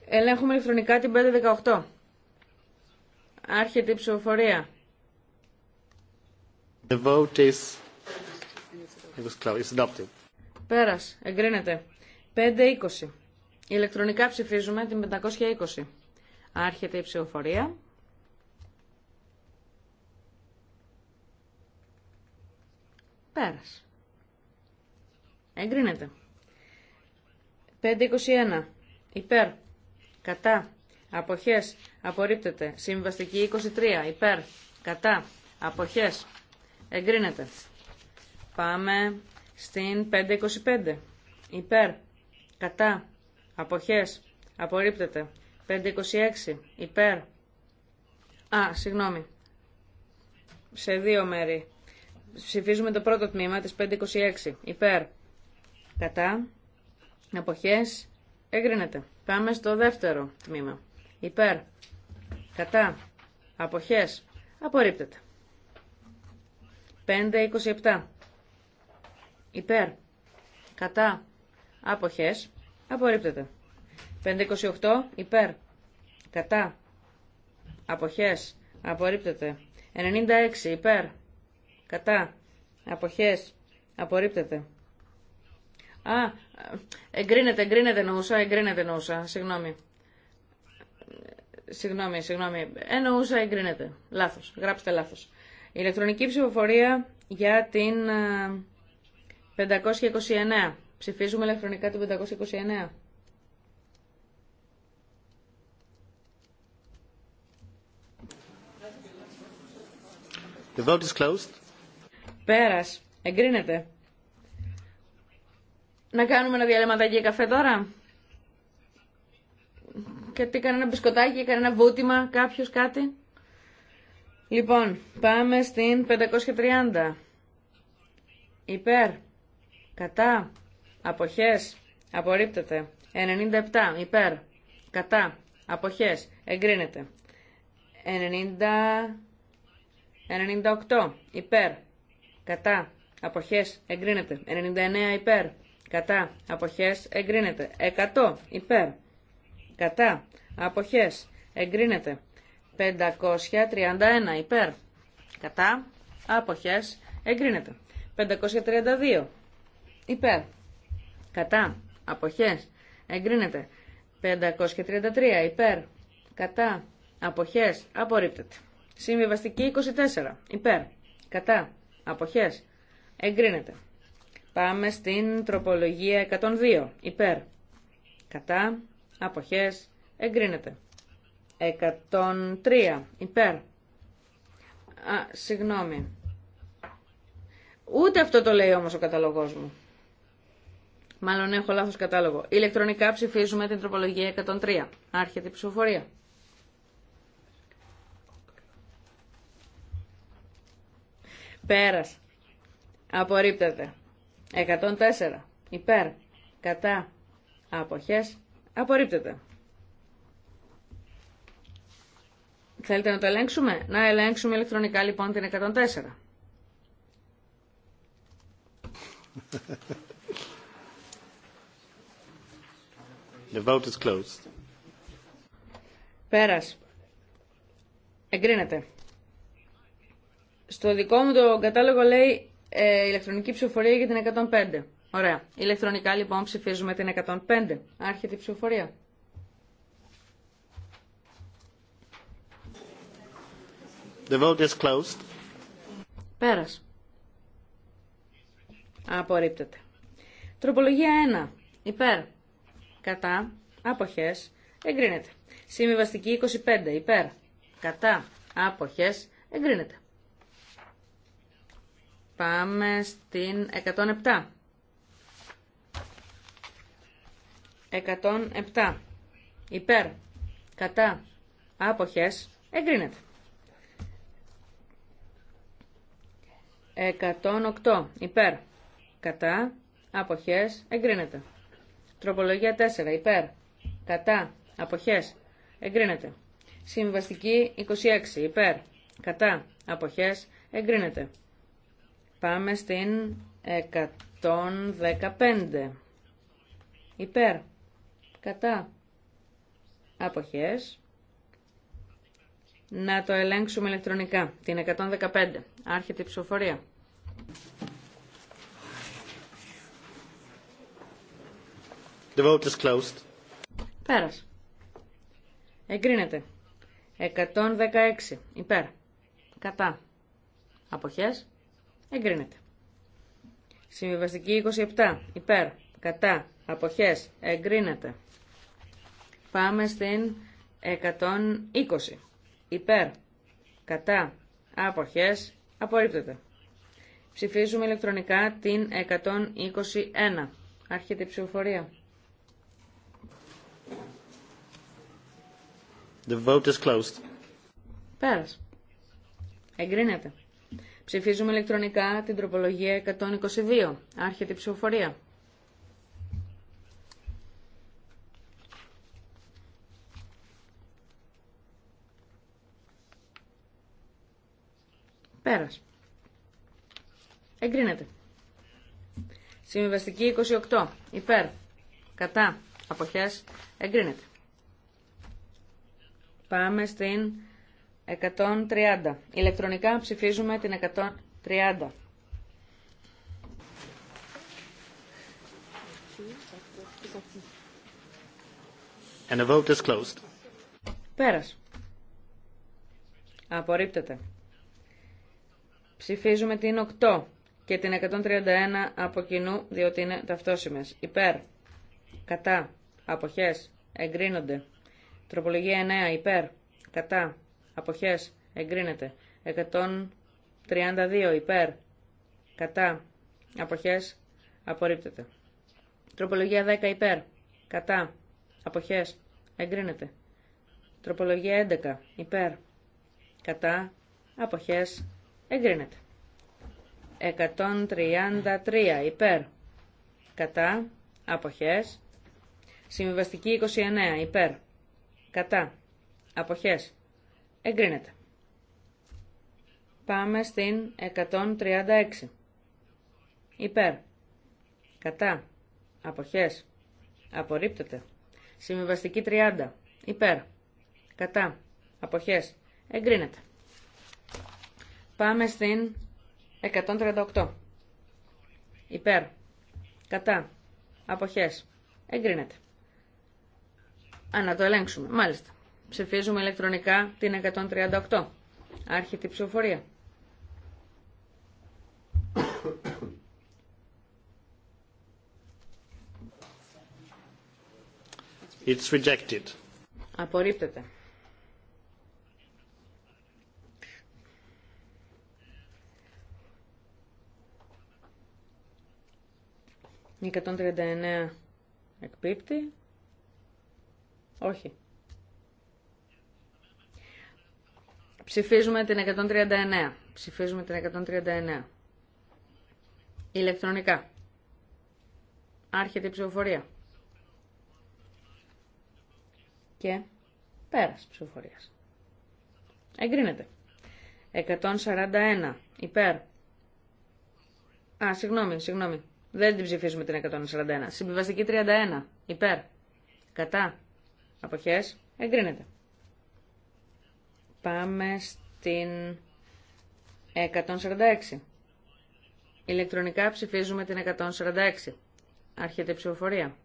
Ελέγχουμε ηλεκτρονικά την 518. Άρχεται η ψηφοφορία. The vote is... It was closed. It's adopted. Πέρας. Εγκρίνεται. 520. Ηλεκτρονικά ψηφίζουμε την 520. Άρχεται η ψηφοφορία. Πέρας. Εγκρίνεται. 521. Υπέρ. Κατά. Αποχές. Απορρίπτεται. Συμβαστική 23. Υπέρ. Κατά. Αποχές. Εγκρίνεται. Πάμε στην 525. Υπέρ. Κατά. Αποχές. Απορρίπτεται. 526. Υπέρ. Α, συγγνώμη. Σε δύο μέρη. Ψηφίζουμε το πρώτο τμήμα της 526. Υπέρ κατά, αποχές, εγκρίνεται. Πάμε στο δεύτερο τμήμα. Υπέρ, κατά, αποχές, απορρίπτεται. 5.27 Υπέρ, κατά, αποχές, απορρίπτεται. 5.28 Υπέρ, κατά, αποχές, απορρίπτεται. 96 Υπέρ, κατά, αποχές, απορρίπτεται. Α, εγκρίνεται, εγκρίνεται εννοούσα, εγκρίνεται εννοούσα, συγγνώμη. Συγγνώμη, συγγνώμη. Εννοούσα εγκρίνεται. Λάθος. Γράψτε λάθος. Η ηλεκτρονική ψηφοφορία για την 529. Ε, Ψηφίζουμε ηλεκτρονικά την 529. The vote Πέρας. Εγκρίνεται. Να κάνουμε ένα για καφέ τώρα. Και τι, κανένα μπισκοτάκι, κανένα βούτυμα, κάποιος κάτι. Λοιπόν, πάμε στην 530. Υπέρ, κατά, αποχές, απορρίπτεται. 97, υπέρ, κατά, αποχές, εγκρίνεται. 90... 98, υπέρ, κατά, αποχές, εγκρίνεται. 99, υπέρ, κατά αποχές εγκρίνεται 100 υπέρ κατά αποχές εγκρίνεται 531 υπέρ κατά αποχές εγκρίνεται 532 υπέρ κατά αποχές εγκρίνεται 533 υπέρ κατά αποχές απορρίπτεται συμβιβαστική 24 υπέρ κατά αποχές εγκρίνεται Πάμε στην τροπολογία 102. Υπέρ. Κατά. Αποχές. Εγκρίνεται. 103. Υπέρ. Α, συγγνώμη. Ούτε αυτό το λέει όμως ο καταλογός μου. Μάλλον έχω λάθος κατάλογο. Ηλεκτρονικά ψηφίζουμε την τροπολογία 103. Άρχεται η ψηφοφορία. Πέρας. Απορρίπτεται. 104. Υπέρ. Κατά. Αποχές. Απορρίπτεται. Θέλετε να το ελέγξουμε. Να ελέγξουμε ηλεκτρονικά λοιπόν την 104. The vote is closed. Πέρας. Εγκρίνεται. Στο δικό μου το κατάλογο λέει ε, ηλεκτρονική ψηφοφορία για την 105. Ωραία. Ηλεκτρονικά λοιπόν ψηφίζουμε την 105. Άρχεται η ψηφοφορία. The vote is closed. Πέρας. Απορρίπτεται. Τροπολογία 1. Υπέρ. Κατά. Αποχές. Εγκρίνεται. Συμβιβαστική 25. Υπέρ. Κατά. Αποχές. Εγκρίνεται. Πάμε στην 107. 107. Υπέρ. Κατά. Άποχες. Εγκρίνεται. 108. Υπέρ. Κατά. Αποχές. Εγκρίνεται. Τροπολογία 4. Υπέρ. Κατά. Αποχές. Εγκρίνεται. Συμβαστική 26. Υπέρ. Κατά. Αποχές. Εγκρίνεται. Πάμε στην 115. Υπέρ. Κατά. Αποχές. Να το ελέγξουμε ηλεκτρονικά. Την 115. Άρχεται η ψηφοφορία. The vote closed. Πέρας. Εγκρίνεται. 116. Υπέρ. Κατά. Αποχές εγκρίνεται. Συμβιβαστική 27 υπέρ, κατά, αποχές, εγκρίνεται. Πάμε στην 120 υπέρ, κατά, αποχές, απορρίπτεται. Ψηφίζουμε ηλεκτρονικά την 121. Άρχεται η ψηφοφορία. The vote is closed. Πέρας. Εγκρίνεται. Ψηφίζουμε ηλεκτρονικά την τροπολογία 122. Άρχεται η ψηφοφορία. Πέρας. Εγκρίνεται. Συμβιβαστική 28. Υπέρ. Κατά. Αποχές. Εγκρίνεται. Πάμε στην 130. Ηλεκτρονικά ψηφίζουμε την 130. And the vote is closed. Πέρας. Απορρίπτεται. Ψηφίζουμε την 8 και την 131 από κοινού, διότι είναι ταυτόσημες. Υπέρ, κατά, αποχές, εγκρίνονται. Τροπολογία 9, υπέρ, κατά, αποχές, εγκρίνεται. 132 υπέρ, κατά, αποχές, απορρίπτεται. Τροπολογία 10 υπέρ, κατά, αποχές, εγκρίνεται. Τροπολογία 11 υπέρ, κατά, αποχές, εγκρίνεται. 133 υπέρ, κατά, αποχές, συμβιβαστική 29 υπέρ, κατά, αποχές, Εγκρίνεται. Πάμε στην 136. Υπέρ. Κατά. Αποχές. Απορρίπτεται. Συμβιβαστική 30. Υπέρ. Κατά. Αποχές. Εγκρίνεται. Πάμε στην 138. Υπέρ. Κατά. Αποχές. Εγκρίνεται. Α, να το ελέγξουμε. Μάλιστα. Ψηφίζουμε ηλεκτρονικά την 138. Άρχεται η ψηφοφορία. It's rejected. Απορρίπτεται. Η 139 εκπίπτει. Όχι. Ψηφίζουμε την 139. Ψηφίζουμε την 139. Ηλεκτρονικά. Άρχεται η ψηφοφορία. Και πέρας ψηφοφορίας. Εγκρίνεται. 141. Υπέρ. Α, συγγνώμη, συγγνώμη. Δεν την ψηφίζουμε την 141. Συμβιβαστική 31. Υπέρ. Κατά. Αποχές. Εγκρίνεται. Πάμε στην 146. Ηλεκτρονικά ψηφίζουμε την 146. Άρχεται η ψηφοφορία.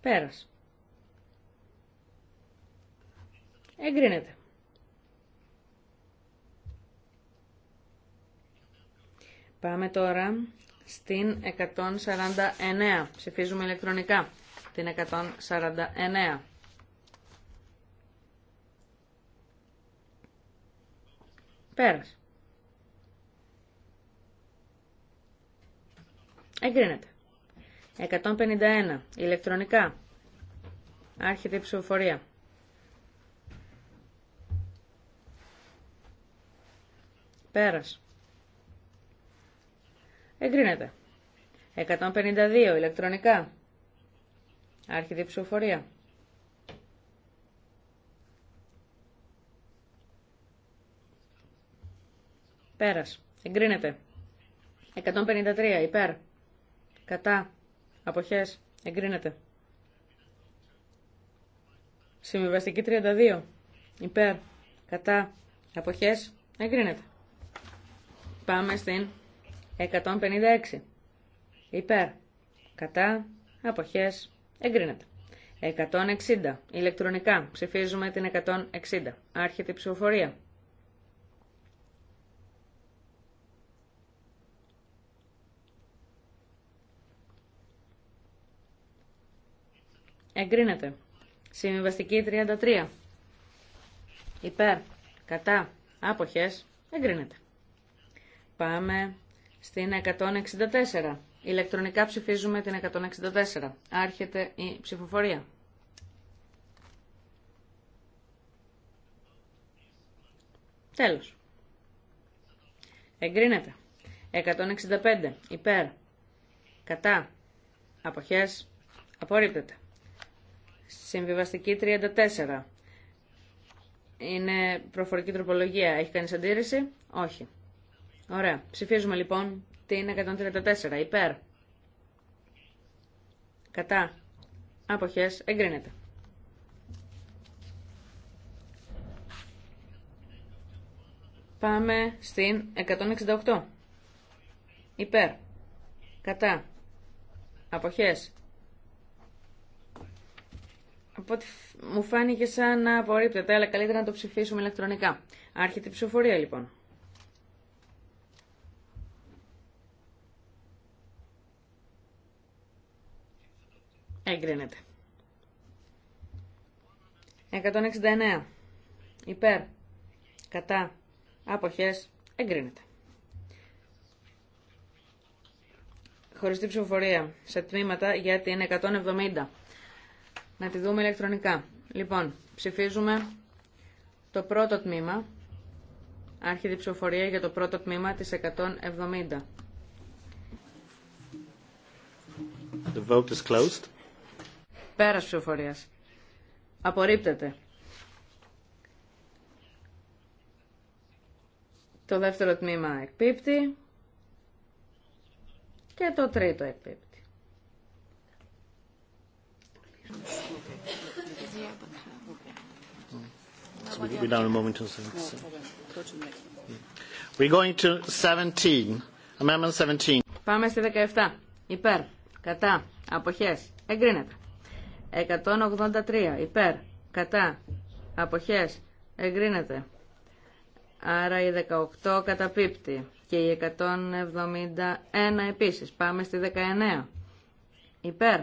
Πέρας. Εγκρίνεται. Πάμε τώρα στην 149. Ψηφίζουμε ηλεκτρονικά την 149. Πέρας. Εγκρίνεται. 151. Ηλεκτρονικά. Άρχεται η ψηφοφορία. Πέρας. Εγκρίνεται. 152 ηλεκτρονικά. Άρχιδη ψηφοφορία. Πέρας. Εγκρίνεται. 153 υπέρ. Κατά. Αποχές. Εγκρίνεται. Συμβιβαστική 32. Υπέρ. Κατά. Αποχές. Εγκρίνεται. Πάμε στην 156. Υπέρ. Κατά. Αποχές. Εγκρίνεται. 160. Ηλεκτρονικά. Ψηφίζουμε την 160. Άρχεται η ψηφοφορία. Εγκρίνεται. Συμβιβαστική 33. Υπέρ. Κατά. Άποχες. Εγκρίνεται. Πάμε στην 164. Ηλεκτρονικά ψηφίζουμε την 164. Άρχεται η ψηφοφορία. Τέλος. Εγκρίνεται. 165. Υπέρ. Κατά. Αποχές. Απορρίπτεται. Συμβιβαστική 34. Είναι προφορική τροπολογία. Έχει κανείς αντίρρηση? Όχι. Ωραία. Ψηφίζουμε λοιπόν την 134. Υπέρ. Κατά. Αποχές. Εγκρίνεται. Πάμε στην 168. Υπέρ. Κατά. Αποχές. Από ό,τι μου φάνηκε σαν να απορρίπτεται, αλλά καλύτερα να το ψηφίσουμε ηλεκτρονικά. Άρχεται η ψηφοφορία λοιπόν. Εγκρίνεται. 169. Υπέρ. Κατά. Αποχές. Εγκρίνεται. Χωριστή ψηφοφορία σε τμήματα για την 170. Να τη δούμε ηλεκτρονικά. Λοιπόν, ψηφίζουμε το πρώτο τμήμα. Άρχιδη ψηφοφορία για το πρώτο τμήμα της 170. The vote is closed. Πέρας ψηφοφορίας. Απορρίπτεται. Το δεύτερο τμήμα εκπίπτει. Και το τρίτο εκπίπτει. Πάμε στη 17. Υπέρ. Κατά. Αποχές. Εγκρίνεται. 183 υπέρ κατά αποχές εγκρίνεται άρα η 18 καταπίπτει και η 171 επίσης πάμε στη 19 υπέρ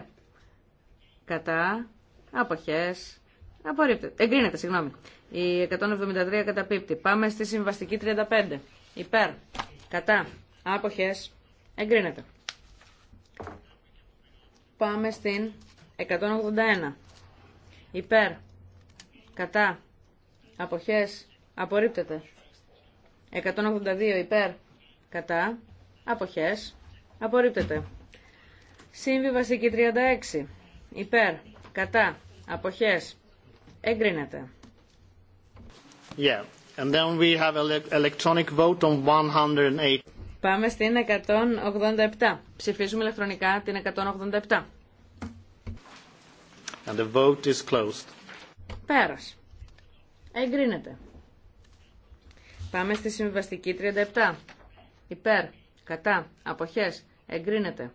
κατά αποχές απορρίπτεται εγκρίνεται συγγνώμη η 173 καταπίπτει πάμε στη συμβαστική 35 υπέρ κατά αποχές εγκρίνεται πάμε στην 181. Υπέρ. Κατά. Αποχές. Απορρίπτεται. 182. Υπέρ. Κατά. Αποχές. Απορρίπτεται. βασική 36. Υπέρ. Κατά. Αποχές. Εγκρίνεται. Yeah. And then we have electronic vote on 108. Πάμε στην 187. Ψηφίζουμε ηλεκτρονικά την 187. And the vote is closed. Πέρας. Εγκρίνεται. Πάμε στη συμβιβαστική 37. Υπέρ, κατά, αποχές, εγκρίνεται.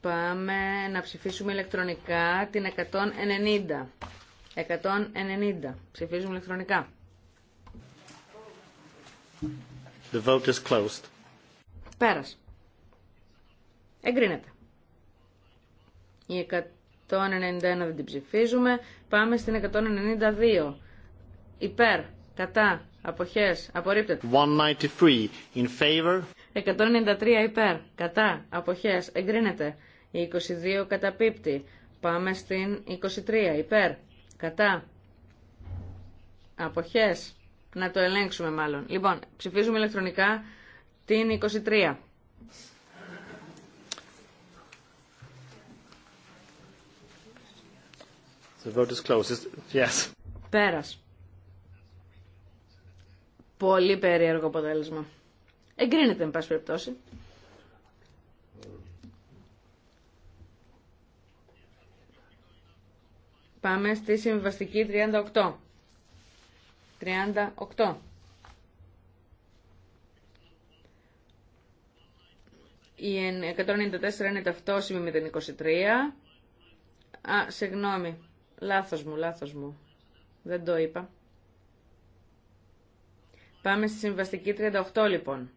Πάμε να ψηφίσουμε ηλεκτρονικά την 190. 190. Ψηφίζουμε ηλεκτρονικά. The vote is closed. Πέρας. Εγκρίνεται. Η το 191 δεν την ψηφίζουμε. Πάμε στην 192. Υπέρ, κατά, αποχές, απορρίπτεται. 193 in favor. 193 υπέρ, κατά, αποχές, εγκρίνεται. Η 22 καταπίπτει. Πάμε στην 23 υπέρ, κατά, αποχές, να το ελέγξουμε μάλλον. Λοιπόν, ψηφίζουμε ηλεκτρονικά την 23. The Πέρας. Πολύ περίεργο αποτέλεσμα. Εγκρίνεται, με πάση περιπτώσει. Πάμε στη συμβαστική 38. 38. Η 194 είναι ταυτόσιμη με την 23. Α, συγγνώμη. Λάθος μου, λάθος μου. Δεν το είπα. Πάμε στη συμβαστική 38 λοιπόν.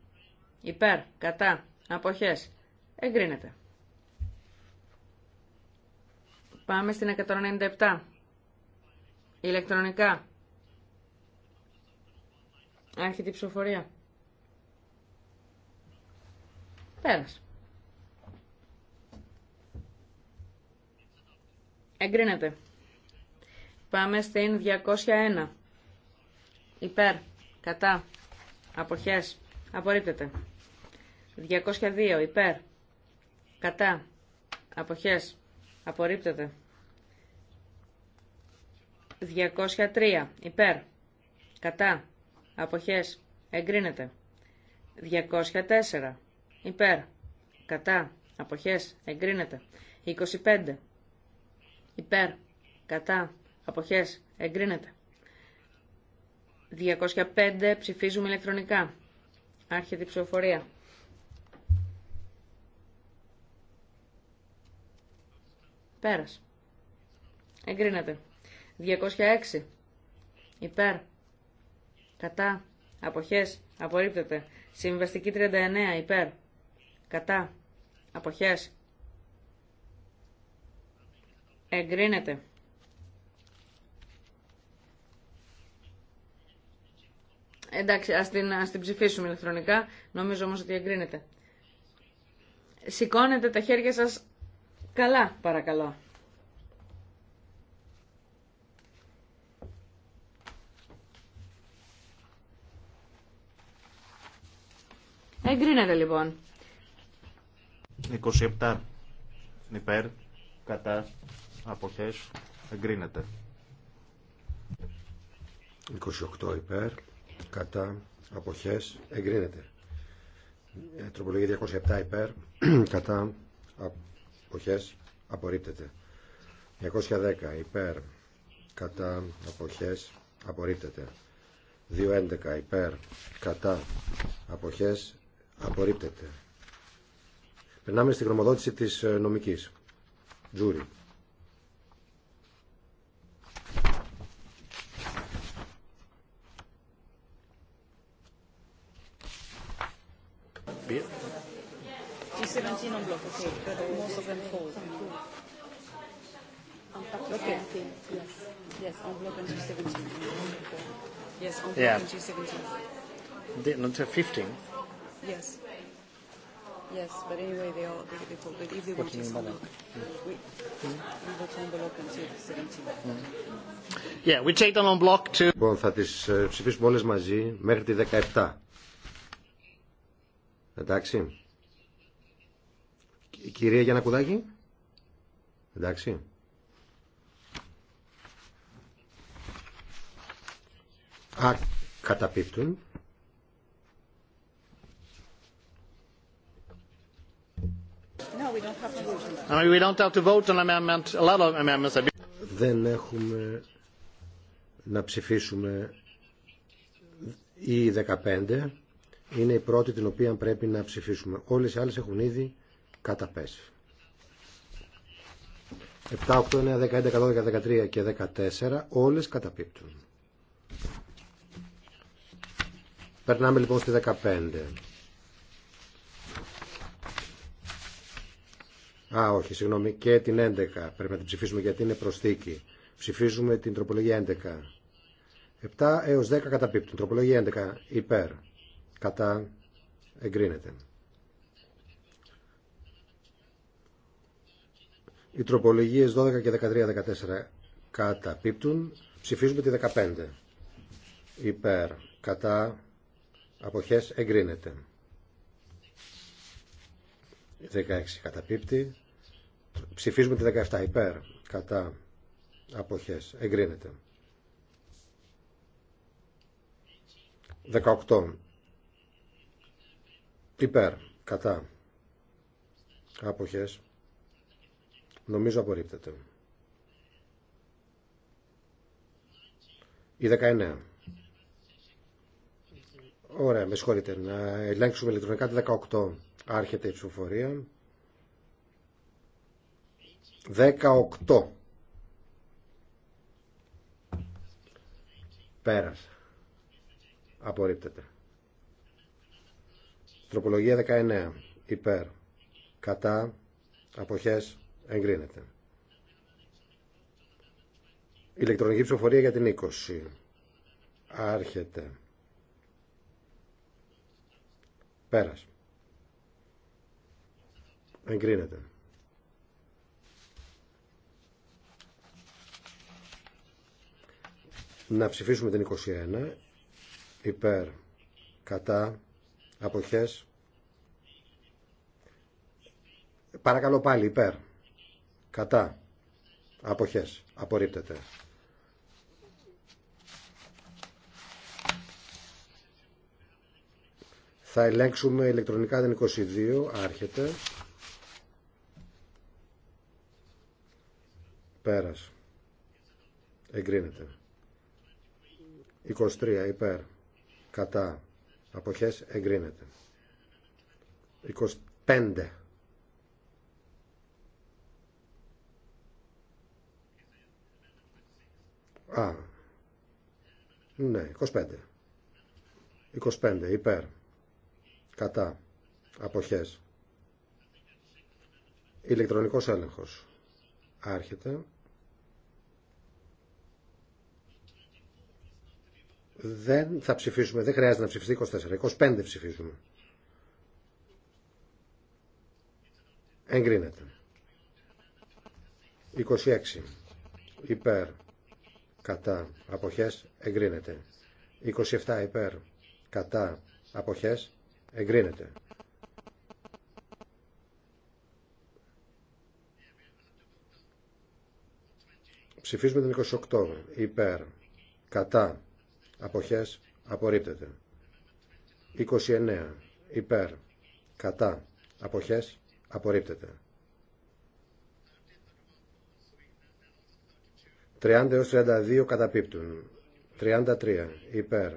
Υπέρ, κατά, αποχές. Εγκρίνεται. Πάμε στην 197. Ηλεκτρονικά. Άρχεται η ψηφοφορία. Πέρας. Εγκρίνεται. Πάμε στην 201. Υπέρ. Κατά. Αποχές. Απορρίπτεται. 202. Υπέρ. Κατά. Αποχές. Απορρίπτεται. 203. Υπέρ. Κατά. Αποχές. Εγκρίνεται. 204. Υπέρ. Κατά. Αποχές. Εγκρίνεται. 25. Υπέρ. Κατά. Αποχές. Εγκρίνεται. 205. Ψηφίζουμε ηλεκτρονικά. Άρχεται η ψηφοφορία. Πέρας. Εγκρίνεται. 206. Υπέρ. Κατά. Αποχές. Απορρίπτεται. Συμβαστική 39. Υπέρ. Κατά. Αποχές. Εγκρίνεται. Εντάξει, ας την, ας ψηφίσουμε ηλεκτρονικά. Νομίζω όμως ότι εγκρίνεται. Σηκώνετε τα χέρια σας καλά, παρακαλώ. Εγκρίνεται λοιπόν. 27 υπέρ, κατά, αποχές, εγκρίνεται. 28 υπέρ, κατά αποχές εγκρίνεται ε, τροπολογία 207 υπέρ κατά αποχές απορρίπτεται 210 υπέρ κατά αποχές απορρίπτεται 211 υπέρ κατά αποχές απορρίπτεται περνάμε στην γνωμοδότηση της ε, νομικής τζούρι Yeah. to... Λοιπόν, θα τις ε, ψηφίσουμε όλες μαζί μέχρι τη 17. Εντάξει. Κυρία Γιάννα Εντάξει. Α, καταπίπτουν. Δεν έχουμε να ψηφίσουμε η 15 είναι η πρώτη την οποία πρέπει να ψηφίσουμε. Όλες οι άλλες έχουν ήδη καταπέσει. 7, 8, 9, 10, 11, 12, 13 και 14 όλες καταπίπτουν. Περνάμε λοιπόν στη 15. Α, όχι, συγγνώμη, και την 11. Πρέπει να την ψηφίσουμε γιατί είναι προσθήκη. Ψηφίζουμε την τροπολογία 11. 7 έως 10 καταπίπτουν. Τροπολογία 11 υπέρ. Κατά εγκρίνεται. Οι τροπολογίες 12 και 13-14 καταπίπτουν. Ψηφίζουμε τη 15. Υπέρ. Κατά Αποχές εγκρίνεται. 16 καταπίπτει. Ψηφίζουμε τη 17 υπέρ. Κατά αποχές εγκρίνεται. 18 υπέρ. Κατά αποχές νομίζω απορρίπτεται. Η 19 Ωραία, με συγχωρείτε. Να ελέγξουμε ηλεκτρονικά τη 18. Άρχεται η ψηφοφορία. 18. Πέρασε. Απορρίπτεται. Τροπολογία 19. Υπέρ. Κατά. Αποχές. Εγκρίνεται. Ηλεκτρονική ψηφοφορία για την 20. Άρχεται. Πέρας. Εγκρίνεται. Να ψηφίσουμε την 21. Υπέρ. Κατά. Αποχές. Παρακαλώ πάλι υπέρ. Κατά. Αποχές. Απορρίπτεται. Θα ελέγξουμε ηλεκτρονικά την 22, άρχεται. Πέρας. Εγκρίνεται. 23, υπέρ. Κατά. Αποχές, εγκρίνεται. 25. Α, ναι, 25. 25, υπέρ κατά αποχές ηλεκτρονικός έλεγχος άρχεται δεν θα ψηφίσουμε δεν χρειάζεται να ψηφιστεί 24 25 ψηφίζουμε εγκρίνεται 26 υπέρ κατά αποχές εγκρίνεται 27 υπέρ κατά αποχές Εγκρίνεται. Ψηφίζουμε την 28. Υπέρ. Κατά. Αποχές. Απορρίπτεται. 29. Υπέρ. Κατά. Αποχές. Απορρίπτεται. 30 έως 32 καταπίπτουν. 33. Υπέρ.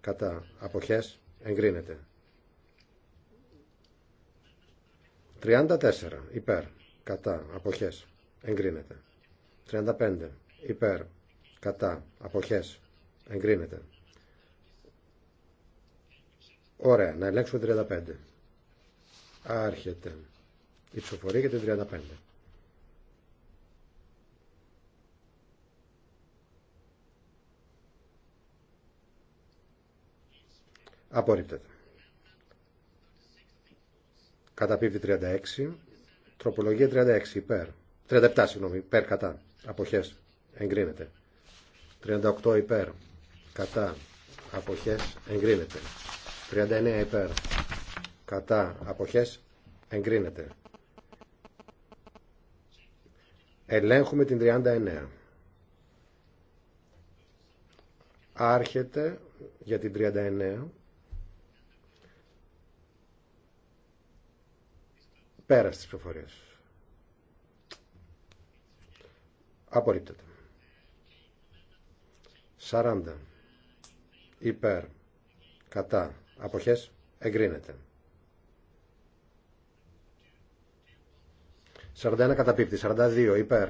Κατά. Αποχές εγκρίνεται. 34 υπέρ κατά αποχές εγκρίνεται. 35 υπέρ κατά αποχές εγκρίνεται. Ωραία, να ελέγξουμε 35. Άρχεται η ψηφοφορία για την 35. Απορρίπτεται. πίπτη 36. Τροπολογία 36 υπέρ. 37 συγγνώμη. Υπέρ κατά. Αποχές. Εγκρίνεται. 38 υπέρ. Κατά. Αποχές. Εγκρίνεται. 39 υπέρ. Κατά. Αποχές. Εγκρίνεται. Ελέγχουμε την 39. Άρχεται για την 39. Πέρα στις ψηφοφορίες. Απορρίπτεται. Σαράντα. Υπέρ. Κατά. Αποχές. Εγκρίνεται. 41 καταπίπτει. δύο, υπέρ.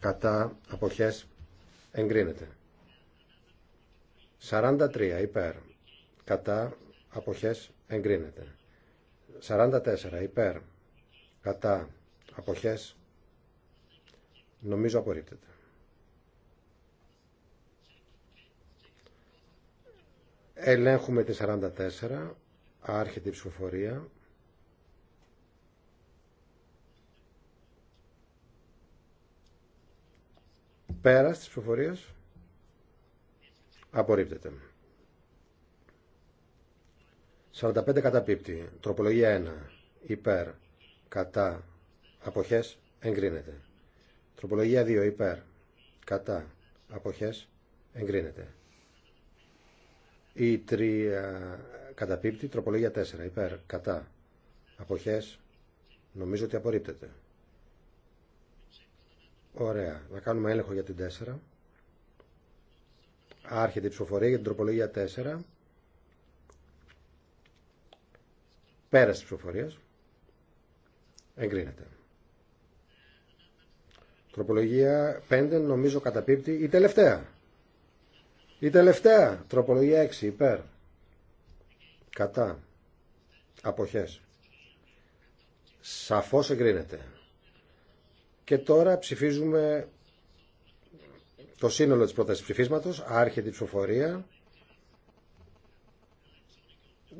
Κατά. Αποχές. Εγκρίνεται. Σαράντα τρία, υπέρ. Κατά. Αποχές. Εγκρίνεται. Σαράντα τέσσερα, υπέρ κατά αποχές νομίζω απορρίπτεται. Ελέγχουμε τη 44, άρχεται η ψηφοφορία. Πέρας της ψηφοφορίας απορρίπτεται. 45 καταπίπτει, τροπολογία 1, υπέρ, κατά αποχές εγκρίνεται. Τροπολογία 2 υπέρ κατά αποχές εγκρίνεται. Η 3 καταπίπτει, τροπολογία 4 υπέρ κατά αποχές νομίζω ότι απορρίπτεται. Ωραία, να κάνουμε έλεγχο για την 4. Άρχεται η ψηφοφορία για την τροπολογία 4. Πέρας της ψηφοφορίας. Εγκρίνεται. Τροπολογία 5 νομίζω καταπίπτει η τελευταία. Η τελευταία. Τροπολογία 6 υπέρ. Κατά. Αποχές. Σαφώς εγκρίνεται. Και τώρα ψηφίζουμε το σύνολο της πρότασης ψηφίσματος, άρχεται η ψηφοφορία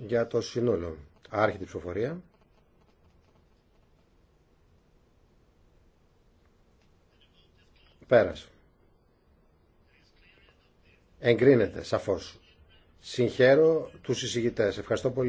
για το σύνολο. Άρχεται η ψηφοφορία. Πέρας. Εγκρίνεται, σαφώς. Συγχαίρω τους εισηγητές. Ευχαριστώ πολύ.